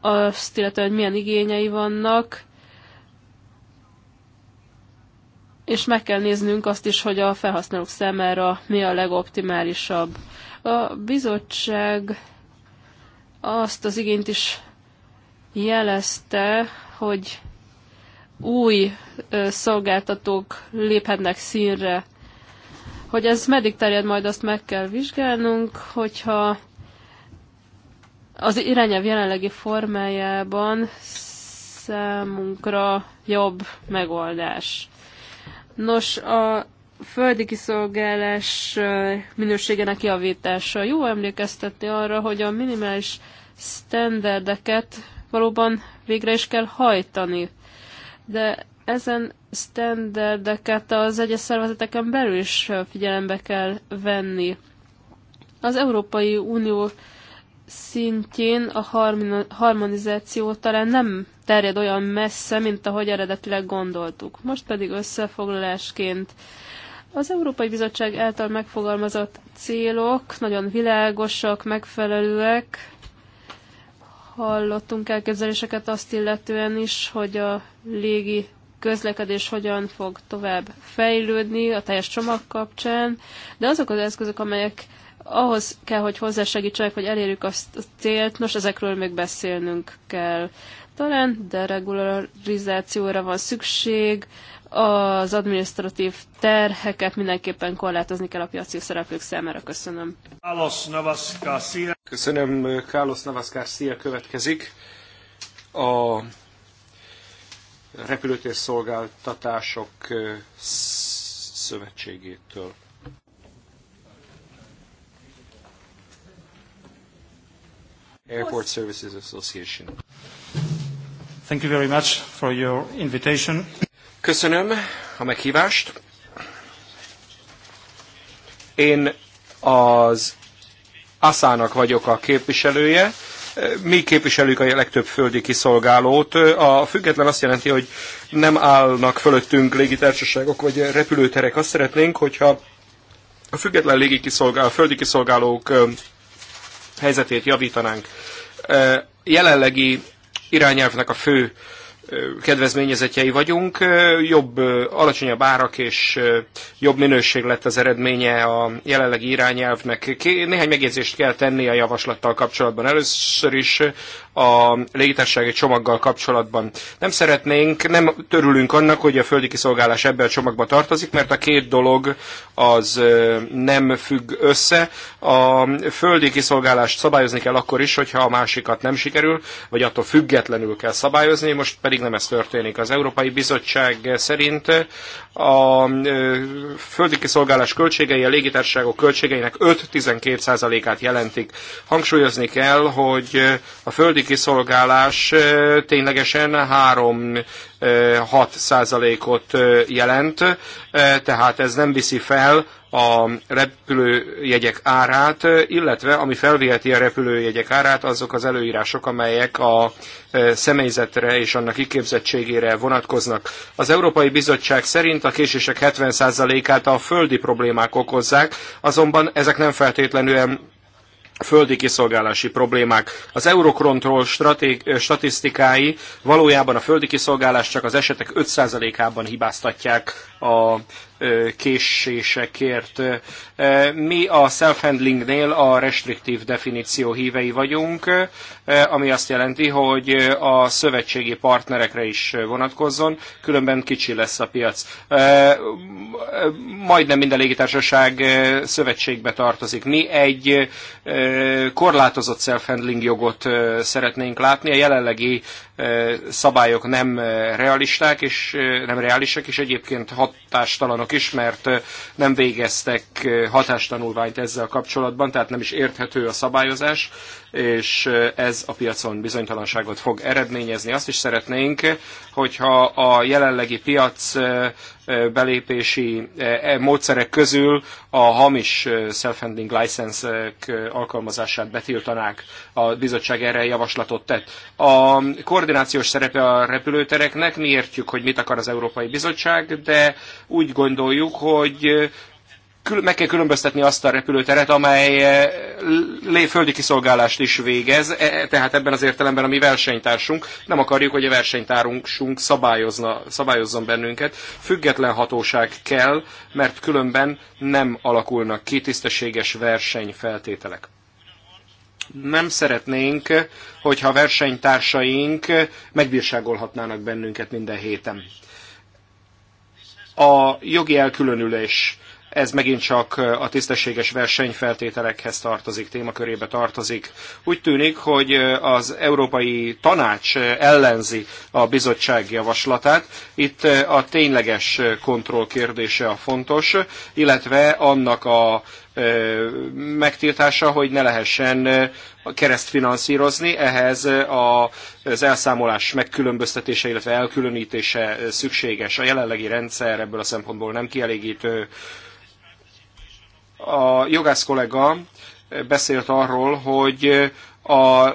azt illetően, hogy milyen igényei vannak, és meg kell néznünk azt is, hogy a felhasználók számára mi a legoptimálisabb. A bizottság azt az igényt is jelezte, hogy új szolgáltatók léphetnek színre. Hogy ez meddig terjed, majd azt meg kell vizsgálnunk, hogyha az irányelv jelenlegi formájában számunkra jobb megoldás. Nos, a földi kiszolgálás minőségének javítása. Jó emlékeztetni arra, hogy a minimális standardeket valóban végre is kell hajtani. De ezen standardeket az egyes szervezeteken belül is figyelembe kell venni. Az Európai Unió szintjén a harmonizáció talán nem terjed olyan messze, mint ahogy eredetileg gondoltuk. Most pedig összefoglalásként az Európai Bizottság által megfogalmazott célok nagyon világosak, megfelelőek. Hallottunk elképzeléseket azt illetően is, hogy a légi közlekedés hogyan fog tovább fejlődni a teljes csomag kapcsán, de azok az eszközök, amelyek ahhoz kell, hogy hozzásegítsenek, hogy elérjük azt a célt, nos, ezekről még beszélnünk kell. Talán deregularizációra van szükség, az administratív terheket mindenképpen korlátozni kell a piaci szereplők számára. Köszönöm. Carlos Navas Köszönöm, Carlos Navas Garcia következik. A repülőtér szolgáltatások szövetségétől. Airport Services Association. Thank you very much for your invitation. Köszönöm a meghívást. Én az Aszának vagyok a képviselője. Mi képviselők a legtöbb földi kiszolgálót. A független azt jelenti, hogy nem állnak fölöttünk légitársaságok vagy repülőterek. Azt szeretnénk, hogyha a független légi kiszolgál, a földi kiszolgálók helyzetét javítanánk. Jelenlegi irányelvnek a fő kedvezményezetjei vagyunk. Jobb, alacsonyabb árak és jobb minőség lett az eredménye a jelenlegi irányelvnek. Néhány megjegyzést kell tenni a javaslattal kapcsolatban. Először is a légitársasági csomaggal kapcsolatban. Nem szeretnénk, nem törülünk annak, hogy a földi kiszolgálás ebben a csomagban tartozik, mert a két dolog az nem függ össze. A földi kiszolgálást szabályozni kell akkor is, hogyha a másikat nem sikerül, vagy attól függetlenül kell szabályozni, most pedig nem ez történik. Az Európai Bizottság szerint a földi kiszolgálás költségei a légitársaságok költségeinek 5-12%-át jelentik. Hangsúlyozni kell, hogy a földi kiszolgálás ténylegesen 3-6 százalékot jelent, tehát ez nem viszi fel a repülőjegyek árát, illetve ami felviheti a repülőjegyek árát, azok az előírások, amelyek a személyzetre és annak kiképzettségére vonatkoznak. Az Európai Bizottság szerint a késések 70%-át a földi problémák okozzák, azonban ezek nem feltétlenül földi kiszolgálási problémák. Az Eurokrontról statisztikái valójában a földi kiszolgálást csak az esetek 5%-ában hibáztatják a késésekért. Mi a self-handlingnél a restriktív definíció hívei vagyunk, ami azt jelenti, hogy a szövetségi partnerekre is vonatkozzon, különben kicsi lesz a piac. Majdnem minden légitársaság szövetségbe tartozik. Mi egy korlátozott self-handling jogot szeretnénk látni, a jelenlegi szabályok nem realisták, és nem reálisak, és egyébként hatástalanok is, mert nem végeztek hatástanulmányt ezzel kapcsolatban, tehát nem is érthető a szabályozás és ez a piacon bizonytalanságot fog eredményezni. Azt is szeretnénk, hogyha a jelenlegi piac belépési e, módszerek közül a hamis self-handling license alkalmazását betiltanák. A bizottság erre javaslatot tett. A koordinációs szerepe a repülőtereknek, mi értjük, hogy mit akar az Európai Bizottság, de úgy gondoljuk, hogy meg kell különböztetni azt a repülőteret, amely eh, földi kiszolgálást is végez, e, e, tehát ebben az értelemben a mi versenytársunk, nem akarjuk, hogy a versenytársunk szabályozna, szabályozzon bennünket, független hatóság kell, mert különben nem alakulnak ki tisztességes versenyfeltételek nem szeretnénk, hogyha versenytársaink megbírságolhatnának bennünket minden héten. A jogi elkülönülés ez megint csak a tisztességes versenyfeltételekhez tartozik, témakörébe tartozik. Úgy tűnik, hogy az Európai Tanács ellenzi a bizottság javaslatát. Itt a tényleges kontroll kérdése a fontos, illetve annak a megtiltása, hogy ne lehessen keresztfinanszírozni, ehhez az elszámolás megkülönböztetése, illetve elkülönítése szükséges. A jelenlegi rendszer ebből a szempontból nem kielégítő a jogász kollega beszélt arról, hogy a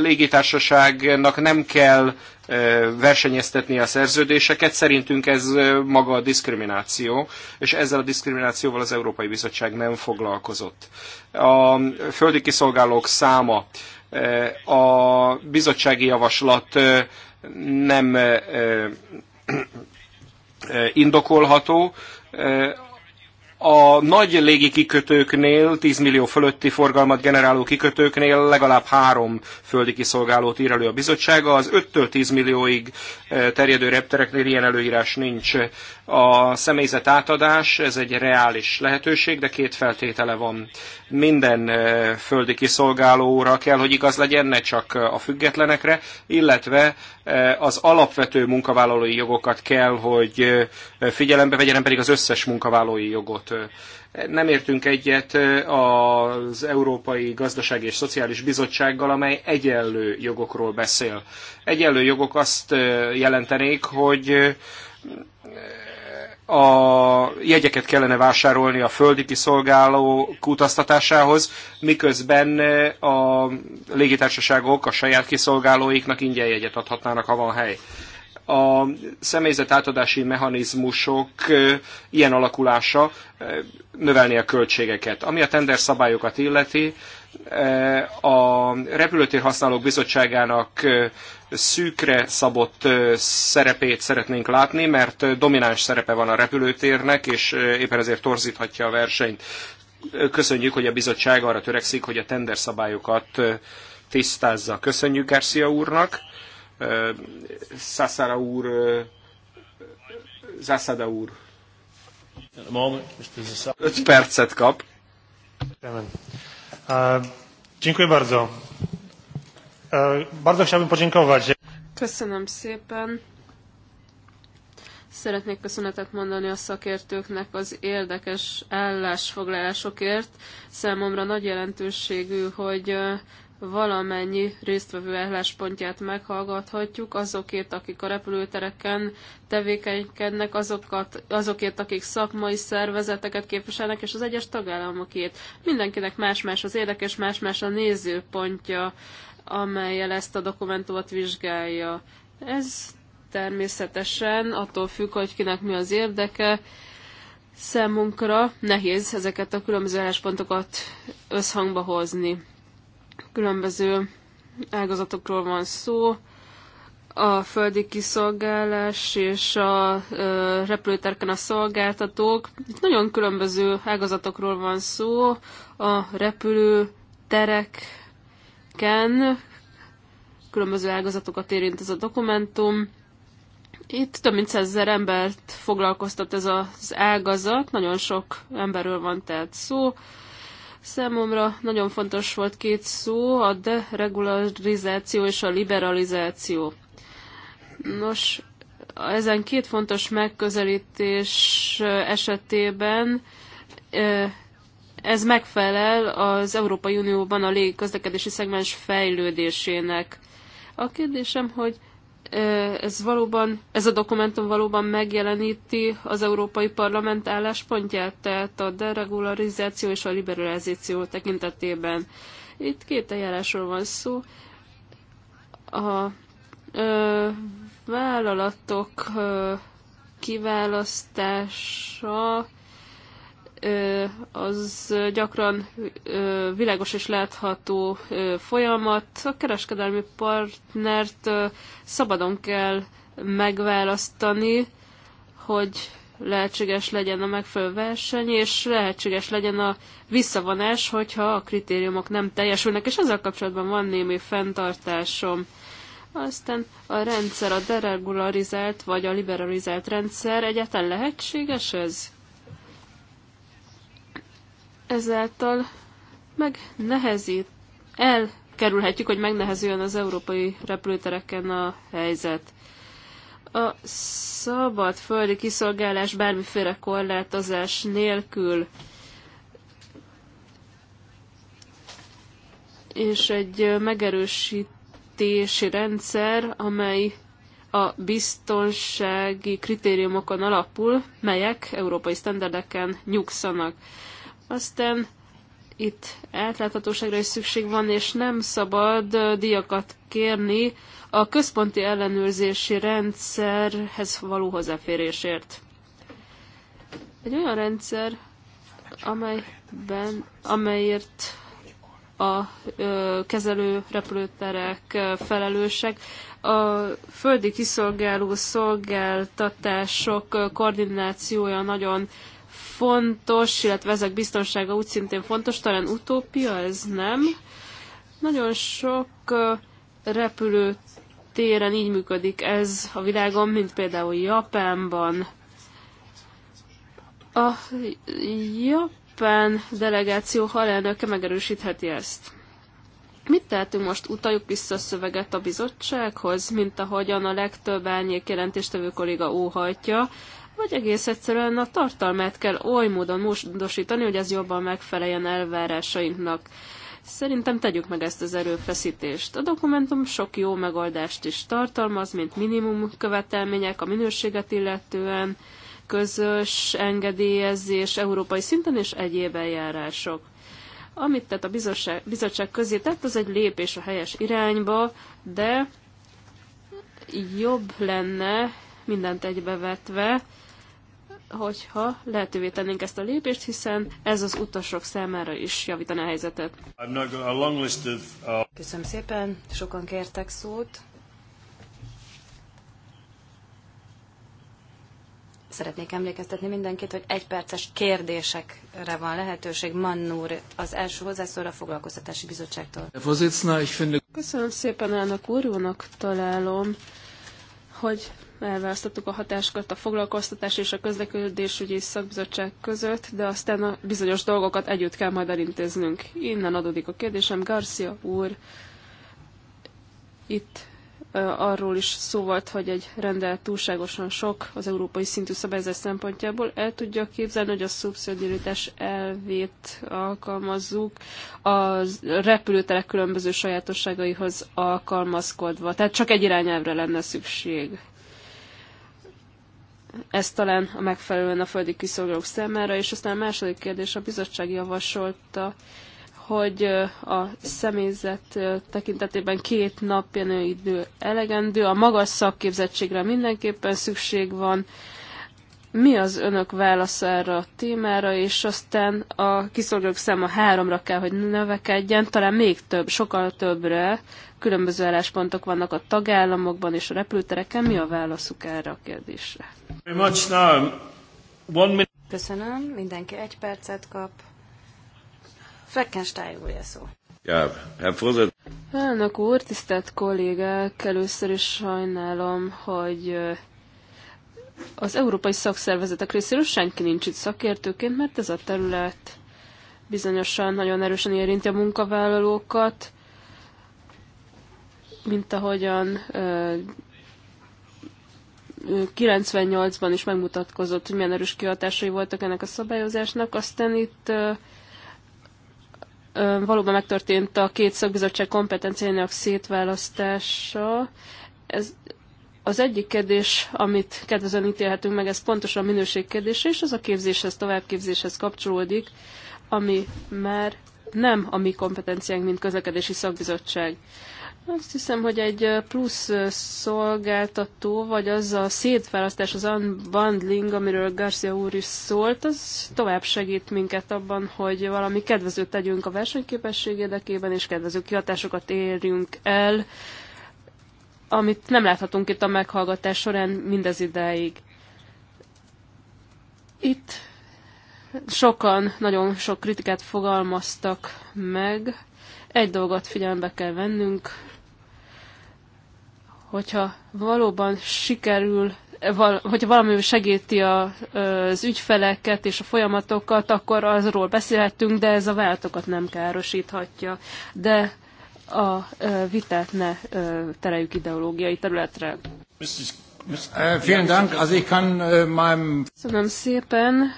légitársaságnak nem kell e, versenyeztetni a szerződéseket. Szerintünk ez e, maga a diszkrimináció, és ezzel a diszkriminációval az Európai Bizottság nem foglalkozott. A földi kiszolgálók száma, e, a bizottsági javaslat nem indokolható, a nagy légi kikötőknél, 10 millió fölötti forgalmat generáló kikötőknél legalább három földi kiszolgálót ír elő a bizottsága, az 5-től 10 millióig eh, terjedő reptereknél ilyen előírás nincs. A személyzet átadás, ez egy reális lehetőség, de két feltétele van. Minden eh, földi kiszolgálóra kell, hogy igaz legyen, ne csak a függetlenekre, illetve eh, az alapvető munkavállalói jogokat kell, hogy figyelembe vegyen, pedig az összes munkavállalói jogot nem értünk egyet az Európai Gazdasági és Szociális Bizottsággal, amely egyenlő jogokról beszél. Egyenlő jogok azt jelentenék, hogy a jegyeket kellene vásárolni a földi kiszolgáló utaztatásához, miközben a légitársaságok a saját kiszolgálóiknak ingyen jegyet adhatnának, ha van hely. A személyzet átadási mechanizmusok ilyen alakulása növelni a költségeket. Ami a tender szabályokat illeti, a repülőtér használók bizottságának szűkre szabott szerepét szeretnénk látni, mert domináns szerepe van a repülőtérnek, és éppen ezért torzíthatja a versenyt. Köszönjük, hogy a bizottság arra törekszik, hogy a tender szabályokat tisztázza. Köszönjük Garcia úrnak. Szászára úr, Zászada úr. 5 percet kap. Dziękuję bardzo. Bardzo chciałbym podziękować. Köszönöm szépen. Szeretnék köszönetet mondani a szakértőknek az érdekes állásfoglalásokért. Számomra nagy jelentőségű, hogy valamennyi résztvevő álláspontját meghallgathatjuk, azokért, akik a repülőtereken tevékenykednek, azokat, azokért, akik szakmai szervezeteket képviselnek, és az egyes tagállamokért. Mindenkinek más-más az érdekes, más-más a nézőpontja, amelyel ezt a dokumentumot vizsgálja. Ez természetesen attól függ, hogy kinek mi az érdeke, számunkra nehéz ezeket a különböző álláspontokat összhangba hozni. Különböző ágazatokról van szó, a földi kiszolgálás és a repülőterken a szolgáltatók. Itt nagyon különböző ágazatokról van szó, a repülőtereken különböző ágazatokat érint ez a dokumentum. Itt több mint ezer embert foglalkoztat ez az ágazat, nagyon sok emberről van tehát szó. Számomra nagyon fontos volt két szó, a deregularizáció és a liberalizáció. Nos, ezen két fontos megközelítés eh, esetében eh, ez megfelel az Európai Unióban a közlekedési szegmens fejlődésének. A kérdésem, hogy Eh, ez valóban, ez a dokumentum valóban megjeleníti az Európai Parlament álláspontját, tehát a deregularizáció és a liberalizáció tekintetében. Itt két eljárásról van szó. A ö, vállalatok ö, kiválasztása az gyakran világos és látható folyamat. A kereskedelmi partnert szabadon kell megválasztani, hogy lehetséges legyen a megfelelő verseny, és lehetséges legyen a visszavonás, hogyha a kritériumok nem teljesülnek, és ezzel kapcsolatban van némi fenntartásom. Aztán a rendszer, a deregularizált vagy a liberalizált rendszer egyáltalán lehetséges ez? ezáltal megnehezít, elkerülhetjük, hogy megnehezüljön az európai repülőtereken a helyzet. A szabad földi kiszolgálás bármiféle korlátozás nélkül és egy megerősítési rendszer, amely a biztonsági kritériumokon alapul, melyek európai sztenderdeken nyugszanak. Aztán itt átláthatóságra is szükség van, és nem szabad diakat kérni a központi ellenőrzési rendszerhez való hozzáférésért. Egy olyan rendszer, amelyben, amelyért a ö, kezelő repülőterek felelősek. A földi kiszolgáló szolgáltatások koordinációja nagyon fontos, illetve ezek biztonsága úgy szintén fontos, talán utópia ez nem. Nagyon sok repülőtéren így működik ez a világon, mint például Japánban. A japán delegáció halelnöke megerősítheti ezt. Mit tehetünk most? Utaljuk vissza a szöveget a bizottsághoz, mint ahogyan a legtöbb árnyék jelentéstevő kolléga óhajtja, vagy egész egyszerűen a tartalmát kell oly módon módosítani, hogy ez jobban megfeleljen elvárásainknak. Szerintem tegyük meg ezt az erőfeszítést. A dokumentum sok jó megoldást is tartalmaz, mint minimum követelmények a minőséget illetően, közös engedélyezés európai szinten és egyéb eljárások. Amit tett a bizottság, bizottság közé tett, az egy lépés a helyes irányba, de jobb lenne mindent egybevetve, hogyha lehetővé tennénk ezt a lépést, hiszen ez az utasok számára is javítaná a helyzetet. Uh, Köszönöm szépen, sokan kértek szót. Szeretnék emlékeztetni mindenkit, hogy egy perces kérdésekre van lehetőség. Mannúr az első hozzászóra a foglalkoztatási bizottságtól. Köszönöm szépen elnök úr, találom, hogy elválasztottuk a hatáskört a foglalkoztatás és a közlekedésügyi szakbizottság között, de aztán a bizonyos dolgokat együtt kell majd elintéznünk. Innen adódik a kérdésem. Garcia úr, itt arról is szó volt, hogy egy rendelet túlságosan sok az európai szintű szabályzás szempontjából. El tudja képzelni, hogy a szubszidiaritás elvét alkalmazzuk a repülőterek különböző sajátosságaihoz alkalmazkodva. Tehát csak egy irányelvre lenne szükség ez talán a megfelelően a földi kiszolgálók számára, és aztán a második kérdés, a bizottság javasolta, hogy a személyzet tekintetében két napjánő idő elegendő, a magas szakképzettségre mindenképpen szükség van, mi az önök válasz erre a témára, és aztán a kiszolgálók száma háromra kell, hogy növekedjen, talán még több, sokkal többre. Különböző álláspontok vannak a tagállamokban és a repültereken. Mi a válaszuk erre a kérdésre? Köszönöm, mindenki egy percet kap. Fleckenstein úr, szó. Ja, Elnök úr, tisztelt kollégák, először is sajnálom, hogy az európai szakszervezetek részéről senki nincs itt szakértőként, mert ez a terület bizonyosan nagyon erősen érinti a munkavállalókat, mint ahogyan 98-ban is megmutatkozott, hogy milyen erős kihatásai voltak ennek a szabályozásnak. Aztán itt valóban megtörtént a két szakbizottság kompetenciájának szétválasztása. Ez az egyik kérdés, amit kedvezően ítélhetünk meg, ez pontosan a minőség kérdése, és az a képzéshez, továbbképzéshez kapcsolódik, ami már nem a mi kompetenciánk, mint közlekedési szakbizottság. Azt hiszem, hogy egy plusz szolgáltató, vagy az a szétválasztás, az unbundling, amiről Garcia úr is szólt, az tovább segít minket abban, hogy valami kedvezőt tegyünk a versenyképesség érdekében, és kedvező kihatásokat érjünk el amit nem láthatunk itt a meghallgatás során mindez idáig. Itt sokan nagyon sok kritikát fogalmaztak meg. Egy dolgot figyelembe kell vennünk, hogyha valóban sikerül, val, hogyha valami segíti a, az ügyfeleket és a folyamatokat, akkor azról beszélhetünk, de ez a váltokat nem károsíthatja. De a vitát ne tereljük ideológiai területre. Vielen Dank, äh, Köszönöm szépen.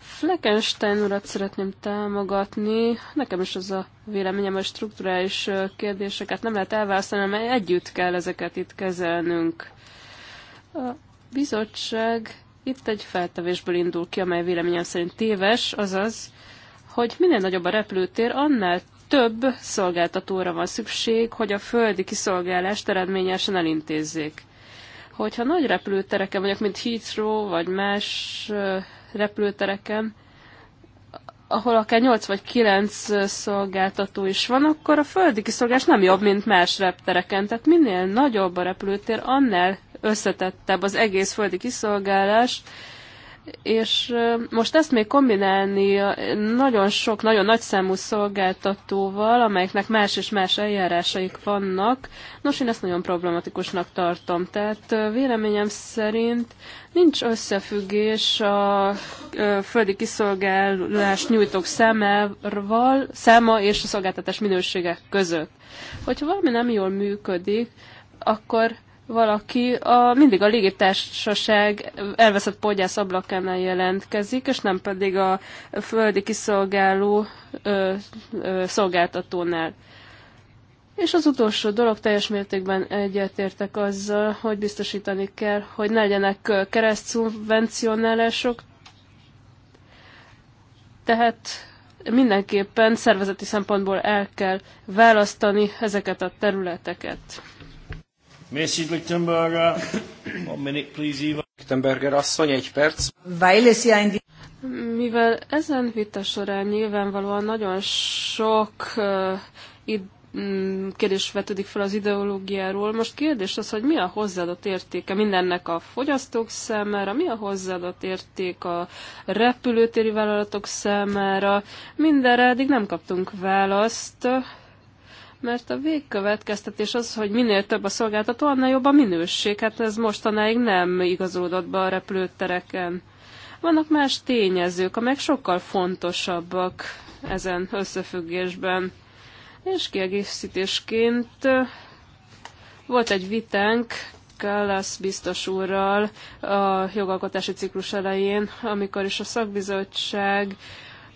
Fleckenstein urat szeretném támogatni. Nekem is az a véleményem, hogy struktúrális kérdéseket nem lehet elválasztani, mert együtt kell ezeket itt kezelnünk. A bizottság itt egy feltevésből indul ki, amely véleményem szerint téves, azaz, hogy minél nagyobb a repülőtér, annál több szolgáltatóra van szükség, hogy a földi kiszolgálást eredményesen elintézzék. Hogyha nagy repülőtereken vagyok, mint Heathrow, vagy más repülőtereken, ahol akár 8 vagy 9 szolgáltató is van, akkor a földi kiszolgálás nem jobb, mint más reptereken. Tehát minél nagyobb a repülőtér, annál összetettebb az egész földi kiszolgálás, és most ezt még kombinálni nagyon sok, nagyon számú szolgáltatóval, amelyeknek más és más eljárásaik vannak, nos, én ezt nagyon problematikusnak tartom. Tehát véleményem szerint nincs összefüggés a földi kiszolgálás nyújtók számával, száma és a szolgáltatás minőségek között. Hogyha valami nem jól működik, akkor valaki a, mindig a légitársaság elveszett podgyász ablakánál jelentkezik, és nem pedig a földi kiszolgáló ö, ö, szolgáltatónál. És az utolsó dolog, teljes mértékben egyetértek azzal, hogy biztosítani kell, hogy ne legyenek keresztszubvencionálások, tehát mindenképpen szervezeti szempontból el kell választani ezeket a területeket. Mrs. Lichtenberger, one minute, please, Eva. Lichtenberger asszony, egy perc. Mivel ezen vita során nyilvánvalóan nagyon sok uh, id- kérdés vetődik fel az ideológiáról. Most kérdés az, hogy mi a hozzáadott értéke mindennek a fogyasztók számára, mi a hozzáadott érték a repülőtéri vállalatok számára. Mindenre eddig nem kaptunk választ, mert a végkövetkeztetés az, hogy minél több a szolgáltató, annál jobb a minőség. Hát ez mostanáig nem igazolódott be a repülőtereken. Vannak más tényezők, amelyek sokkal fontosabbak ezen összefüggésben. És kiegészítésként volt egy vitánk Kallas biztos úrral a jogalkotási ciklus elején, amikor is a szakbizottság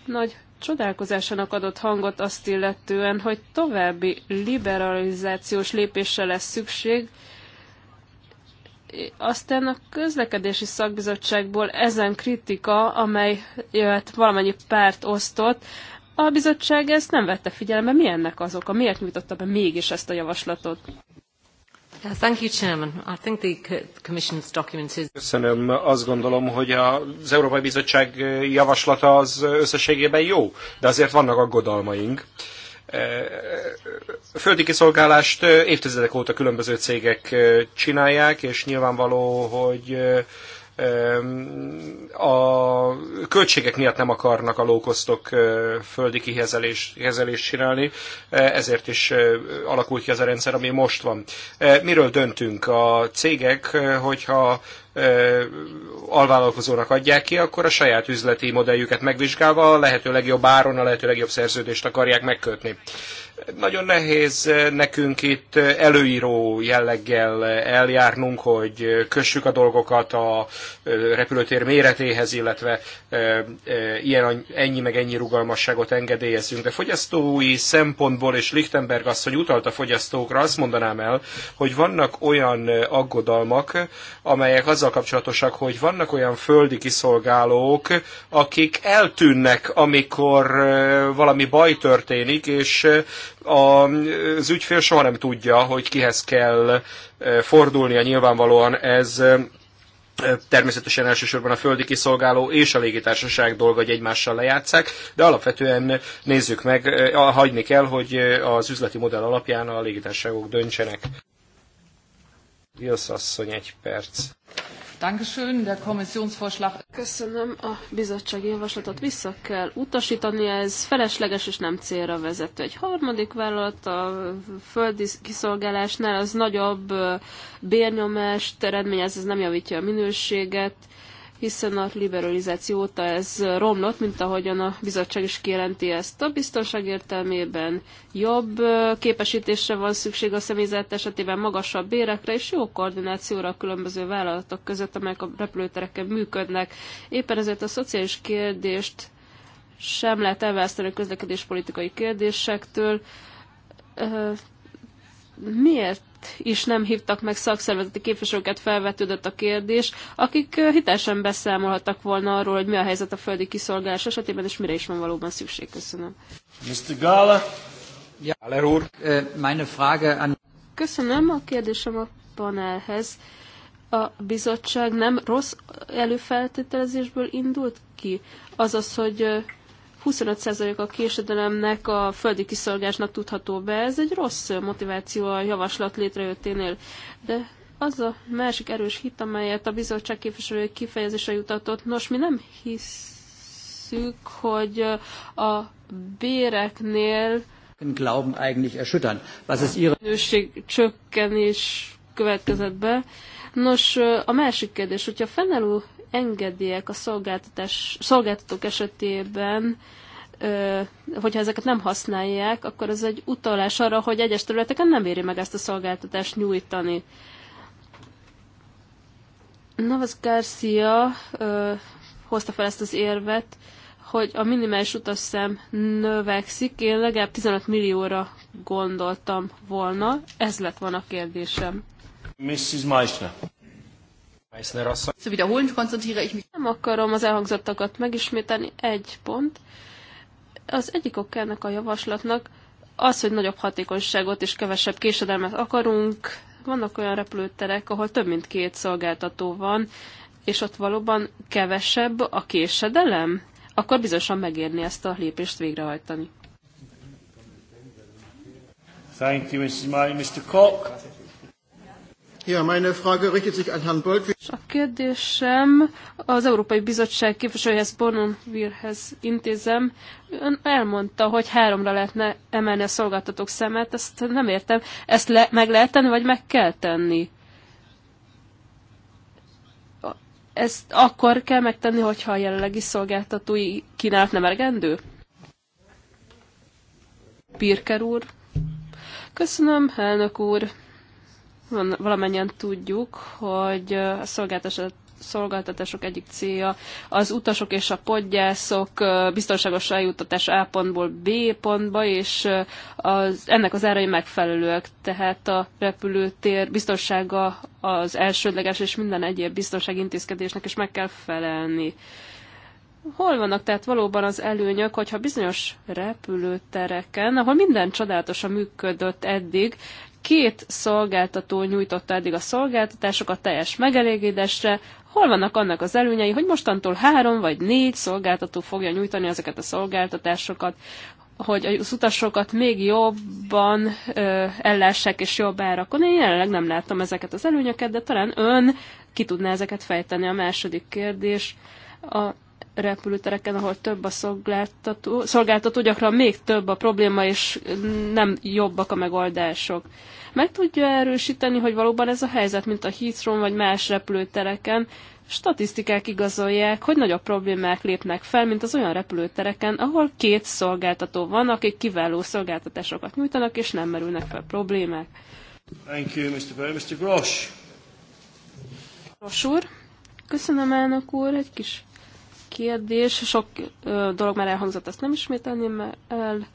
nagy csodálkozásának adott hangot azt illetően, hogy további liberalizációs lépésre lesz szükség, aztán a közlekedési szakbizottságból ezen kritika, amely jöhet valamennyi párt osztott, a bizottság ezt nem vette figyelembe. Mi ennek az oka? Miért nyújtotta be mégis ezt a javaslatot? Köszönöm. Azt gondolom, hogy az Európai Bizottság javaslata az összességében jó, de azért vannak aggodalmaink. E, földi kiszolgálást e, évtizedek óta különböző cégek e, csinálják, és nyilvánvaló, hogy a költségek miatt nem akarnak a lókosztok földi kihezelést csinálni, ezért is alakult ki az a rendszer, ami most van. Miről döntünk? A cégek, hogyha alvállalkozónak adják ki, akkor a saját üzleti modelljüket megvizsgálva a lehető legjobb áron, a lehető legjobb szerződést akarják megkötni. Nagyon nehéz eh, nekünk itt eh, előíró jelleggel eh, eljárnunk, hogy kössük a dolgokat a repülőtér méretéhez, illetve ilyen, ennyi meg ennyi rugalmasságot engedélyezünk. De fogyasztói szempontból, és Lichtenberg asszony utalt a fogyasztókra, azt mondanám el, hogy vannak olyan aggodalmak, amelyek azzal kapcsolatosak, hogy vannak olyan földi kiszolgálók, akik eltűnnek, amikor valami baj történik, és az ügyfél soha nem tudja, hogy kihez kell e, fordulnia nyilvánvalóan ez e, természetesen elsősorban a földi kiszolgáló és a légitársaság dolga, hogy egymással lejátszák, de alapvetően nézzük meg, e, hagyni kell, hogy az üzleti modell alapján a légitársaságok döntsenek. Jössz asszony, egy perc. Dankeschön, der Kommissionsvorschlag. Köszönöm, a bizottsági javaslatot vissza kell utasítani, ez felesleges és nem célra vezető. Egy harmadik vállalat a földi kiszolgálásnál az nagyobb bérnyomást eredményez, ez nem javítja a minőséget, hiszen a liberalizáció óta ez romlott, mint ahogyan a bizottság is kijelenti ezt. A biztonság értelmében jobb képesítésre van szükség a személyzet esetében, magasabb bérekre és jó koordinációra a különböző vállalatok között, amelyek a repülőtereken működnek. Éppen ezért a szociális kérdést sem lehet elválasztani a közlekedéspolitikai kérdésektől. Miért is nem hívtak meg szakszervezeti képviselőket, felvetődött a kérdés, akik hitelesen beszámolhattak volna arról, hogy mi a helyzet a földi kiszolgálás esetében, és mire is van valóban szükség. Köszönöm. Mr. Gala. Galer úr. Meine Frage an... Köszönöm a kérdésem a panelhez. A bizottság nem rossz előfeltételezésből indult ki? Azaz, hogy 25% a késedelemnek a földi kiszolgásnak tudható be. Ez egy rossz motiváció a javaslat létrejötténél. De az a másik erős hit, amelyet a bizottság képviselői kifejezésre jutatott, nos, mi nem hiszük, hogy a béreknél Glauben eigentlich erschüttern. Was ist ihre... csökkenés következett be. Nos, a másik kérdés, hogyha fennálló engedélyek a szolgáltatás, szolgáltatók esetében, hogyha ezeket nem használják, akkor ez egy utalás arra, hogy egyes területeken nem éri meg ezt a szolgáltatást nyújtani. Navas Garcia ö, hozta fel ezt az érvet, hogy a minimális utasszám növekszik, én legalább 15 millióra gondoltam volna. Ez lett volna a kérdésem. Mrs. Meissner. Meissner asszony. Nem akarom az elhangzottakat megismételni. Egy pont. Az egyik ok ennek a javaslatnak az, hogy nagyobb hatékonyságot és kevesebb késedelmet akarunk. Vannak olyan repülőterek, ahol több mint két szolgáltató van, és ott valóban kevesebb a késedelem, akkor bizonyosan megérni ezt a lépést végrehajtani. Thank you, Mrs. May. Mr. Cock. Ja, meine Frage richtet sich an Herrn A kérdésem az Európai Bizottság képviselőhez, Bononvirhez intézem. Ön elmondta, hogy háromra lehetne emelni a szolgáltatók szemet, ezt nem értem. Ezt le, meg lehet tenni, vagy meg kell tenni? Ezt akkor kell megtenni, hogyha a jelenlegi szolgáltatói kínálat nem elegendő? Pirker úr. Köszönöm, elnök úr valamennyien tudjuk, hogy a szolgáltatások egyik célja az utasok és a podgyászok biztonságos eljutatás A pontból B pontba, és az, ennek az árai megfelelőek, tehát a repülőtér biztonsága az elsődleges, és minden egyéb biztonsági intézkedésnek is meg kell felelni. Hol vannak tehát valóban az előnyök, hogyha bizonyos repülőtereken, ahol minden csodálatosan működött eddig, Két szolgáltató nyújtotta eddig a szolgáltatásokat teljes megelégedésre. Hol vannak annak az előnyei, hogy mostantól három vagy négy szolgáltató fogja nyújtani ezeket a szolgáltatásokat, hogy az utasokat még jobban ö, ellássák és jobb árakon. Én jelenleg nem láttam ezeket az előnyöket, de talán ön ki tudná ezeket fejteni. A második kérdés a repülőtereken, ahol több a szolgáltató, szolgáltató, gyakran még több a probléma, és nem jobbak a megoldások. Meg tudja erősíteni, hogy valóban ez a helyzet, mint a Heathrow vagy más repülőtereken, statisztikák igazolják, hogy nagyobb problémák lépnek fel, mint az olyan repülőtereken, ahol két szolgáltató van, akik kiváló szolgáltatásokat nyújtanak, és nem merülnek fel problémák. Thank you, Mr. Bell. Mr. Gross. Grosh úr, köszönöm elnök úr, egy kis kérdés. Sok ö, dolog már elhangzott, ezt nem ismételném el.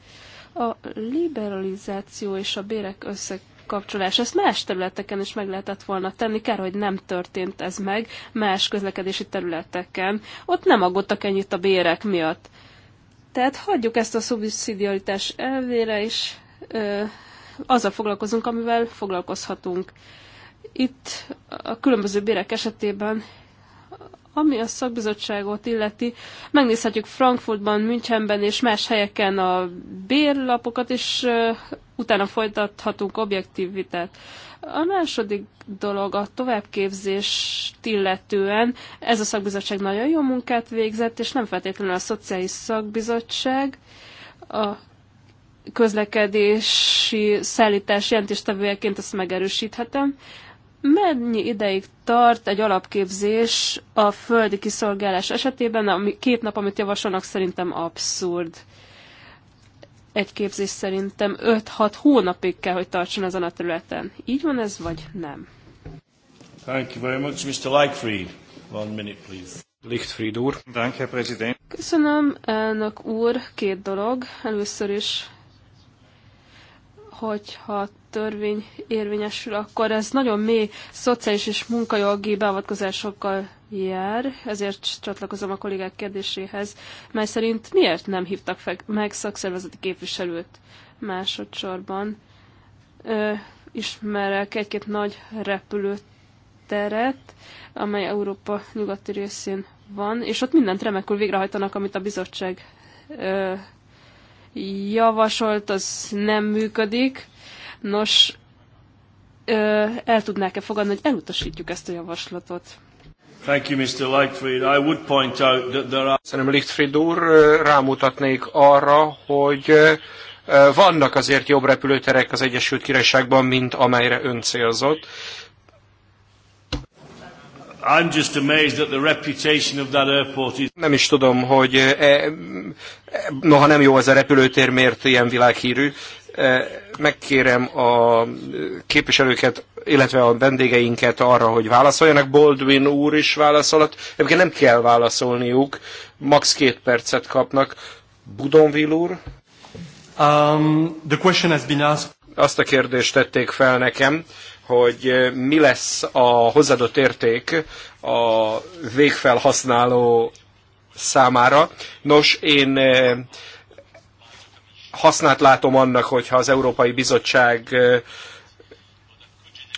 A liberalizáció és a bérek összekapcsolás, ezt más területeken is meg lehetett volna tenni, kár, hogy nem történt ez meg más közlekedési területeken. Ott nem aggódtak ennyit a bérek miatt. Tehát hagyjuk ezt a szubszidiaritás elvére, és ö, azzal foglalkozunk, amivel foglalkozhatunk. Itt a különböző bérek esetében ami a szakbizottságot illeti, megnézhetjük Frankfurtban, Münchenben és más helyeken a bérlapokat, és utána folytathatunk objektivitát. A második dolog a továbbképzést illetően, ez a szakbizottság nagyon jó munkát végzett, és nem feltétlenül a szociális szakbizottság, a közlekedési szállítás jelentéstevőjeként ezt megerősíthetem. Mennyi ideig tart egy alapképzés a földi kiszolgálás esetében? A két nap, amit javasolnak, szerintem abszurd. Egy képzés szerintem 5-6 hónapig kell, hogy tartson ezen a területen. Így van ez, vagy nem? Thank you very much, Mr. Lightfried. One minute, please. Lichtfried úr. Thank you, President. Köszönöm, elnök úr. Két dolog. Először is hogyha törvény érvényesül, akkor ez nagyon mély szociális és munkajogi beavatkozásokkal jár, ezért csatlakozom a kollégák kérdéséhez, mely szerint miért nem hívtak meg szakszervezeti képviselőt másodszorban. ismerek egy-két nagy repülőteret, amely Európa nyugati részén van, és ott mindent remekül végrehajtanak, amit a bizottság javasolt, az nem működik. Nos, el tudnák-e fogadni, hogy elutasítjuk ezt a javaslatot? Thank you, Mr. Lightfried. I would point out that there are... Szerintem Lightfried úr rámutatnék arra, hogy vannak azért jobb repülőterek az Egyesült Királyságban, mint amelyre ön célzott. I'm just amazed that the reputation of that airport is... Nem is tudom, hogy e, e, noha nem jó ez a repülőtér, miért ilyen világhírű. E, megkérem a képviselőket, illetve a vendégeinket arra, hogy válaszoljanak. Baldwin úr is válaszolat. Egyébként nem kell válaszolniuk, max. két percet kapnak. Budonvil úr? Um, the question has been asked. Azt a kérdést tették fel nekem, hogy mi lesz a hozzáadott érték a végfelhasználó számára. Nos, én hasznát látom annak, hogyha az Európai Bizottság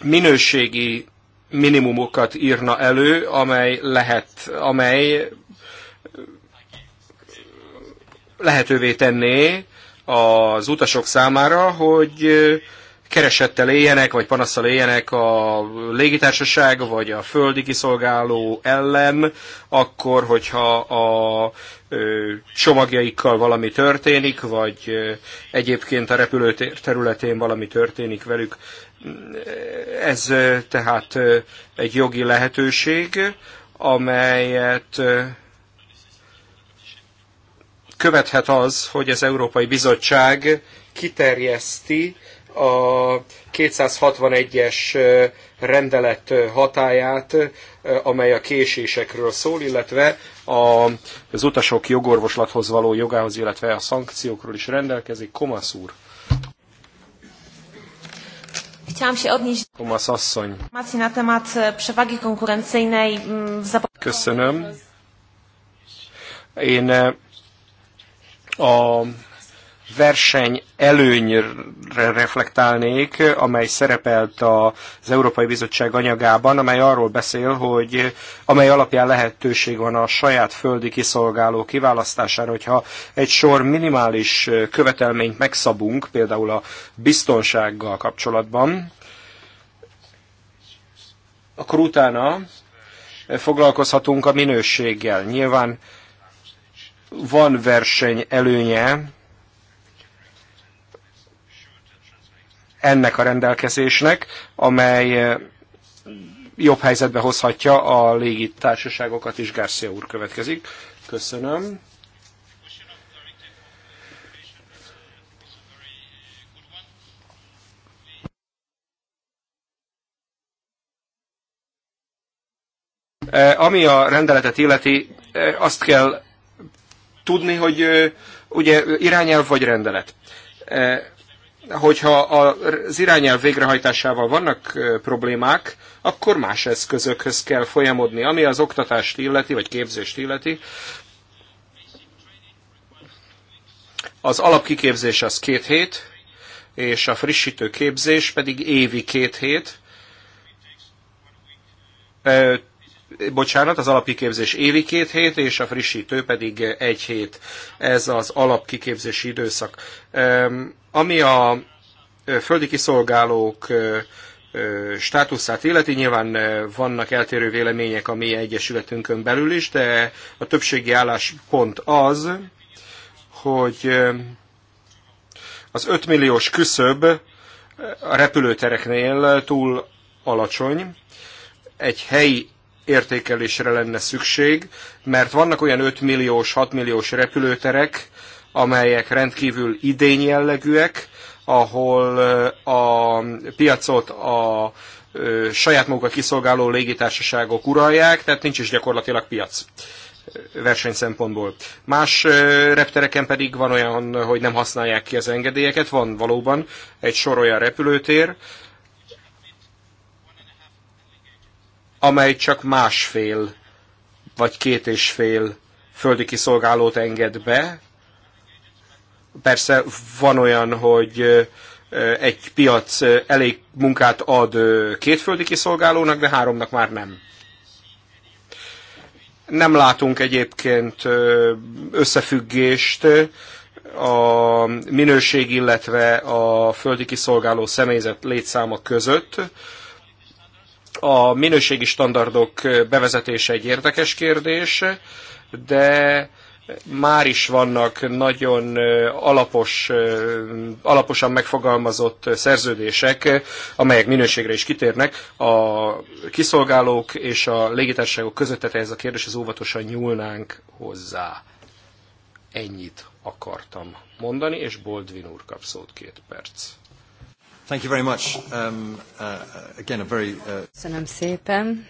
minőségi minimumokat írna elő, amely lehet, amely lehetővé tenné az utasok számára, hogy keresettel éljenek, vagy panaszsal éljenek a légitársaság, vagy a földi kiszolgáló ellen, akkor, hogyha a csomagjaikkal valami történik, vagy egyébként a repülő területén valami történik velük. Ez tehát egy jogi lehetőség, amelyet követhet az, hogy az Európai Bizottság kiterjeszti a 261-es rendelet hatáját, amely a késésekről szól, illetve az utasok jogorvoslathoz való jogához, illetve a szankciókról is rendelkezik. Komasz úr. Komasz asszony. E, Köszönöm. Én e, a verseny előnyre reflektálnék, amely szerepelt az Európai Bizottság anyagában, amely arról beszél, hogy amely alapján lehetőség van a saját földi kiszolgáló kiválasztására, hogyha egy sor minimális követelményt megszabunk, például a biztonsággal kapcsolatban, akkor utána foglalkozhatunk a minőséggel. Nyilván van verseny előnye ennek a rendelkezésnek, amely eh, jobb helyzetbe hozhatja a légitársaságokat is. Garcia úr következik. Köszönöm. Eh, ami a rendeletet illeti, eh, azt kell tudni, hogy ugye irányelv vagy rendelet hogyha az irányelv végrehajtásával vannak problémák, akkor más eszközökhöz kell folyamodni, ami az oktatást illeti, vagy képzést illeti. Az alapkiképzés az két hét, és a frissítő képzés pedig évi két hét bocsánat, az alapkiképzés évi két hét, és a frissítő pedig egy hét. Ez az alapkiképzési időszak. Ami a földi kiszolgálók státuszát illeti. Nyilván vannak eltérő vélemények a mi egyesületünkön belül is, de a többségi álláspont az, hogy az 5 milliós küszöb a repülőtereknél túl alacsony. Egy helyi értékelésre lenne szükség, mert vannak olyan 5 milliós, 6 milliós repülőterek, amelyek rendkívül idényjellegűek, ahol a piacot a saját magukat kiszolgáló légitársaságok uralják, tehát nincs is gyakorlatilag piac verseny szempontból. Más reptereken pedig van olyan, hogy nem használják ki az engedélyeket, van valóban egy sor olyan repülőtér, amely csak másfél vagy két és fél földi kiszolgálót enged be. Persze van olyan, hogy egy piac elég munkát ad két földi kiszolgálónak, de háromnak már nem. Nem látunk egyébként összefüggést a minőség, illetve a földi kiszolgáló személyzet létszáma között a minőségi standardok bevezetése egy érdekes kérdés, de már is vannak nagyon alapos, alaposan megfogalmazott szerződések, amelyek minőségre is kitérnek. A kiszolgálók és a légitársaságok között, tehát ez a kérdés, az óvatosan nyúlnánk hozzá. Ennyit akartam mondani, és Boldvin úr kap szót két perc. Thank you very much. Um, uh, again, a very, uh... Köszönöm szépen.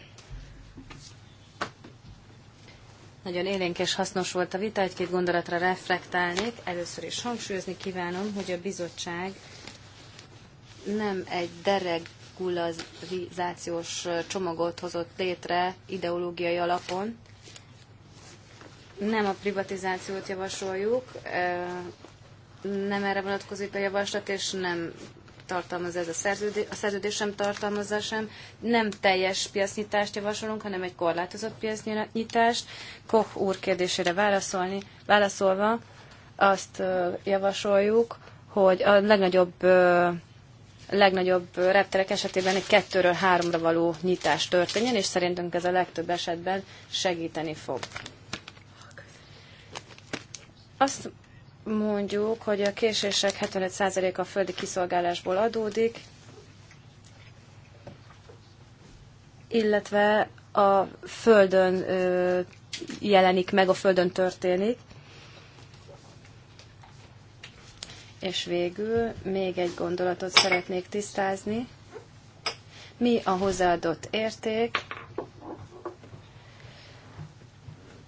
Nagyon élénk és hasznos volt a vita, egy-két gondolatra reflektálnék. Először is hangsúlyozni kívánom, hogy a bizottság nem egy deregulazációs csomagot hozott létre ideológiai alapon. Nem a privatizációt javasoljuk, nem erre vonatkozik a javaslat, és nem tartalmaz ez a szerződés, a szerződés sem tartalmazza sem, nem teljes piacnyitást javasolunk, hanem egy korlátozott piacnyitást. Koch úr kérdésére válaszolni, válaszolva azt javasoljuk, hogy a legnagyobb legnagyobb repterek esetében egy kettőről háromra való nyitás történjen, és szerintünk ez a legtöbb esetben segíteni fog. Azt mondjuk, hogy a késések 75%-a földi kiszolgálásból adódik, illetve a földön jelenik meg, a földön történik. És végül még egy gondolatot szeretnék tisztázni. Mi a hozzáadott érték,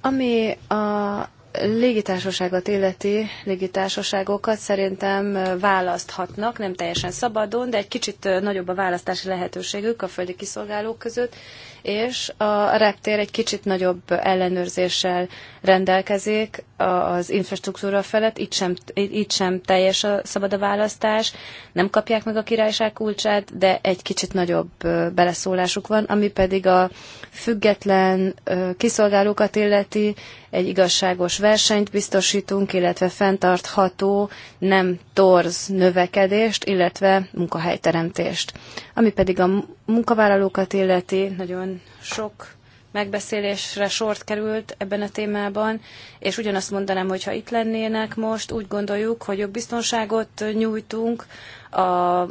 ami a légitársaságot illeti légitársaságokat szerintem választhatnak, nem teljesen szabadon, de egy kicsit nagyobb a választási lehetőségük a földi kiszolgálók között, és a reptér egy kicsit nagyobb ellenőrzéssel rendelkezik az infrastruktúra felett, itt sem, itt sem teljes a szabad a választás, nem kapják meg a királyság kulcsát, de egy kicsit nagyobb beleszólásuk van, ami pedig a független kiszolgálókat illeti, egy igazságos versenyt biztosítunk, illetve fenntartható, nem torz növekedést, illetve munkahelyteremtést. Ami pedig a munkavállalókat illeti, nagyon sok megbeszélésre sort került ebben a témában, és ugyanazt mondanám, hogy ha itt lennének most, úgy gondoljuk, hogy jobb biztonságot nyújtunk a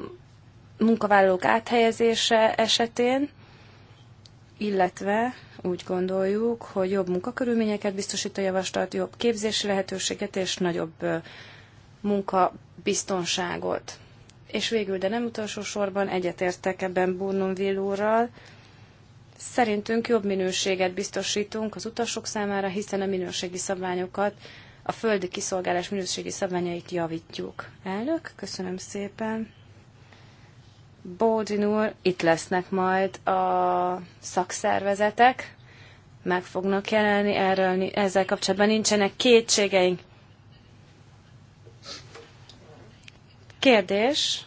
munkavállalók áthelyezése esetén, illetve úgy gondoljuk, hogy jobb munkakörülményeket biztosít a javaslat, jobb képzési lehetőséget és nagyobb munkabiztonságot és végül, de nem utolsó sorban egyetértek ebben Bournonville úrral, Szerintünk jobb minőséget biztosítunk az utasok számára, hiszen a minőségi szabványokat, a földi kiszolgálás minőségi szabványait javítjuk. Elnök, köszönöm szépen. Bódin úr, itt lesznek majd a szakszervezetek, meg fognak jelenni, erről ezzel kapcsolatban nincsenek kétségeink. Kérdés,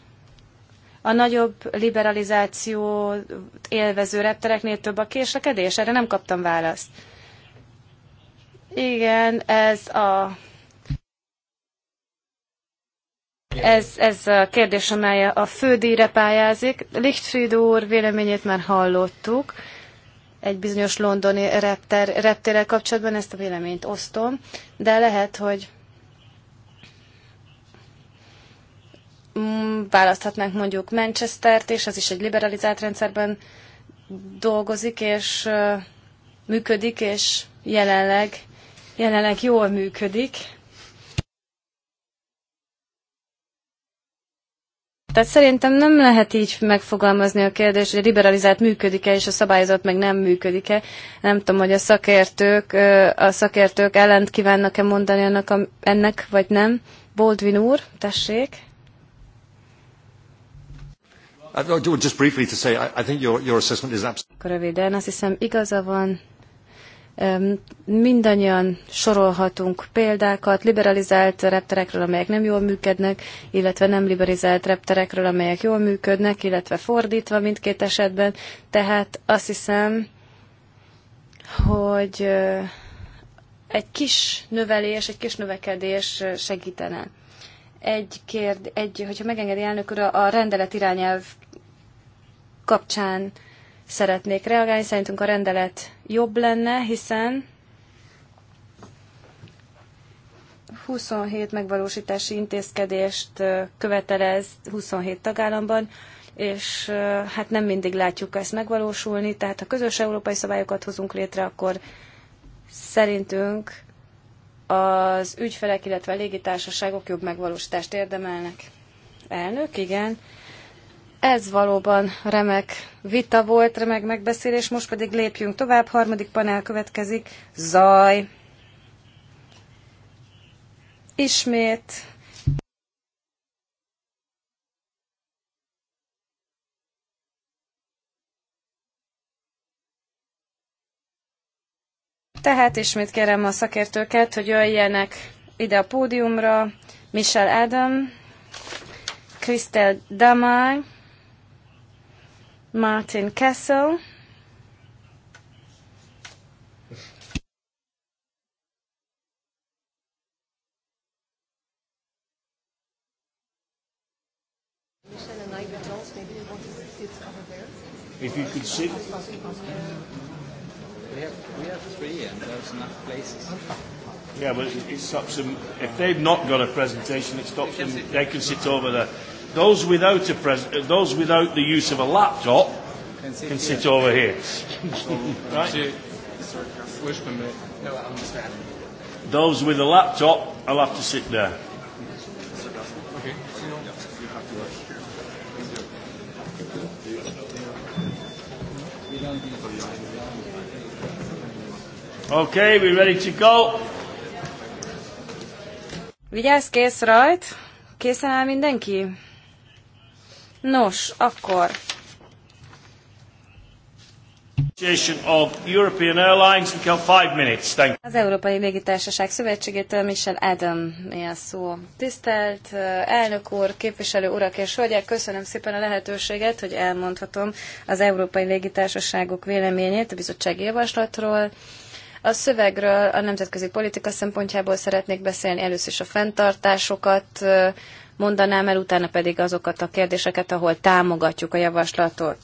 a nagyobb liberalizációt élvező reptereknél több a késlekedés? Erre nem kaptam választ. Igen, ez a ez, ez a kérdés, amely a fődíjre pályázik. Lichtfried úr véleményét már hallottuk egy bizonyos londoni repter, reptérrel kapcsolatban, ezt a véleményt osztom, de lehet, hogy Mm, választhatnánk mondjuk Manchester-t, és ez is egy liberalizált rendszerben dolgozik, és működik, és jelenleg, jelenleg jól működik. Tehát szerintem nem lehet így megfogalmazni a kérdést, hogy a liberalizált működik-e, és a szabályozott meg nem működik-e. Nem tudom, hogy a szakértők, a szakértők ellent kívánnak-e mondani ennek vagy nem. Boldvin úr, tessék. Just briefly to say, I think your, your assessment is absolutely... Röviden, azt hiszem igaza van, mindannyian sorolhatunk példákat liberalizált repterekről, amelyek nem jól működnek, illetve nem liberalizált repterekről, amelyek jól működnek, illetve fordítva mindkét esetben. Tehát azt hiszem, hogy egy kis növelés, egy kis növekedés segítene. Egy kérd, egy, hogyha megengedi elnök úr, a rendelet irányelv kapcsán szeretnék reagálni. Szerintünk a rendelet jobb lenne, hiszen 27 megvalósítási intézkedést követelez 27 tagállamban, és hát nem mindig látjuk ezt megvalósulni, tehát ha közös európai szabályokat hozunk létre, akkor szerintünk az ügyfelek, illetve a légitársaságok jobb megvalósítást érdemelnek. Elnök, igen. Ez valóban remek vita volt, remek megbeszélés, most pedig lépjünk tovább, harmadik panel következik, zaj. Ismét Tehát ismét kérem a szakértőket, hogy jöjjenek ide a pódiumra. Michelle Adam, Christel Damay, Martin Kessel. If you could sit. We have, we have three and there's enough places. Yeah, but it, it stops them. If they've not got a presentation, it stops them. They can sit over there. Those without, a pres- those without the use of a laptop can sit, can sit here. over here. [LAUGHS] right? Those with a laptop, I'll have to sit there. Okay. we're ready to go? Vigyázz, kész rajt! Készen áll mindenki? Nos, akkor... Az Európai Légitársaság Szövetségétől Michel Adam mi a szó. Tisztelt elnök úr, képviselő urak és hölgyek, köszönöm szépen a lehetőséget, hogy elmondhatom az Európai Légitársaságok véleményét a bizottsági javaslatról. A szövegről a nemzetközi politika szempontjából szeretnék beszélni először is a fenntartásokat, mondanám el, utána pedig azokat a kérdéseket, ahol támogatjuk a javaslatot.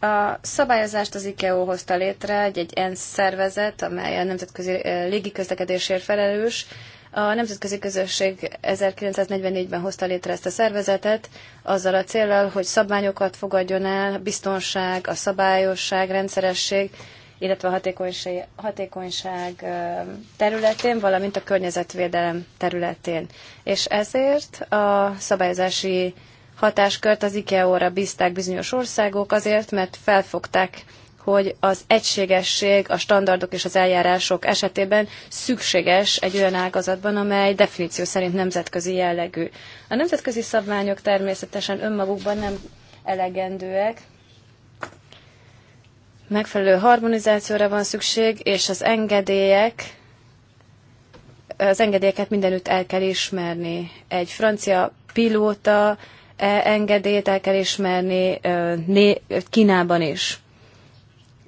A szabályozást az ICAO hozta létre, egy, egy ENSZ szervezet, amely a nemzetközi légiközlekedésért felelős, a nemzetközi közösség 1944-ben hozta létre ezt a szervezetet, azzal a célral, hogy szabványokat fogadjon el, biztonság, a szabályosság, rendszeresség illetve a hatékonyság, hatékonyság területén, valamint a környezetvédelem területén. És ezért a szabályozási hatáskört az IKEA-ra bízták bizonyos országok azért, mert felfogták, hogy az egységesség, a standardok és az eljárások esetében szükséges egy olyan ágazatban, amely definíció szerint nemzetközi jellegű. A nemzetközi szabványok természetesen önmagukban nem elegendőek, Megfelelő harmonizációra van szükség, és az engedélyek, az engedélyeket mindenütt el kell ismerni. Egy francia pilóta e engedélyt el kell ismerni Kínában is.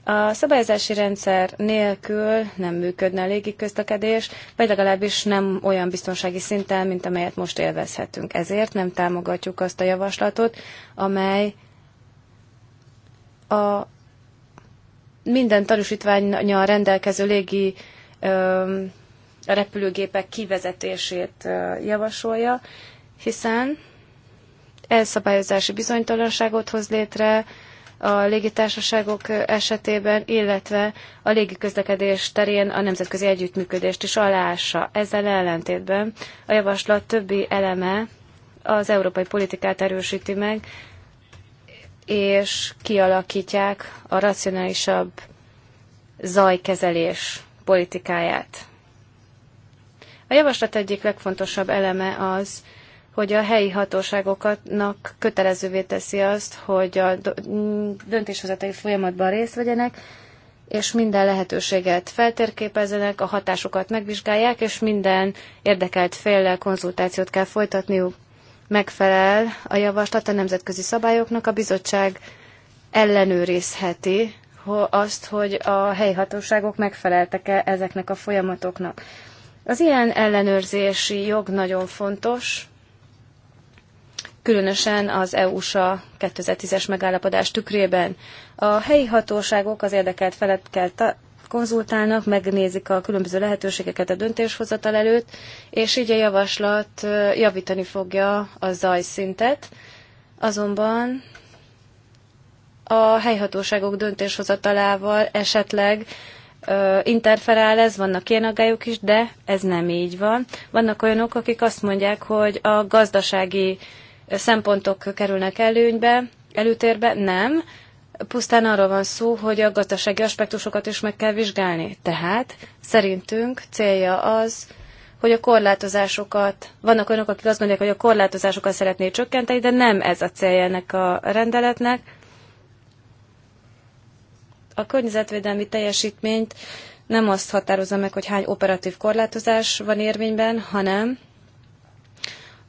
A szabályozási rendszer nélkül nem működne a légiközlekedés, vagy legalábbis nem olyan biztonsági szinten, mint amelyet most élvezhetünk. Ezért nem támogatjuk azt a javaslatot, amely a minden tanúsítványa rendelkező légi repülőgépek kivezetését javasolja, hiszen elszabályozási bizonytalanságot hoz létre a légitársaságok esetében, illetve a légiközlekedés terén a nemzetközi együttműködést is aláássa. Ezzel ellentétben a javaslat többi eleme az európai politikát erősíti meg, és kialakítják a racionálisabb zajkezelés politikáját. A javaslat egyik legfontosabb eleme az, hogy a helyi hatóságoknak kötelezővé teszi azt, hogy a döntéshozatai folyamatban részt vegyenek, és minden lehetőséget feltérképezzenek, a hatásokat megvizsgálják, és minden érdekelt féllel konzultációt kell folytatniuk megfelel a javaslat a nemzetközi szabályoknak, a bizottság ellenőrizheti azt, hogy a helyi hatóságok megfeleltek-e ezeknek a folyamatoknak. Az ilyen ellenőrzési jog nagyon fontos, különösen az EU-sa 2010-es megállapodás tükrében. A helyi hatóságok az érdekelt felet kell konzultálnak, megnézik a különböző lehetőségeket a döntéshozatal előtt, és így a javaslat javítani fogja a zajszintet. Azonban a helyhatóságok döntéshozatalával esetleg interferál ez, vannak ilyen aggályok is, de ez nem így van. Vannak olyanok, akik azt mondják, hogy a gazdasági szempontok kerülnek előnybe, előtérbe, nem pusztán arról van szó, hogy a gazdasági aspektusokat is meg kell vizsgálni. Tehát szerintünk célja az, hogy a korlátozásokat, vannak olyanok, akik azt mondják, hogy a korlátozásokat szeretné csökkenteni, de nem ez a célja ennek a rendeletnek. A környezetvédelmi teljesítményt nem azt határozza meg, hogy hány operatív korlátozás van érvényben, hanem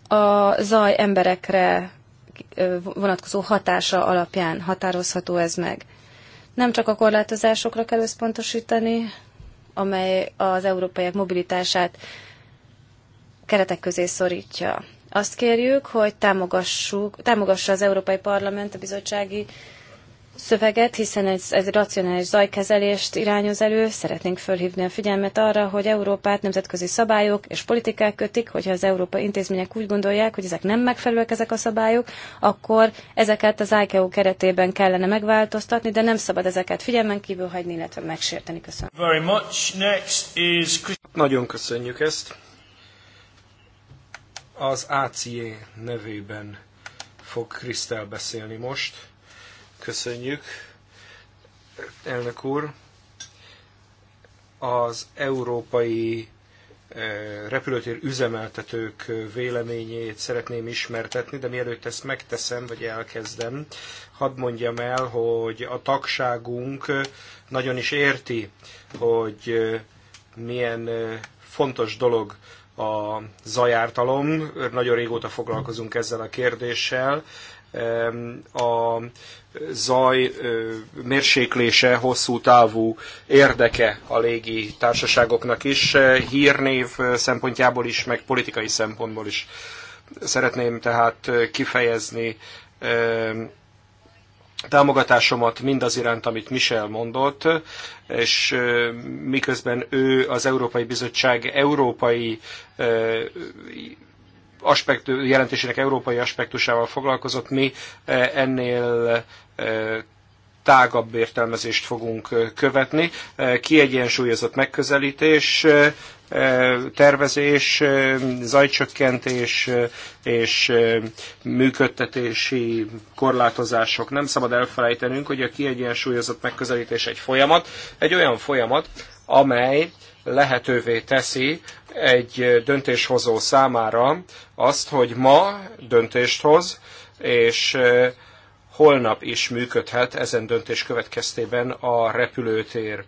a zaj emberekre vonatkozó hatása alapján határozható ez meg. Nem csak a korlátozásokra kell összpontosítani, amely az európaiak mobilitását keretek közé szorítja. Azt kérjük, hogy támogassuk, támogassa az Európai Parlament a bizottsági szöveget, hiszen ez, ez racionális zajkezelést irányoz elő. Szeretnénk fölhívni a figyelmet arra, hogy Európát nemzetközi szabályok és politikák kötik, hogyha az európai intézmények úgy gondolják, hogy ezek nem megfelelőek ezek a szabályok, akkor ezeket az ICAO keretében kellene megváltoztatni, de nem szabad ezeket figyelmen kívül hagyni, illetve megsérteni. Köszönöm. Very much. Next is... Nagyon köszönjük ezt. Az ACE nevében fog Krisztel beszélni most. Köszönjük, elnök úr. Az európai eh, repülőtér üzemeltetők véleményét szeretném ismertetni, de mielőtt ezt megteszem, vagy elkezdem, hadd mondjam el, hogy a tagságunk nagyon is érti, hogy eh, milyen eh, fontos dolog a zajártalom. Nagyon régóta foglalkozunk ezzel a kérdéssel a zaj mérséklése hosszú távú érdeke a légi társaságoknak is, e, hírnév szempontjából is, meg politikai szempontból is. Szeretném tehát kifejezni támogatásomat az iránt, amit Michel mondott, és miközben ő az Európai Bizottság európai aspektus, jelentésének európai aspektusával foglalkozott, mi eh, ennél eh, tágabb értelmezést fogunk eh, követni. Kiegyensúlyozott megközelítés, tervezés, zajcsökkentés és működtetési korlátozások. Nem szabad elfelejtenünk, hogy a kiegyensúlyozott megközelítés egy folyamat, egy olyan folyamat, amely lehetővé teszi egy döntéshozó számára azt, hogy ma döntést hoz, és holnap is működhet ezen döntés következtében a repülőtér.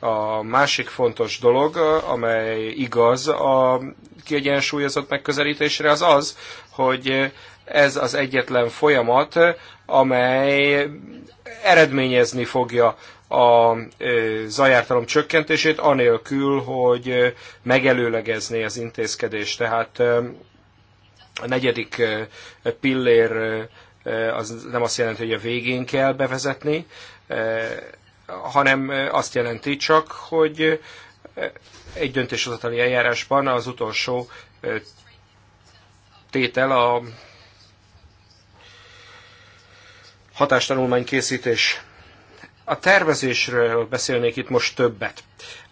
A másik fontos dolog, amely igaz a kiegyensúlyozott megközelítésre, az az, hogy ez az egyetlen folyamat, amely eredményezni fogja a zajártalom csökkentését, anélkül, hogy megelőlegezné az intézkedést. Tehát a negyedik pillér az nem azt jelenti, hogy a végén kell bevezetni, hanem azt jelenti csak, hogy egy döntéshozatali eljárásban az utolsó tétel a hatástanulmány készítés a tervezésről beszélnék itt most többet.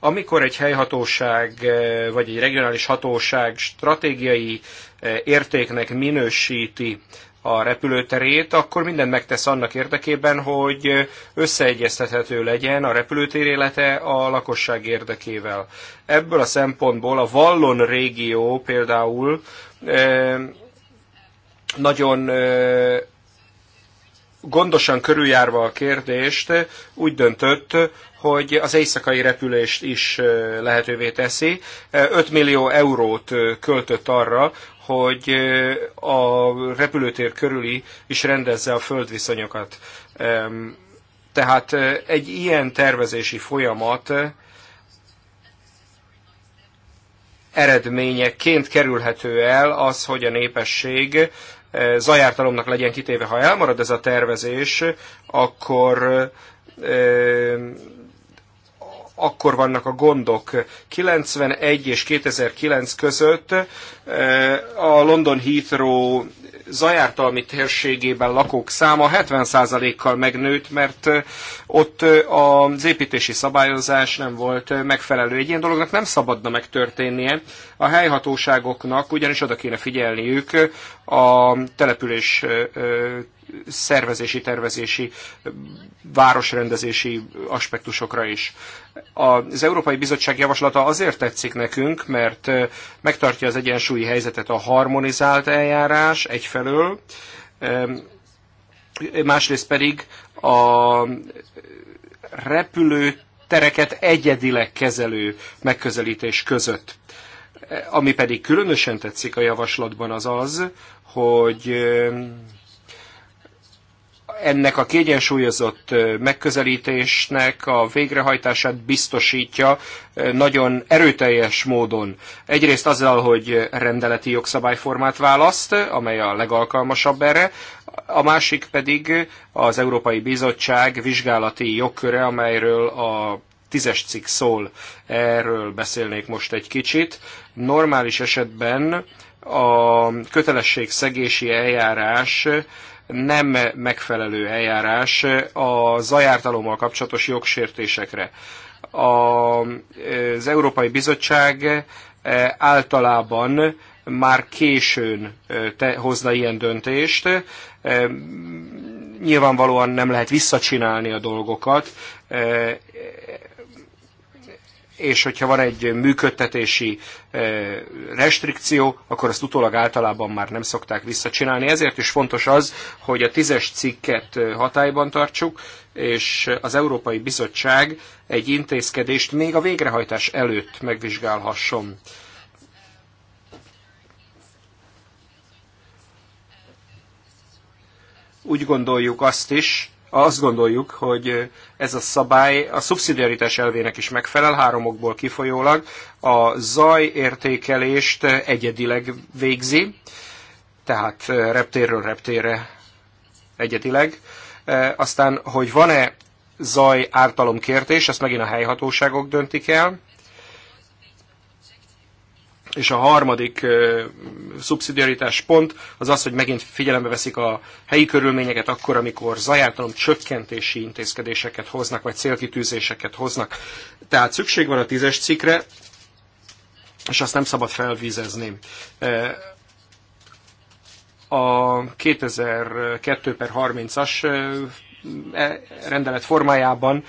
Amikor egy helyhatóság eh, vagy egy regionális hatóság stratégiai eh, értéknek minősíti a repülőterét, akkor mindent megtesz annak érdekében, hogy összeegyeztethető legyen a repülőtér élete a lakosság érdekével. Ebből a szempontból a Vallon régió például eh, nagyon gondosan körüljárva a kérdést, úgy döntött, hogy az éjszakai repülést is lehetővé teszi. 5 millió eurót költött arra, hogy a repülőtér körüli is rendezze a földviszonyokat. Tehát egy ilyen tervezési folyamat eredményeként kerülhető el az, hogy a népesség zajártalomnak legyen kitéve. Ha elmarad ez a tervezés, akkor akkor vannak a gondok. 91 és 2009 között eh, a London Heathrow zajártalmi térségében lakók száma 70%-kal megnőtt, mert eh, ott eh, az építési szabályozás nem volt megfelelő. Egy ilyen dolognak nem szabadna megtörténnie. A helyhatóságoknak ugyanis oda kéne figyelniük a település szervezési, tervezési, városrendezési aspektusokra is. Az Európai Bizottság javaslata azért tetszik nekünk, mert megtartja az egyensúlyi helyzetet a harmonizált eljárás egyfelől, másrészt pedig a repülő tereket egyedileg kezelő megközelítés között. Ami pedig különösen tetszik a javaslatban az az, hogy ennek a kiegyensúlyozott megközelítésnek a végrehajtását biztosítja nagyon erőteljes módon. Egyrészt azzal, hogy rendeleti jogszabályformát választ, amely a legalkalmasabb erre, a másik pedig az Európai Bizottság vizsgálati jogköre, amelyről a tízes cikk szól. Erről beszélnék most egy kicsit. Normális esetben a kötelességszegési eljárás nem megfelelő eljárás a zajártalommal kapcsolatos jogsértésekre. A, az Európai Bizottság e, általában már későn e, te, hozna ilyen döntést. E, nyilvánvalóan nem lehet visszacsinálni a dolgokat, és hogyha van egy működtetési eh, restrikció, akkor azt utólag általában már nem szokták visszacsinálni. Ezért is fontos az, hogy a tízes cikket eh, hatályban tartsuk, és az Európai Bizottság egy intézkedést még a végrehajtás előtt megvizsgálhasson. Úgy gondoljuk azt is, azt gondoljuk, hogy ez a szabály a szubszidiaritás elvének is megfelel, háromokból kifolyólag. A zajértékelést egyedileg végzi, tehát reptérről reptére egyedileg. Aztán, hogy van-e zaj ártalomkértés, ezt megint a helyhatóságok döntik el és a harmadik uh, szubszidiaritás pont az az, hogy megint figyelembe veszik a helyi körülményeket akkor, amikor zajártalom csökkentési intézkedéseket hoznak, vagy célkitűzéseket hoznak. Tehát szükség van a tízes cikre, és azt nem szabad felvízezni. A 2002 per 30-as e rendelet formájában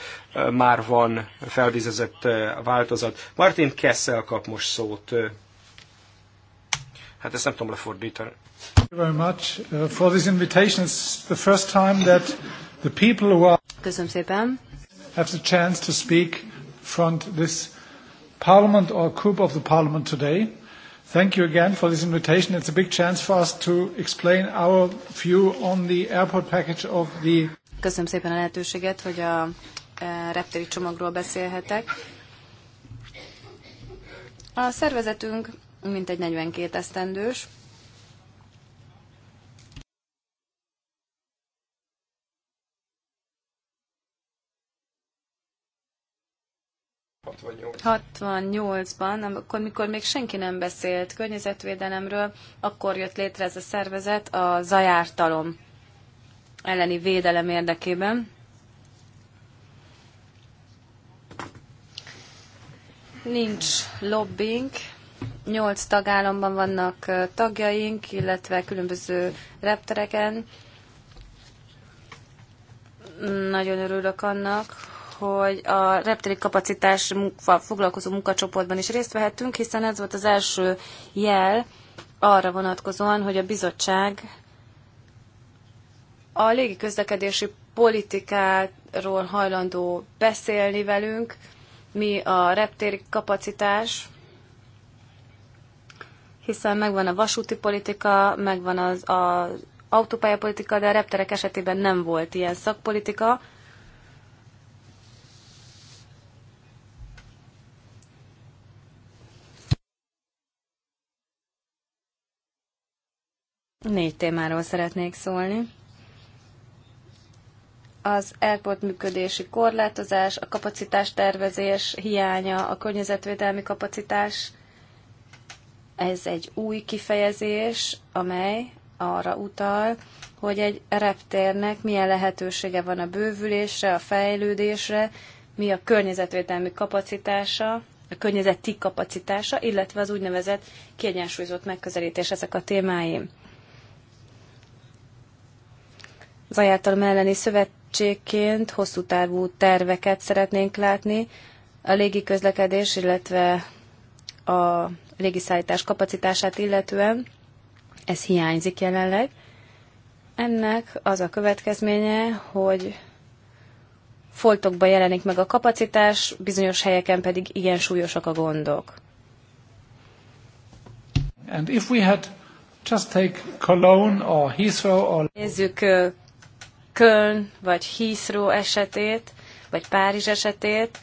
már van felvizezett változat. Martin Kessel kap most szót Hát ezt nem tudom lefordítani. Köszönöm szépen. Have the chance to speak front this parliament or coup of the parliament today. Thank you again for this invitation. It's a big chance for us to explain our view on the airport package of the Köszönöm szépen a lehetőséget, hogy a eh, reptéri csomagról beszélhetek. A szervezetünk mint egy 42 esztendős. vagyunk. 68-ban, amikor mikor még senki nem beszélt környezetvédelemről, akkor jött létre ez a szervezet a zajártalom elleni védelem érdekében. Nincs lobbying, Nyolc tagállamban vannak tagjaink, illetve különböző reptereken. Nagyon örülök annak, hogy a reptéri kapacitás foglalkozó munkacsoportban is részt vehettünk, hiszen ez volt az első jel arra vonatkozóan, hogy a bizottság a közlekedési politikáról hajlandó beszélni velünk, mi a reptéri kapacitás, hiszen megvan a vasúti politika, megvan az, az autópályapolitika, de a repterek esetében nem volt ilyen szakpolitika. Négy témáról szeretnék szólni. Az airport működési korlátozás, a kapacitástervezés hiánya, a környezetvédelmi kapacitás, ez egy új kifejezés, amely arra utal, hogy egy reptérnek milyen lehetősége van a bővülésre, a fejlődésre, mi a környezetvédelmi kapacitása, a környezeti kapacitása, illetve az úgynevezett kiegyensúlyozott megközelítés ezek a témáim. Az ajánlatom elleni szövetségként hosszú távú terveket szeretnénk látni, a légiközlekedés, illetve a légiszállítás kapacitását illetően, ez hiányzik jelenleg. Ennek az a következménye, hogy foltokban jelenik meg a kapacitás, bizonyos helyeken pedig igen súlyosak a gondok. And if we had just take Cologne or Heathrow or... Nézzük Köln vagy Heathrow esetét, vagy Párizs esetét,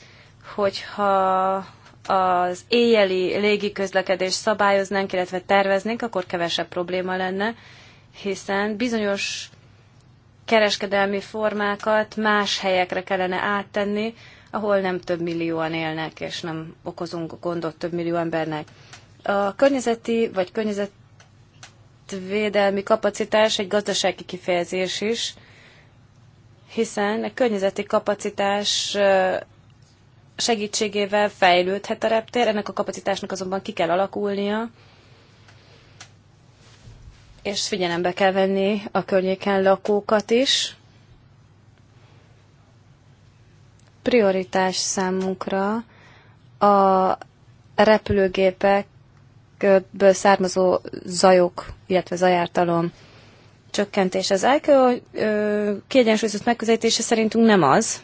hogyha az éjjeli légiközlekedést szabályoznánk, illetve terveznénk, akkor kevesebb probléma lenne, hiszen bizonyos kereskedelmi formákat más helyekre kellene áttenni, ahol nem több millióan élnek, és nem okozunk gondot több millió embernek. A környezeti vagy környezetvédelmi kapacitás egy gazdasági kifejezés is, hiszen a környezeti kapacitás segítségével fejlődhet a reptér, ennek a kapacitásnak azonban ki kell alakulnia, és figyelembe kell venni a környéken lakókat is. Prioritás számunkra a repülőgépekből származó zajok, illetve zajártalom csökkentés. Az ICAO kiegyensúlyozott megközelítése szerintünk nem az,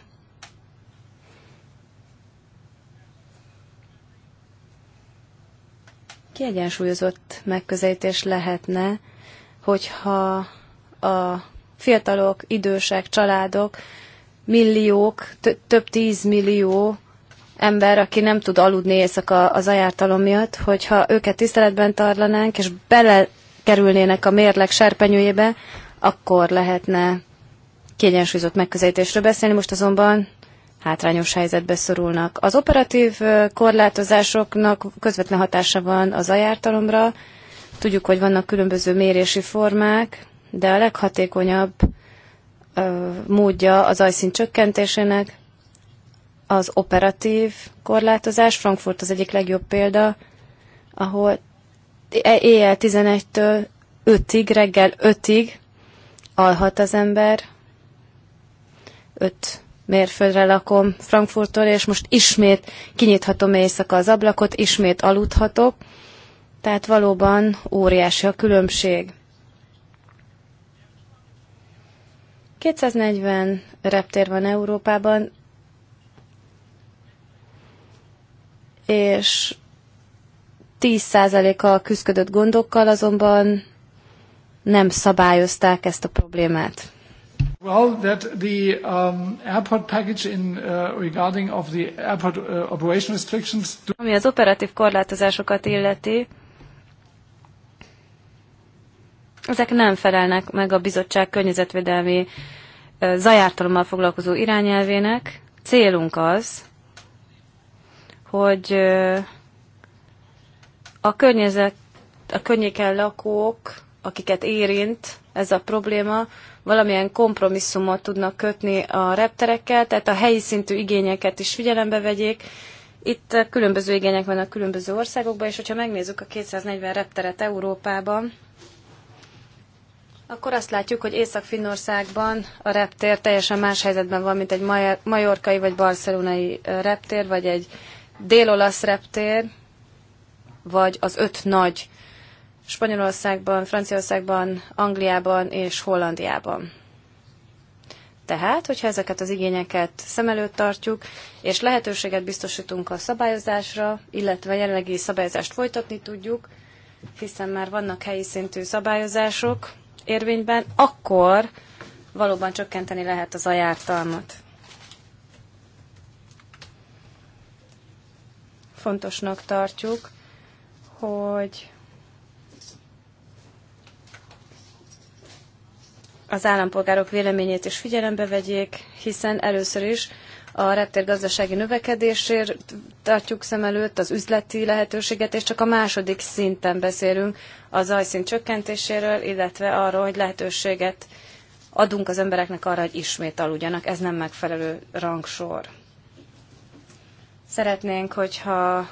kiegyensúlyozott megközelítés lehetne, hogyha a fiatalok, idősek, családok, milliók, több tízmillió ember, aki nem tud aludni éjszaka az ajártalom miatt, hogyha őket tiszteletben tartanánk, és belekerülnének a mérleg serpenyőjébe, akkor lehetne kiegyensúlyozott megközelítésről beszélni. Most azonban hátrányos helyzetbe szorulnak. Az operatív korlátozásoknak közvetlen hatása van az ajártalomra. Tudjuk, hogy vannak különböző mérési formák, de a leghatékonyabb módja az ajszint csökkentésének az operatív korlátozás. Frankfurt az egyik legjobb példa, ahol e, éjjel 11-től 5-ig, reggel 5-ig alhat az ember, 5 mérföldre lakom Frankfurttól, és most ismét kinyithatom éjszaka az ablakot, ismét aludhatok. Tehát valóban óriási a különbség. 240 reptér van Európában, és 10%-a küzdött gondokkal, azonban nem szabályozták ezt a problémát. Well, that the um, airport package in uh, regarding of the airport uh, operation restrictions. Do... Ami az operatív korlátozásokat illeti, ezek nem felelnek meg a bizottság környezetvédelmi uh, zajártalommal foglalkozó irányelvének. Célunk az, hogy uh, a környezet, a környéken lakók, akiket érint ez a probléma, valamilyen kompromisszumot tudnak kötni a repterekkel, tehát a helyi szintű igényeket is figyelembe vegyék. Itt különböző igények vannak különböző országokban, és hogyha megnézzük a 240 repteret Európában, akkor azt látjuk, hogy Észak-Finnországban a reptér teljesen más helyzetben van, mint egy majorkai vagy barcelonai reptér, vagy egy dél-olasz reptér, vagy az öt nagy Spanyolországban, Franciaországban, Angliában és Hollandiában. Tehát, hogyha ezeket az igényeket szem előtt tartjuk, és lehetőséget biztosítunk a szabályozásra, illetve a jelenlegi szabályozást folytatni tudjuk, hiszen már vannak helyi szintű szabályozások érvényben, akkor valóban csökkenteni lehet az ajártalmat. Fontosnak tartjuk, hogy az állampolgárok véleményét is figyelembe vegyék, hiszen először is a reptér gazdasági növekedésért tartjuk szem előtt, az üzleti lehetőséget, és csak a második szinten beszélünk a zajszint csökkentéséről, illetve arról, hogy lehetőséget adunk az embereknek arra, hogy ismét aludjanak. Ez nem megfelelő rangsor. Szeretnénk, hogyha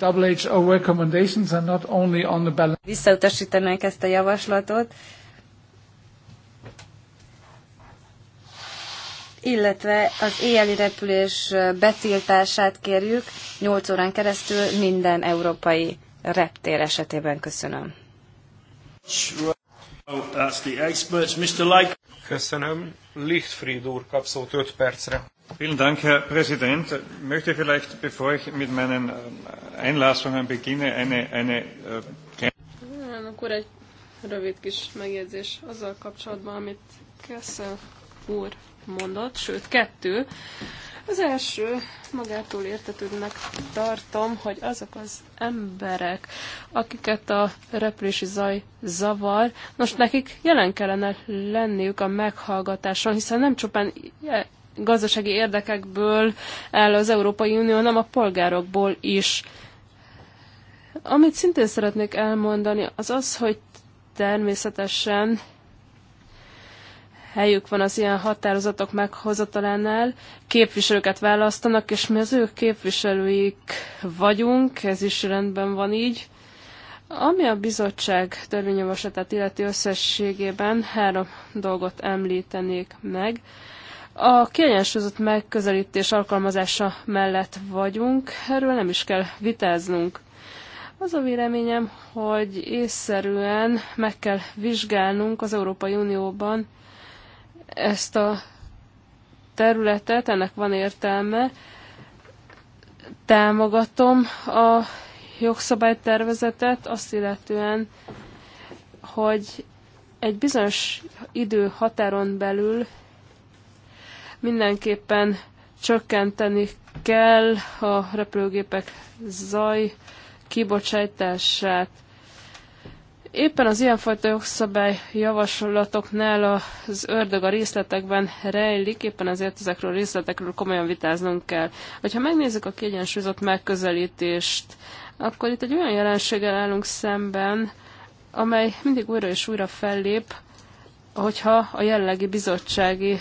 WHO recommendations not only on the balance. Visszautasítanánk ezt a javaslatot, illetve az éjjeli repülés betiltását kérjük 8 órán keresztül minden európai reptér esetében. Köszönöm. Köszönöm. Lichtfried úr kap szót 5 percre. Vielen Dank, Herr Präsident. Ich Möchte vielleicht, bevor ich mit meinen ähm, Einlassungen beginne, eine, eine Akkor äh, egy rövid kis megjegyzés azzal kapcsolatban, amit Kessel úr mondott, sőt kettő. Az első magától értetődnek tartom, hogy azok az emberek, akiket a repülési zaj zavar, most nekik jelen kellene lenniük a meghallgatáson, hiszen nem csupán e- gazdasági érdekekből áll az Európai Unió, hanem a polgárokból is. Amit szintén szeretnék elmondani, az az, hogy természetesen helyük van az ilyen határozatok meghozatalánál, képviselőket választanak, és mi az ő képviselőik vagyunk, ez is rendben van így. Ami a bizottság törvényjavaslatát illeti összességében három dolgot említenék meg. A kiegyensúlyozott megközelítés alkalmazása mellett vagyunk, erről nem is kell vitáznunk. Az a véleményem, hogy észszerűen meg kell vizsgálnunk az Európai Unióban ezt a területet, ennek van értelme. Támogatom a jogszabálytervezetet azt illetően, hogy egy bizonyos idő határon belül mindenképpen csökkenteni kell a repülőgépek zaj kibocsátását. Éppen az ilyenfajta jogszabály javaslatoknál az ördög a részletekben rejlik, éppen ezért ezekről a részletekről komolyan vitáznunk kell. Hogyha megnézzük a kiegyensúlyozott megközelítést, akkor itt egy olyan jelenséggel állunk szemben, amely mindig újra és újra fellép, hogyha a jelenlegi bizottsági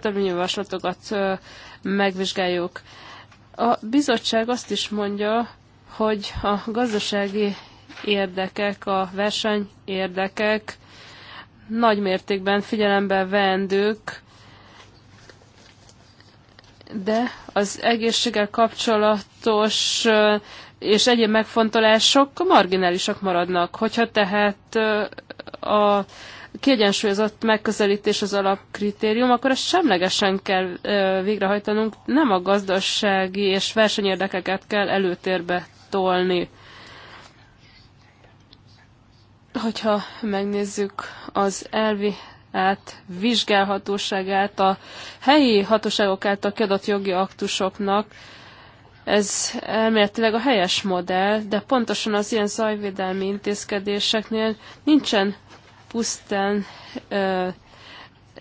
törvényjavaslatokat megvizsgáljuk. A bizottság azt is mondja, hogy a gazdasági érdekek, a verseny érdekek nagy mértékben figyelembe vendők, de az egészséggel kapcsolatos és egyéb megfontolások marginálisak maradnak. Hogyha tehát a kiegyensúlyozott megközelítés az alapkritérium, akkor ezt semlegesen kell végrehajtanunk, nem a gazdasági és versenyérdekeket kell előtérbe tolni. Hogyha megnézzük az elvi át vizsgálhatóságát a helyi hatóságok által kiadott jogi aktusoknak, ez elméletileg a helyes modell, de pontosan az ilyen zajvédelmi intézkedéseknél nincsen pusztán ö,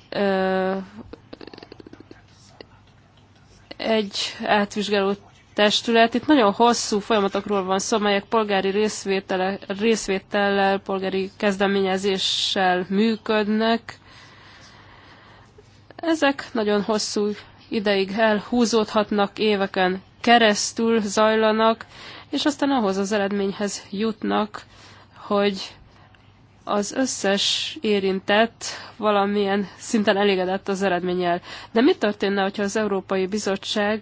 ö, egy átvizsgáló testület. Itt nagyon hosszú folyamatokról van szó, melyek polgári részvétele, részvétellel, polgári kezdeményezéssel működnek. Ezek nagyon hosszú ideig elhúzódhatnak, éveken keresztül zajlanak, és aztán ahhoz az eredményhez jutnak, hogy az összes érintett valamilyen szinten elégedett az eredménnyel. De mi történne, hogyha az Európai Bizottság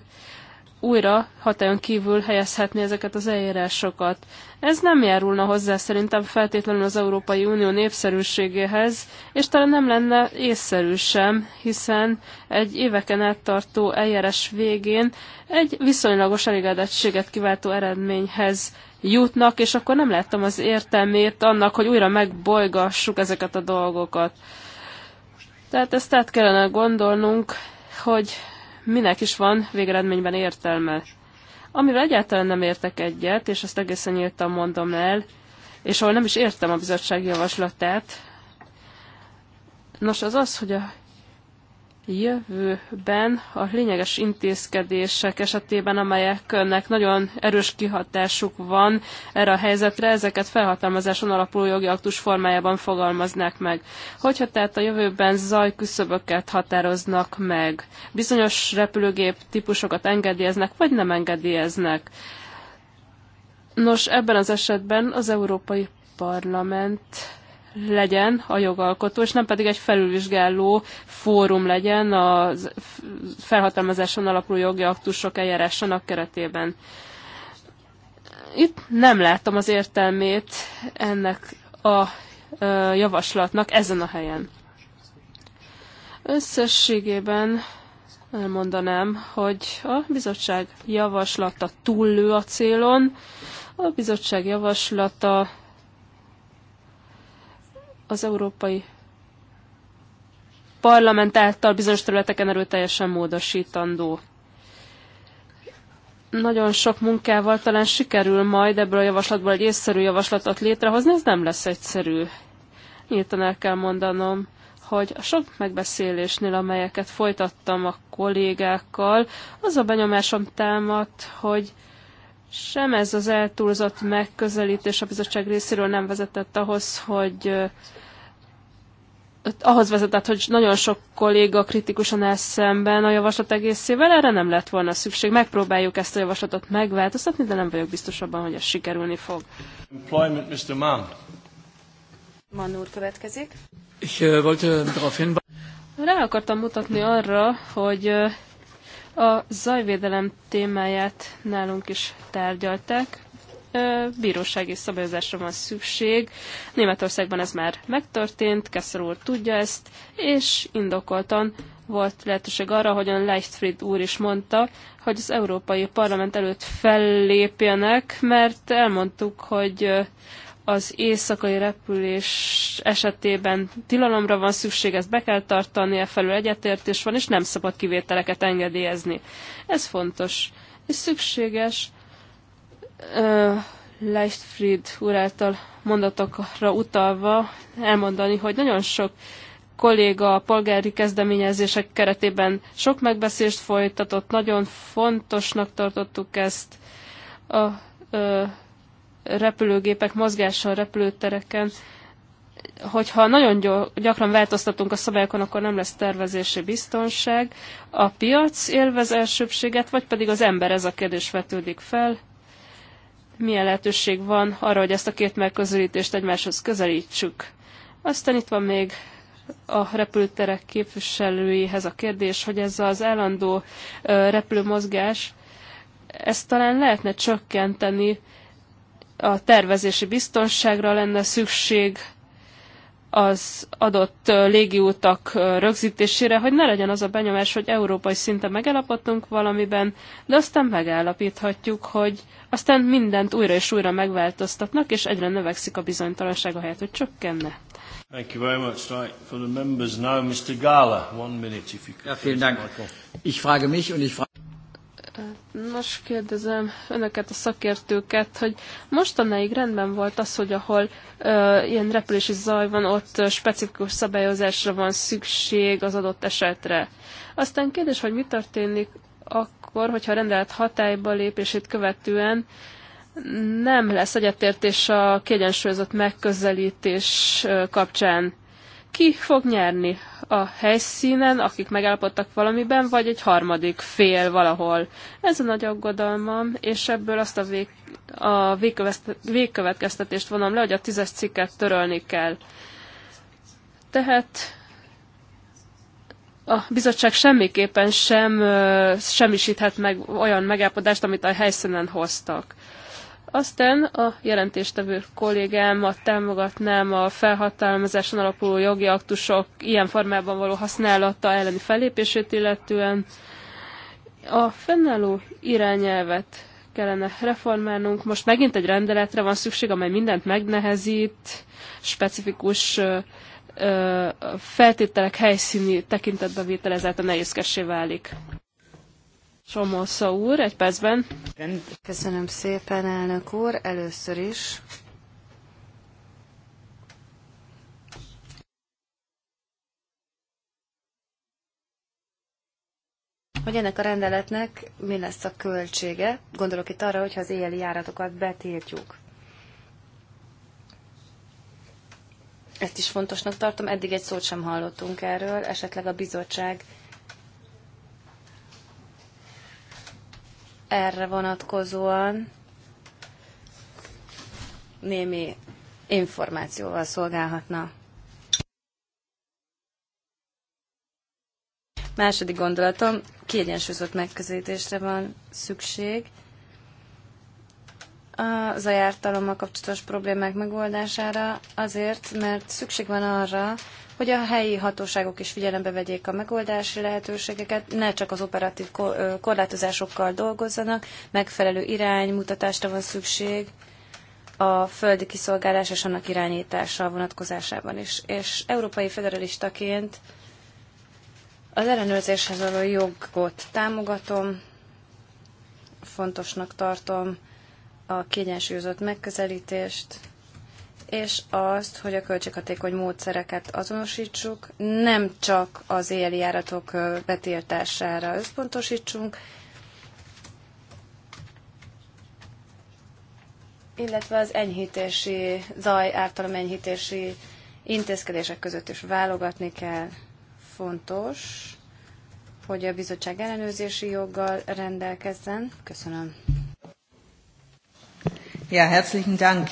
újra hatályon kívül helyezhetni ezeket az eljárásokat. Ez nem járulna hozzá szerintem feltétlenül az Európai Unió népszerűségéhez, és talán nem lenne észszerű sem, hiszen egy éveken át tartó eljárás végén egy viszonylagos elégedettséget kiváltó eredményhez jutnak, és akkor nem láttam az értelmét annak, hogy újra megbolygassuk ezeket a dolgokat. Tehát ezt át kellene gondolnunk, hogy minek is van végeredményben értelme. Amivel egyáltalán nem értek egyet, és azt egészen nyíltan mondom el, és ahol nem is értem a bizottság javaslatát, nos az az, hogy a jövőben a lényeges intézkedések esetében, amelyeknek nagyon erős kihatásuk van erre a helyzetre, ezeket felhatalmazáson alapuló jogi aktus formájában fogalmaznák meg. Hogyha tehát a jövőben zajküszöböket határoznak meg, bizonyos repülőgép típusokat engedélyeznek, vagy nem engedélyeznek. Nos, ebben az esetben az Európai Parlament legyen a jogalkotó, és nem pedig egy felülvizsgáló fórum legyen a felhatalmazáson alapuló jogi aktusok eljárásának keretében. Itt nem látom az értelmét ennek a javaslatnak ezen a helyen. Összességében elmondanám, hogy a bizottság javaslata túllő a célon, a bizottság javaslata az Európai Parlament által bizonyos területeken erőteljesen módosítandó. Nagyon sok munkával talán sikerül majd ebből a javaslatból egy észszerű javaslatot létrehozni, ez nem lesz egyszerű. Nyíltan el kell mondanom, hogy a sok megbeszélésnél, amelyeket folytattam a kollégákkal, az a benyomásom támadt, hogy sem ez az eltúlzott megközelítés a bizottság részéről nem vezetett ahhoz, hogy ahhoz vezetett, hogy nagyon sok kolléga kritikusan áll szemben a javaslat egészével, erre nem lett volna szükség. Megpróbáljuk ezt a javaslatot megváltoztatni, de nem vagyok biztos abban, hogy ez sikerülni fog. Employment, Mr. Mann. Mann úr következik. Ich, uh, wollte darauf hinweisen. Rá akartam mutatni arra, hogy a zajvédelem témáját nálunk is tárgyalták. Bírósági szabályozásra van szükség. Németországban ez már megtörtént, Kessler úr tudja ezt, és indokoltan volt lehetőség arra, hogyan Leichtfried úr is mondta, hogy az Európai Parlament előtt fellépjenek, mert elmondtuk, hogy az éjszakai repülés esetében tilalomra van szükség, ezt be kell tartani, e felül egyetértés van, és nem szabad kivételeket engedélyezni. Ez fontos és szükséges. Uh, Leichtfried úr által mondatokra utalva elmondani, hogy nagyon sok kolléga a polgári kezdeményezések keretében sok megbeszélést folytatott, nagyon fontosnak tartottuk ezt. A, uh, repülőgépek mozgása a repülőtereken, hogyha nagyon gyakran változtatunk a szabályokon, akkor nem lesz tervezési biztonság. A piac élvez elsőbséget, vagy pedig az ember, ez a kérdés vetődik fel. Milyen lehetőség van arra, hogy ezt a két megközelítést egymáshoz közelítsük? Aztán itt van még a repülőterek képviselőihez a kérdés, hogy ez az állandó repülőmozgás, ezt talán lehetne csökkenteni, a tervezési biztonságra lenne szükség, az adott légiútak rögzítésére, hogy ne legyen az a benyomás, hogy európai szinten megállapodtunk valamiben, de aztán megállapíthatjuk, hogy aztán mindent újra és újra megváltoztatnak, és egyre növekszik a bizonytalanság a helyet, hogy csökkenne. Thank you very much. Right. For the members now, Mr. Gala, one minute if you could. Ja, vielen Dank. Ich frage mich und ich frage Nos, kérdezem önöket, a szakértőket, hogy mostanáig rendben volt az, hogy ahol ö, ilyen repülési zaj van, ott specifikus szabályozásra van szükség az adott esetre. Aztán kérdés, hogy mi történik akkor, hogyha a rendelet hatályba lépését követően nem lesz egyetértés a kiegyensúlyozott megközelítés kapcsán. Ki fog nyerni? A helyszínen, akik megállapodtak valamiben, vagy egy harmadik fél valahol? Ez a nagy aggodalmam, és ebből azt a, vég, a végkövetkeztetést vonom le, hogy a tízes cikket törölni kell. Tehát a bizottság semmiképpen sem semmisíthet meg olyan megállapodást, amit a helyszínen hoztak. Aztán a jelentéstevő kollégámat támogatnám a felhatalmazáson alapuló jogi aktusok ilyen formában való használata elleni fellépését illetően. A fennálló irányelvet kellene reformálnunk. Most megint egy rendeletre van szükség, amely mindent megnehezít, specifikus feltételek helyszíni vételezett a nehézkessé válik. Somosza úr, egy percben. Köszönöm szépen, elnök úr. Először is hogy ennek a rendeletnek mi lesz a költsége. Gondolok itt arra, hogyha az éjjeli járatokat betiltjuk. Ezt is fontosnak tartom, eddig egy szót sem hallottunk erről, esetleg a bizottság erre vonatkozóan némi információval szolgálhatna. Második gondolatom, kiegyensúlyozott megközelítésre van szükség. Az ajártalommal kapcsolatos problémák megoldására azért, mert szükség van arra, hogy a helyi hatóságok is figyelembe vegyék a megoldási lehetőségeket, ne csak az operatív korlátozásokkal dolgozzanak, megfelelő iránymutatásra van szükség a földi kiszolgálás és annak irányítása vonatkozásában is. És európai federalistaként az ellenőrzéshez való jogot támogatom, fontosnak tartom a kiegyensúlyozott megközelítést, és azt, hogy a költséghatékony módszereket azonosítsuk, nem csak az éjjeli járatok betiltására összpontosítsunk, illetve az enyhítési, zaj általam enyhítési intézkedések között is válogatni kell. Fontos, hogy a bizottság ellenőrzési joggal rendelkezzen. Köszönöm. Ja, herzlichen Dank.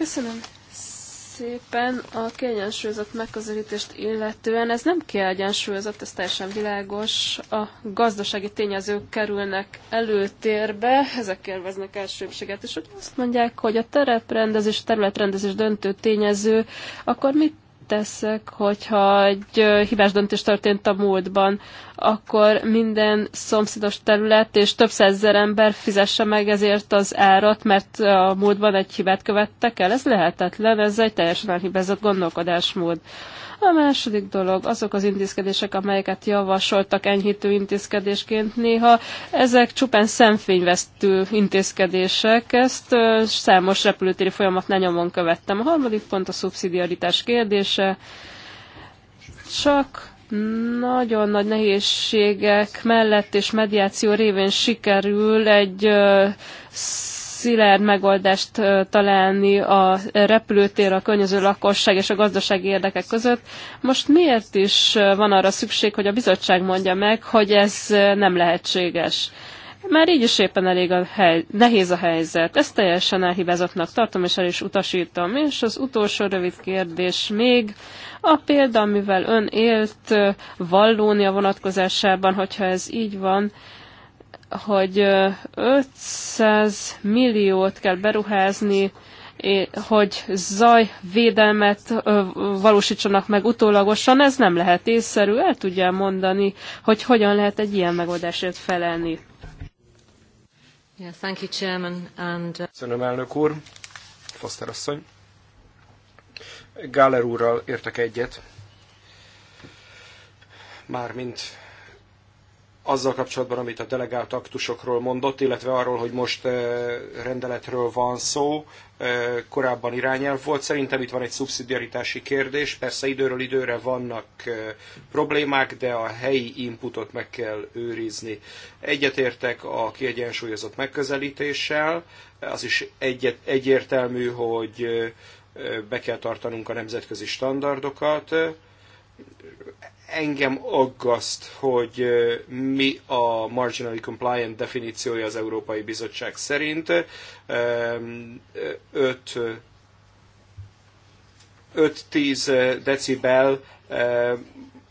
Köszönöm szépen a kiegyensúlyozott megközelítést illetően. Ez nem kiegyensúlyozott, ez teljesen világos. A gazdasági tényezők kerülnek előtérbe, ezek élveznek elsőbséget, és hogy azt mondják, hogy a tereprendezés, területrendezés döntő tényező, akkor mit teszek, hogyha egy hibás döntés történt a múltban akkor minden szomszédos terület és több százezer ember fizesse meg ezért az árat, mert a múltban egy hibát követtek el. Ez lehetetlen, ez egy teljesen elhibázott gondolkodásmód. A második dolog, azok az intézkedések, amelyeket javasoltak enyhítő intézkedésként néha, ezek csupán szemfényvesztő intézkedések, ezt számos repülőtéri folyamatnál nyomon követtem. A harmadik pont a szubszidiaritás kérdése. Csak nagyon nagy nehézségek mellett és mediáció révén sikerül egy szilárd megoldást találni a repülőtér, a környező lakosság és a gazdasági érdekek között. Most miért is van arra szükség, hogy a bizottság mondja meg, hogy ez nem lehetséges? Már így is éppen elég a hely, nehéz a helyzet. Ezt teljesen elhibázottnak tartom, és el is utasítom. És az utolsó rövid kérdés még. A példa, amivel ön élt Vallónia vonatkozásában, hogyha ez így van, hogy 500 milliót kell beruházni, hogy zajvédelmet valósítsanak meg utólagosan, ez nem lehet észszerű. El tudja mondani, hogy hogyan lehet egy ilyen megoldásért felelni. Yeah, thank you, Chairman, and... Uh, Köszönöm, elnök úr, Foster asszony. Gáler úrral értek egyet, mármint azzal kapcsolatban, amit a delegált aktusokról mondott, illetve arról, hogy most eh, rendeletről van szó, eh, korábban irányelv volt. Szerintem itt van egy szubszidiaritási kérdés, persze időről időre vannak eh, problémák, de a helyi inputot meg kell őrizni. Egyetértek a kiegyensúlyozott megközelítéssel, az is egyet, egyértelmű, hogy be kell tartanunk a nemzetközi standardokat, engem aggaszt, hogy mi a marginally compliant definíciója az Európai Bizottság szerint. Öt 5-10 decibel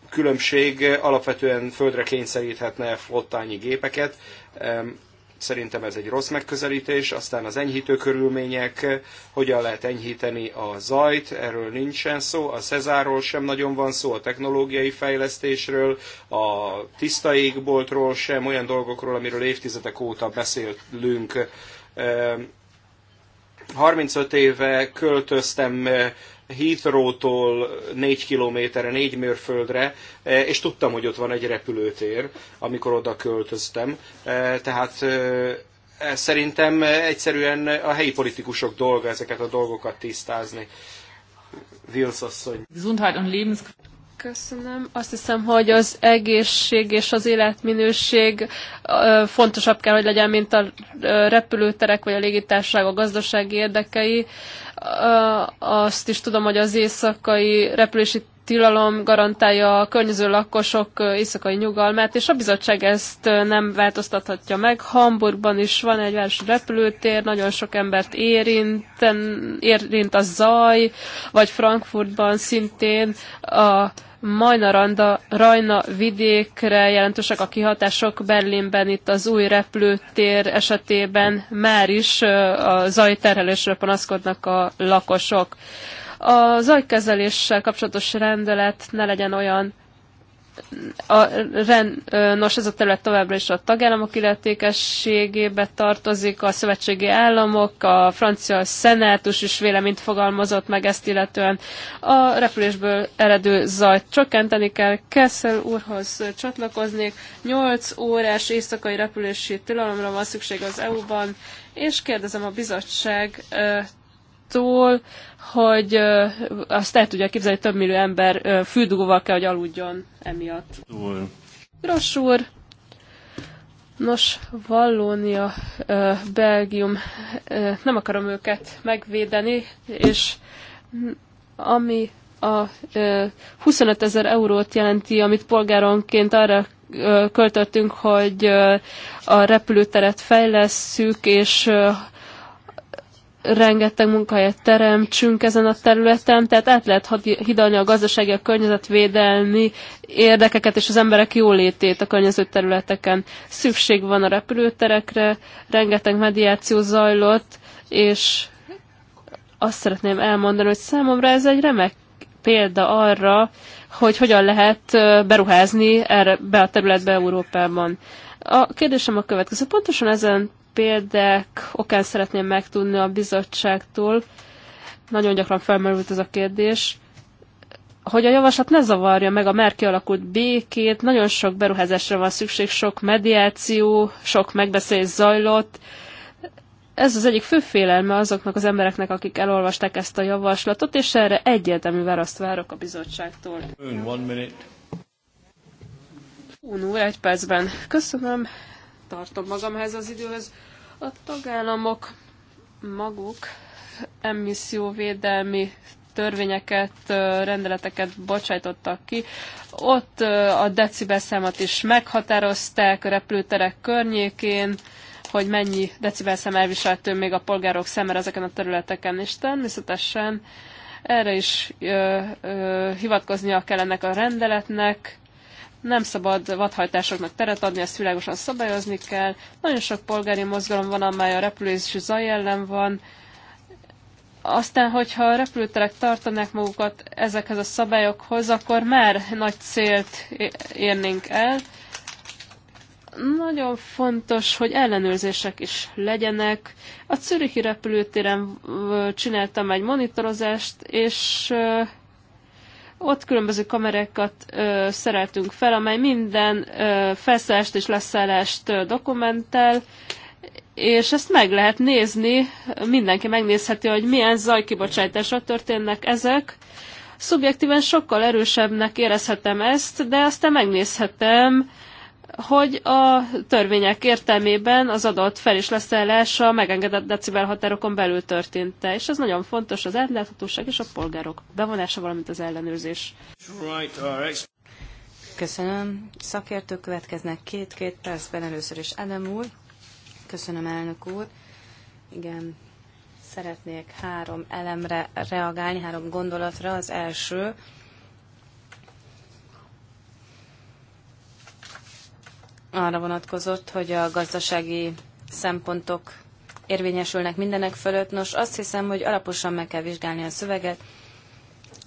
különbség alapvetően földre kényszeríthetne flottányi gépeket. Szerintem ez egy rossz megközelítés. Aztán az enyhítő körülmények, hogyan lehet enyhíteni a zajt, erről nincsen szó. A Cezáról sem nagyon van szó, a technológiai fejlesztésről, a tiszta égboltról sem, olyan dolgokról, amiről évtizedek óta beszélünk. 35 ehm, éve költöztem Heathrow-tól négy kilométerre, négy mérföldre, e, és tudtam, hogy ott van egy repülőtér, amikor oda költöztem. E, tehát e, szerintem egyszerűen a helyi politikusok dolga ezeket a dolgokat tisztázni. Vilsz asszony. Gesundheit und Lebens... Köszönöm. Azt hiszem, hogy az egészség és az életminőség fontosabb kell, hogy legyen, mint a repülőterek vagy a légitársaság a gazdasági érdekei. Azt is tudom, hogy az éjszakai repülési tilalom garantálja a környező lakosok éjszakai nyugalmát, és a bizottság ezt nem változtathatja meg. Hamburgban is van egy városi repülőtér, nagyon sok embert érint, érint a zaj, vagy Frankfurtban szintén a Majna Randa, Rajna vidékre jelentősek a kihatások Berlinben, itt az új repülőtér esetében már is a zajterhelésről panaszkodnak a lakosok. A zajkezeléssel kapcsolatos rendelet ne legyen olyan a, ren, nos, ez a terület továbbra is a tagállamok illetékességébe tartozik, a szövetségi államok, a francia szenátus is véleményt fogalmazott meg ezt illetően. A repülésből eredő zajt csökkenteni kell. Kessel úrhoz csatlakoznék. 8 órás éjszakai repülési tilalomra van szükség az EU-ban, és kérdezem a bizottság attól, hogy azt el tudja képzelni, hogy több millió ember füldugóval kell, hogy aludjon emiatt. Gross úr, Nos, Vallónia, Belgium, nem akarom őket megvédeni, és ami a 25 ezer eurót jelenti, amit polgáronként arra költöttünk, hogy a repülőteret fejlesszük, és rengeteg munkahelyet teremtsünk ezen a területen, tehát át lehet hidalni a gazdasági, a környezetvédelmi érdekeket és az emberek jólétét a környező területeken. Szükség van a repülőterekre, rengeteg mediáció zajlott, és azt szeretném elmondani, hogy számomra ez egy remek példa arra, hogy hogyan lehet beruházni erre be a területbe Európában. A kérdésem a következő. Pontosan ezen példák okán szeretném megtudni a bizottságtól, nagyon gyakran felmerült ez a kérdés, hogy a javaslat ne zavarja meg a már kialakult békét, nagyon sok beruházásra van szükség, sok mediáció, sok megbeszélés zajlott. Ez az egyik fő félelme azoknak az embereknek, akik elolvasták ezt a javaslatot, és erre egyértelmű választ várok a bizottságtól. Unu, one minute. egy percben. Köszönöm, tartom magamhez az időhöz. A tagállamok maguk emisszióvédelmi törvényeket, rendeleteket bocsájtottak ki. Ott a decibelszámot is meghatározták a repülőterek környékén, hogy mennyi decibelszám elviselhető még a polgárok szemére ezeken a területeken, és természetesen erre is ö, ö, hivatkoznia kell ennek a rendeletnek, nem szabad vadhajtásoknak teret adni, ezt világosan szabályozni kell. Nagyon sok polgári mozgalom van, amely a repülési zaj ellen van. Aztán, hogyha a repülőterek tartanák magukat ezekhez a szabályokhoz, akkor már nagy célt érnénk el. Nagyon fontos, hogy ellenőrzések is legyenek. A Czürichi repülőtéren csináltam egy monitorozást, és ott különböző kamerákat ö, szereltünk fel, amely minden ö, felszállást és leszállást ö, dokumentál, és ezt meg lehet nézni, mindenki megnézheti, hogy milyen zajkibocsátások történnek ezek. Szubjektíven sokkal erősebbnek érezhetem ezt, de aztán megnézhetem, hogy a törvények értelmében az adott fel is a megengedett decibel határokon belül történte, és ez nagyon fontos az átláthatóság és a polgárok bevonása, valamint az ellenőrzés. Köszönöm. Szakértők következnek két-két percben először is Adam úr. Köszönöm, elnök úr. Igen, szeretnék három elemre reagálni, három gondolatra. Az első, arra vonatkozott, hogy a gazdasági szempontok érvényesülnek mindenek fölött. Nos, azt hiszem, hogy alaposan meg kell vizsgálni a szöveget.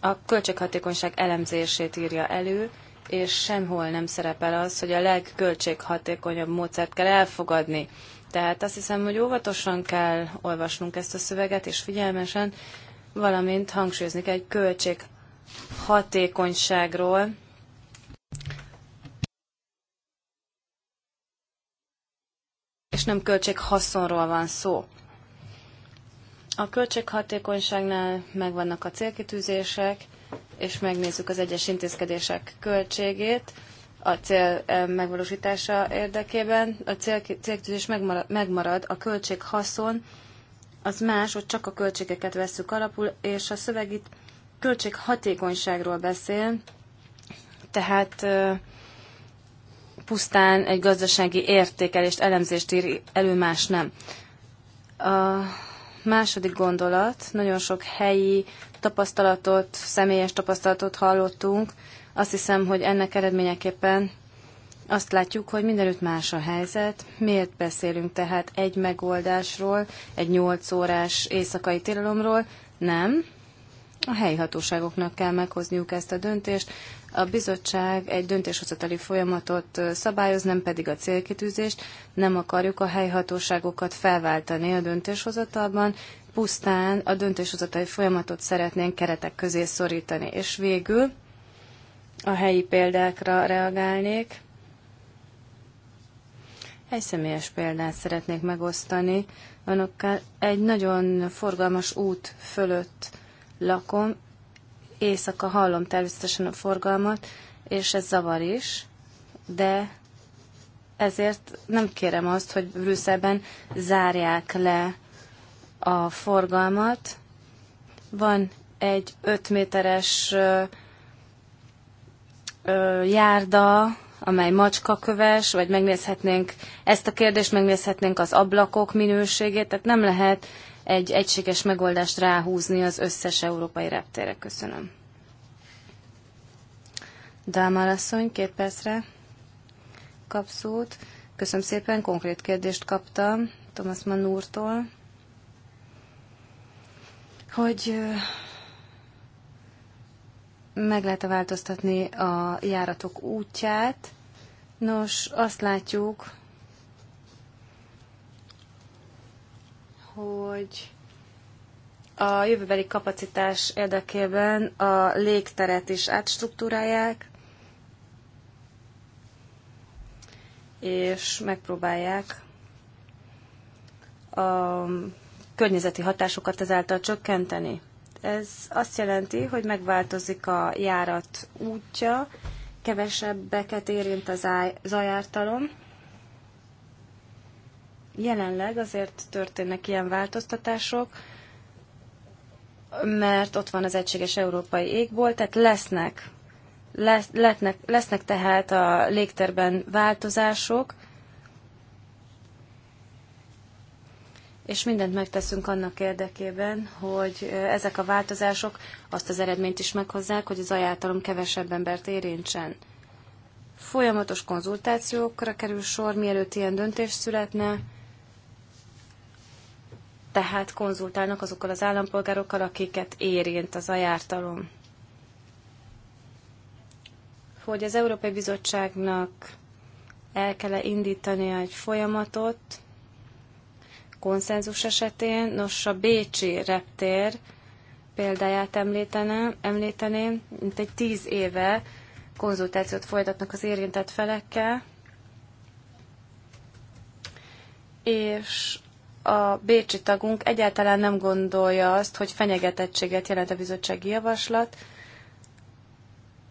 A költséghatékonyság elemzését írja elő, és semhol nem szerepel az, hogy a legköltséghatékonyabb módszert kell elfogadni. Tehát azt hiszem, hogy óvatosan kell olvasnunk ezt a szöveget, és figyelmesen, valamint hangsúlyozni kell egy költséghatékonyságról, és nem költséghaszonról van szó. A költséghatékonyságnál megvannak a célkitűzések, és megnézzük az egyes intézkedések költségét a cél eh, megvalósítása érdekében. A cél, célkitűzés megmarad, megmarad, a költséghaszon az más, hogy csak a költségeket veszük alapul, és a szöveg itt költséghatékonyságról beszél, tehát eh, pusztán egy gazdasági értékelést, elemzést ír elő, más nem. A második gondolat, nagyon sok helyi tapasztalatot, személyes tapasztalatot hallottunk. Azt hiszem, hogy ennek eredményeképpen azt látjuk, hogy mindenütt más a helyzet. Miért beszélünk tehát egy megoldásról, egy nyolc órás éjszakai tilalomról? Nem. A helyi hatóságoknak kell meghozniuk ezt a döntést, a bizottság egy döntéshozatali folyamatot szabályoz, nem pedig a célkitűzést. Nem akarjuk a helyhatóságokat felváltani a döntéshozatalban, pusztán a döntéshozatali folyamatot szeretnénk keretek közé szorítani. És végül a helyi példákra reagálnék. Egy személyes példát szeretnék megosztani önökkel. Egy nagyon forgalmas út fölött lakom, éjszaka hallom természetesen a forgalmat, és ez zavar is, de ezért nem kérem azt, hogy Brüsszelben zárják le a forgalmat. Van egy 5 méteres járda, amely macskaköves, vagy megnézhetnénk ezt a kérdést, megnézhetnénk az ablakok minőségét, tehát nem lehet egy egységes megoldást ráhúzni az összes európai reptére. Köszönöm. Dámar asszony, két percre kap szót. Köszönöm szépen, konkrét kérdést kaptam Thomas Mann úrtól, hogy meg lehet -e változtatni a járatok útját. Nos, azt látjuk, hogy a jövőbeli kapacitás érdekében a légteret is átstruktúrálják, és megpróbálják a környezeti hatásokat ezáltal csökkenteni. Ez azt jelenti, hogy megváltozik a járat útja, kevesebbeket érint az zajártalom, Jelenleg azért történnek ilyen változtatások, mert ott van az egységes európai égbolt, tehát lesznek, lesz, letnek, lesznek tehát a légterben változások, és mindent megteszünk annak érdekében, hogy ezek a változások azt az eredményt is meghozzák, hogy az ajátalom kevesebb embert érintsen. Folyamatos konzultációkra kerül sor, mielőtt ilyen döntés születne, tehát konzultálnak azokkal az állampolgárokkal, akiket érint az ajártalom. Hogy az Európai Bizottságnak el kell -e indítania egy folyamatot konszenzus esetén, nos a Bécsi reptér példáját említeném, említeném, mint egy tíz éve konzultációt folytatnak az érintett felekkel, és a bécsi tagunk egyáltalán nem gondolja azt, hogy fenyegetettséget jelent a bizottsági javaslat.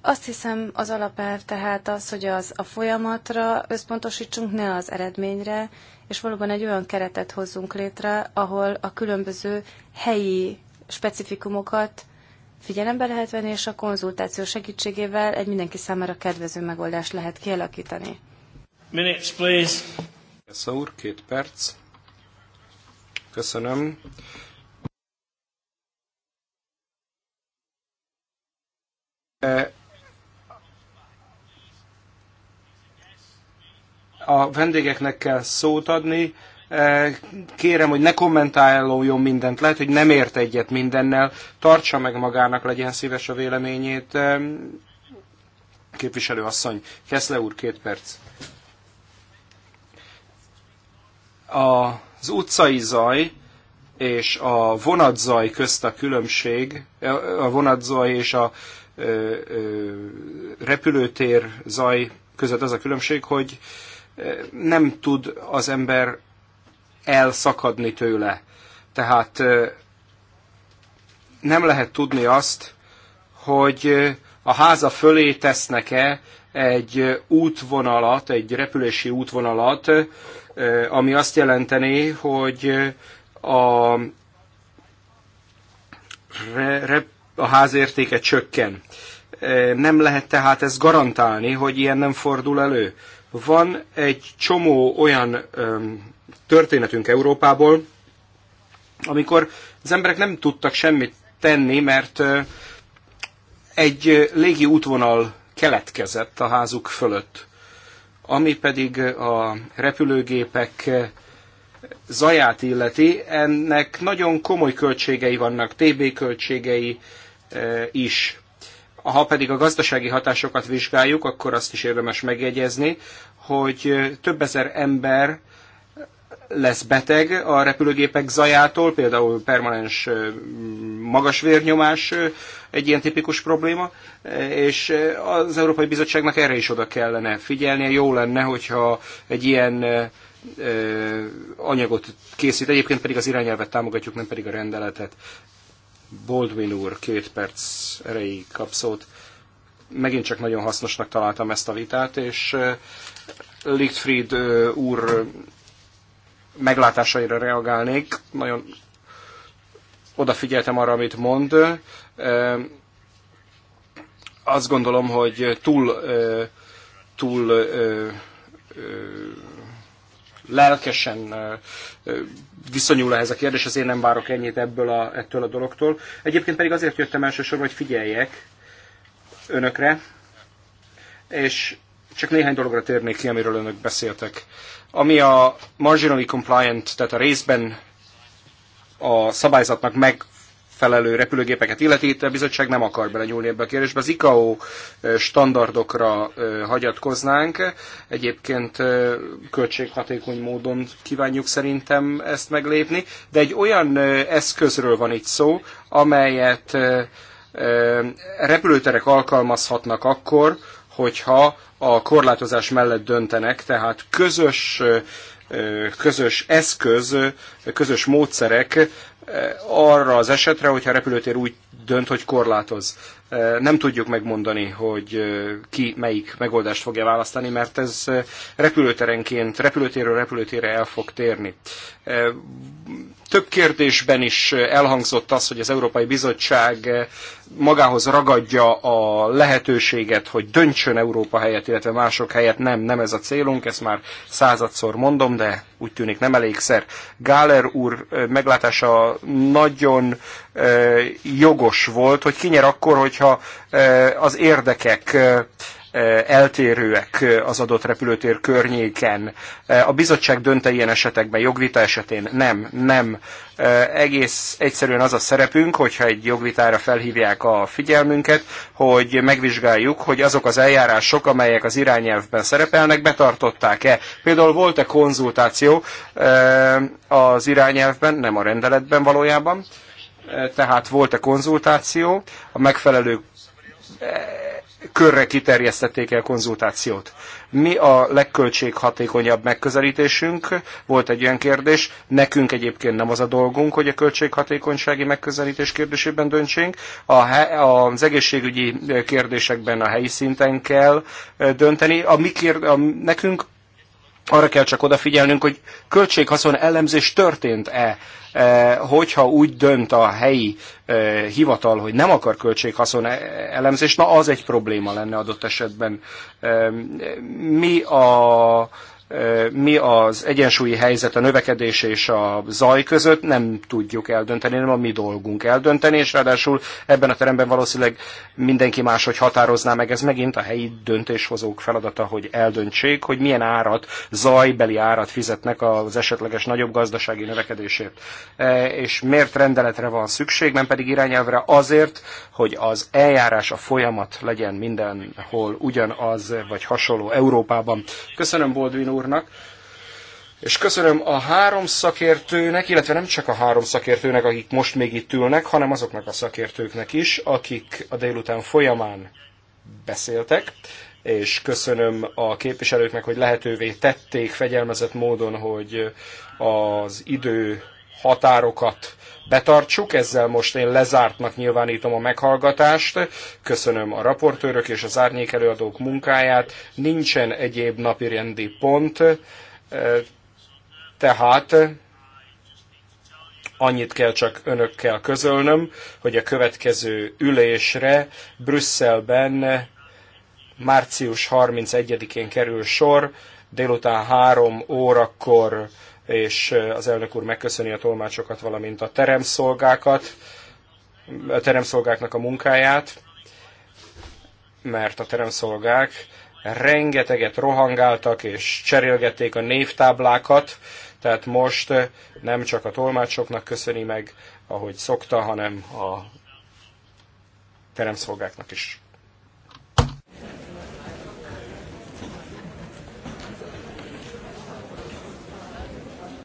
Azt hiszem, az alapelv tehát az, hogy az a folyamatra összpontosítsunk, ne az eredményre, és valóban egy olyan keretet hozzunk létre, ahol a különböző helyi specifikumokat figyelembe lehet venni, és a konzultáció segítségével egy mindenki számára kedvező megoldást lehet kialakítani. Minutes, please. Esza úr, két perc. Köszönöm. A vendégeknek kell szót adni. Kérem, hogy ne kommentáljon mindent. Lehet, hogy nem ért egyet mindennel. Tartsa meg magának, legyen szíves a véleményét. Képviselő asszony, Keszle úr, két perc. A az utcai zaj és a vonatzaj közt a különbség, a vonatzaj és a ö, ö, repülőtér zaj között az a különbség, hogy nem tud az ember elszakadni tőle. Tehát nem lehet tudni azt, hogy a háza fölé tesznek-e egy útvonalat, egy repülési útvonalat, Eh, ami azt jelenteni, hogy eh, a, a házértéke csökken. Eh, nem lehet tehát ezt garantálni, hogy ilyen nem fordul elő. Van egy csomó olyan történetünk Európából, amikor az emberek nem tudtak semmit tenni, mert egy légi útvonal keletkezett a házuk fölött. Ami pedig a repülőgépek zaját illeti, ennek nagyon komoly költségei vannak, TB költségei e, is. Ha pedig a gazdasági hatásokat vizsgáljuk, akkor azt is érdemes megjegyezni, hogy több ezer ember lesz beteg a repülőgépek zajától, például permanens e, magas vérnyomás e, egy ilyen tipikus probléma, és az Európai Bizottságnak erre is oda kellene figyelnie. Jó lenne, hogyha egy ilyen anyagot készít. Egyébként pedig az irányelvet támogatjuk, nem pedig a rendeletet. Baldwin úr két perc erejéig kap szót. Megint csak nagyon hasznosnak találtam ezt a vitát, és Lichtfried úr meglátásaira reagálnék. Nagyon odafigyeltem arra, amit mond. Azt gondolom, hogy túl, túl lelkesen viszonyul ehhez a kérdéshez, én nem várok ennyit ebből a, ettől a dologtól. Egyébként pedig azért jöttem elsősorban, hogy figyeljek önökre, és csak néhány dologra térnék ki, amiről önök beszéltek. Ami a marginally compliant, tehát a részben a szabályzatnak meg felelő repülőgépeket illeti, itt a bizottság nem akar belenyúlni ebbe a kérdésbe. Az ICAO standardokra hagyatkoznánk. Egyébként költséghatékony módon kívánjuk szerintem ezt meglépni, de egy olyan eszközről van itt szó, amelyet repülőterek alkalmazhatnak akkor, hogyha a korlátozás mellett döntenek, tehát közös közös eszköz, közös módszerek arra az esetre, hogyha a repülőtér úgy dönt, hogy korlátoz nem tudjuk megmondani, hogy ki melyik megoldást fogja választani, mert ez repülőterenként, repülőtérről repülőtérre el fog térni. Több kérdésben is elhangzott az, hogy az Európai Bizottság magához ragadja a lehetőséget, hogy döntsön Európa helyett, illetve mások helyett. Nem, nem ez a célunk, ezt már századszor mondom, de úgy tűnik nem elégszer. Gáler úr meglátása nagyon jogos volt, hogy kinyer akkor, hogy hogyha e, az érdekek e, e, eltérőek az adott repülőtér környéken. A bizottság dönte ilyen esetekben, jogvita esetén nem, nem. Egész egyszerűen az a szerepünk, hogyha egy jogvitára felhívják a figyelmünket, hogy megvizsgáljuk, hogy azok az eljárások, amelyek az irányelvben szerepelnek, betartották-e. Például volt-e konzultáció az irányelvben, nem a rendeletben valójában, tehát volt a konzultáció, a megfelelő eh, körre kiterjesztették el konzultációt. Mi a legköltséghatékonyabb megközelítésünk? Volt egy ilyen kérdés. Nekünk egyébként nem az a dolgunk, hogy a költséghatékonysági megközelítés kérdésében döntsünk. A he- az egészségügyi kérdésekben a helyi szinten kell eh, dönteni. A mi kérd- a, nekünk arra kell csak odafigyelnünk, hogy költséghaszon ellenzés történt-e Eh, hogyha úgy dönt a helyi eh, hivatal, hogy nem akar költséghaszon e-, elemzést, na az egy probléma lenne adott esetben. Mi a mi az egyensúlyi helyzet a növekedés és a zaj között, nem tudjuk eldönteni, nem a mi dolgunk eldönteni, és ráadásul ebben a teremben valószínűleg mindenki máshogy határozná meg, ez megint a helyi döntéshozók feladata, hogy eldöntsék, hogy milyen árat, zajbeli árat fizetnek az esetleges nagyobb gazdasági növekedésért. E, és miért rendeletre van szükség, nem pedig irányelvre azért, hogy az eljárás, a folyamat legyen mindenhol ugyanaz, vagy hasonló Európában. Köszönöm Boldvin úr, úrnak, és köszönöm a három szakértőnek, illetve nem csak a három szakértőnek, akik most még itt ülnek, hanem azoknak a szakértőknek is, akik a délután folyamán beszéltek, és köszönöm a képviselőknek, hogy lehetővé tették fegyelmezett módon, hogy az idő határokat betartsuk. Ezzel most én lezártnak nyilvánítom a meghallgatást. Köszönöm a raportőrök és az árnyékelőadók munkáját. Nincsen egyéb napirendi pont, tehát annyit kell csak önökkel közölnöm, hogy a következő ülésre Brüsszelben március 31-én kerül sor, délután 3 órakor és az elnök úr megköszöni a tolmácsokat, valamint a teremszolgákat, a teremszolgáknak a munkáját, mert a teremszolgák rengeteget rohangáltak és cserélgették a névtáblákat, tehát most nem csak a tolmácsoknak köszöni meg, ahogy szokta, hanem a teremszolgáknak is.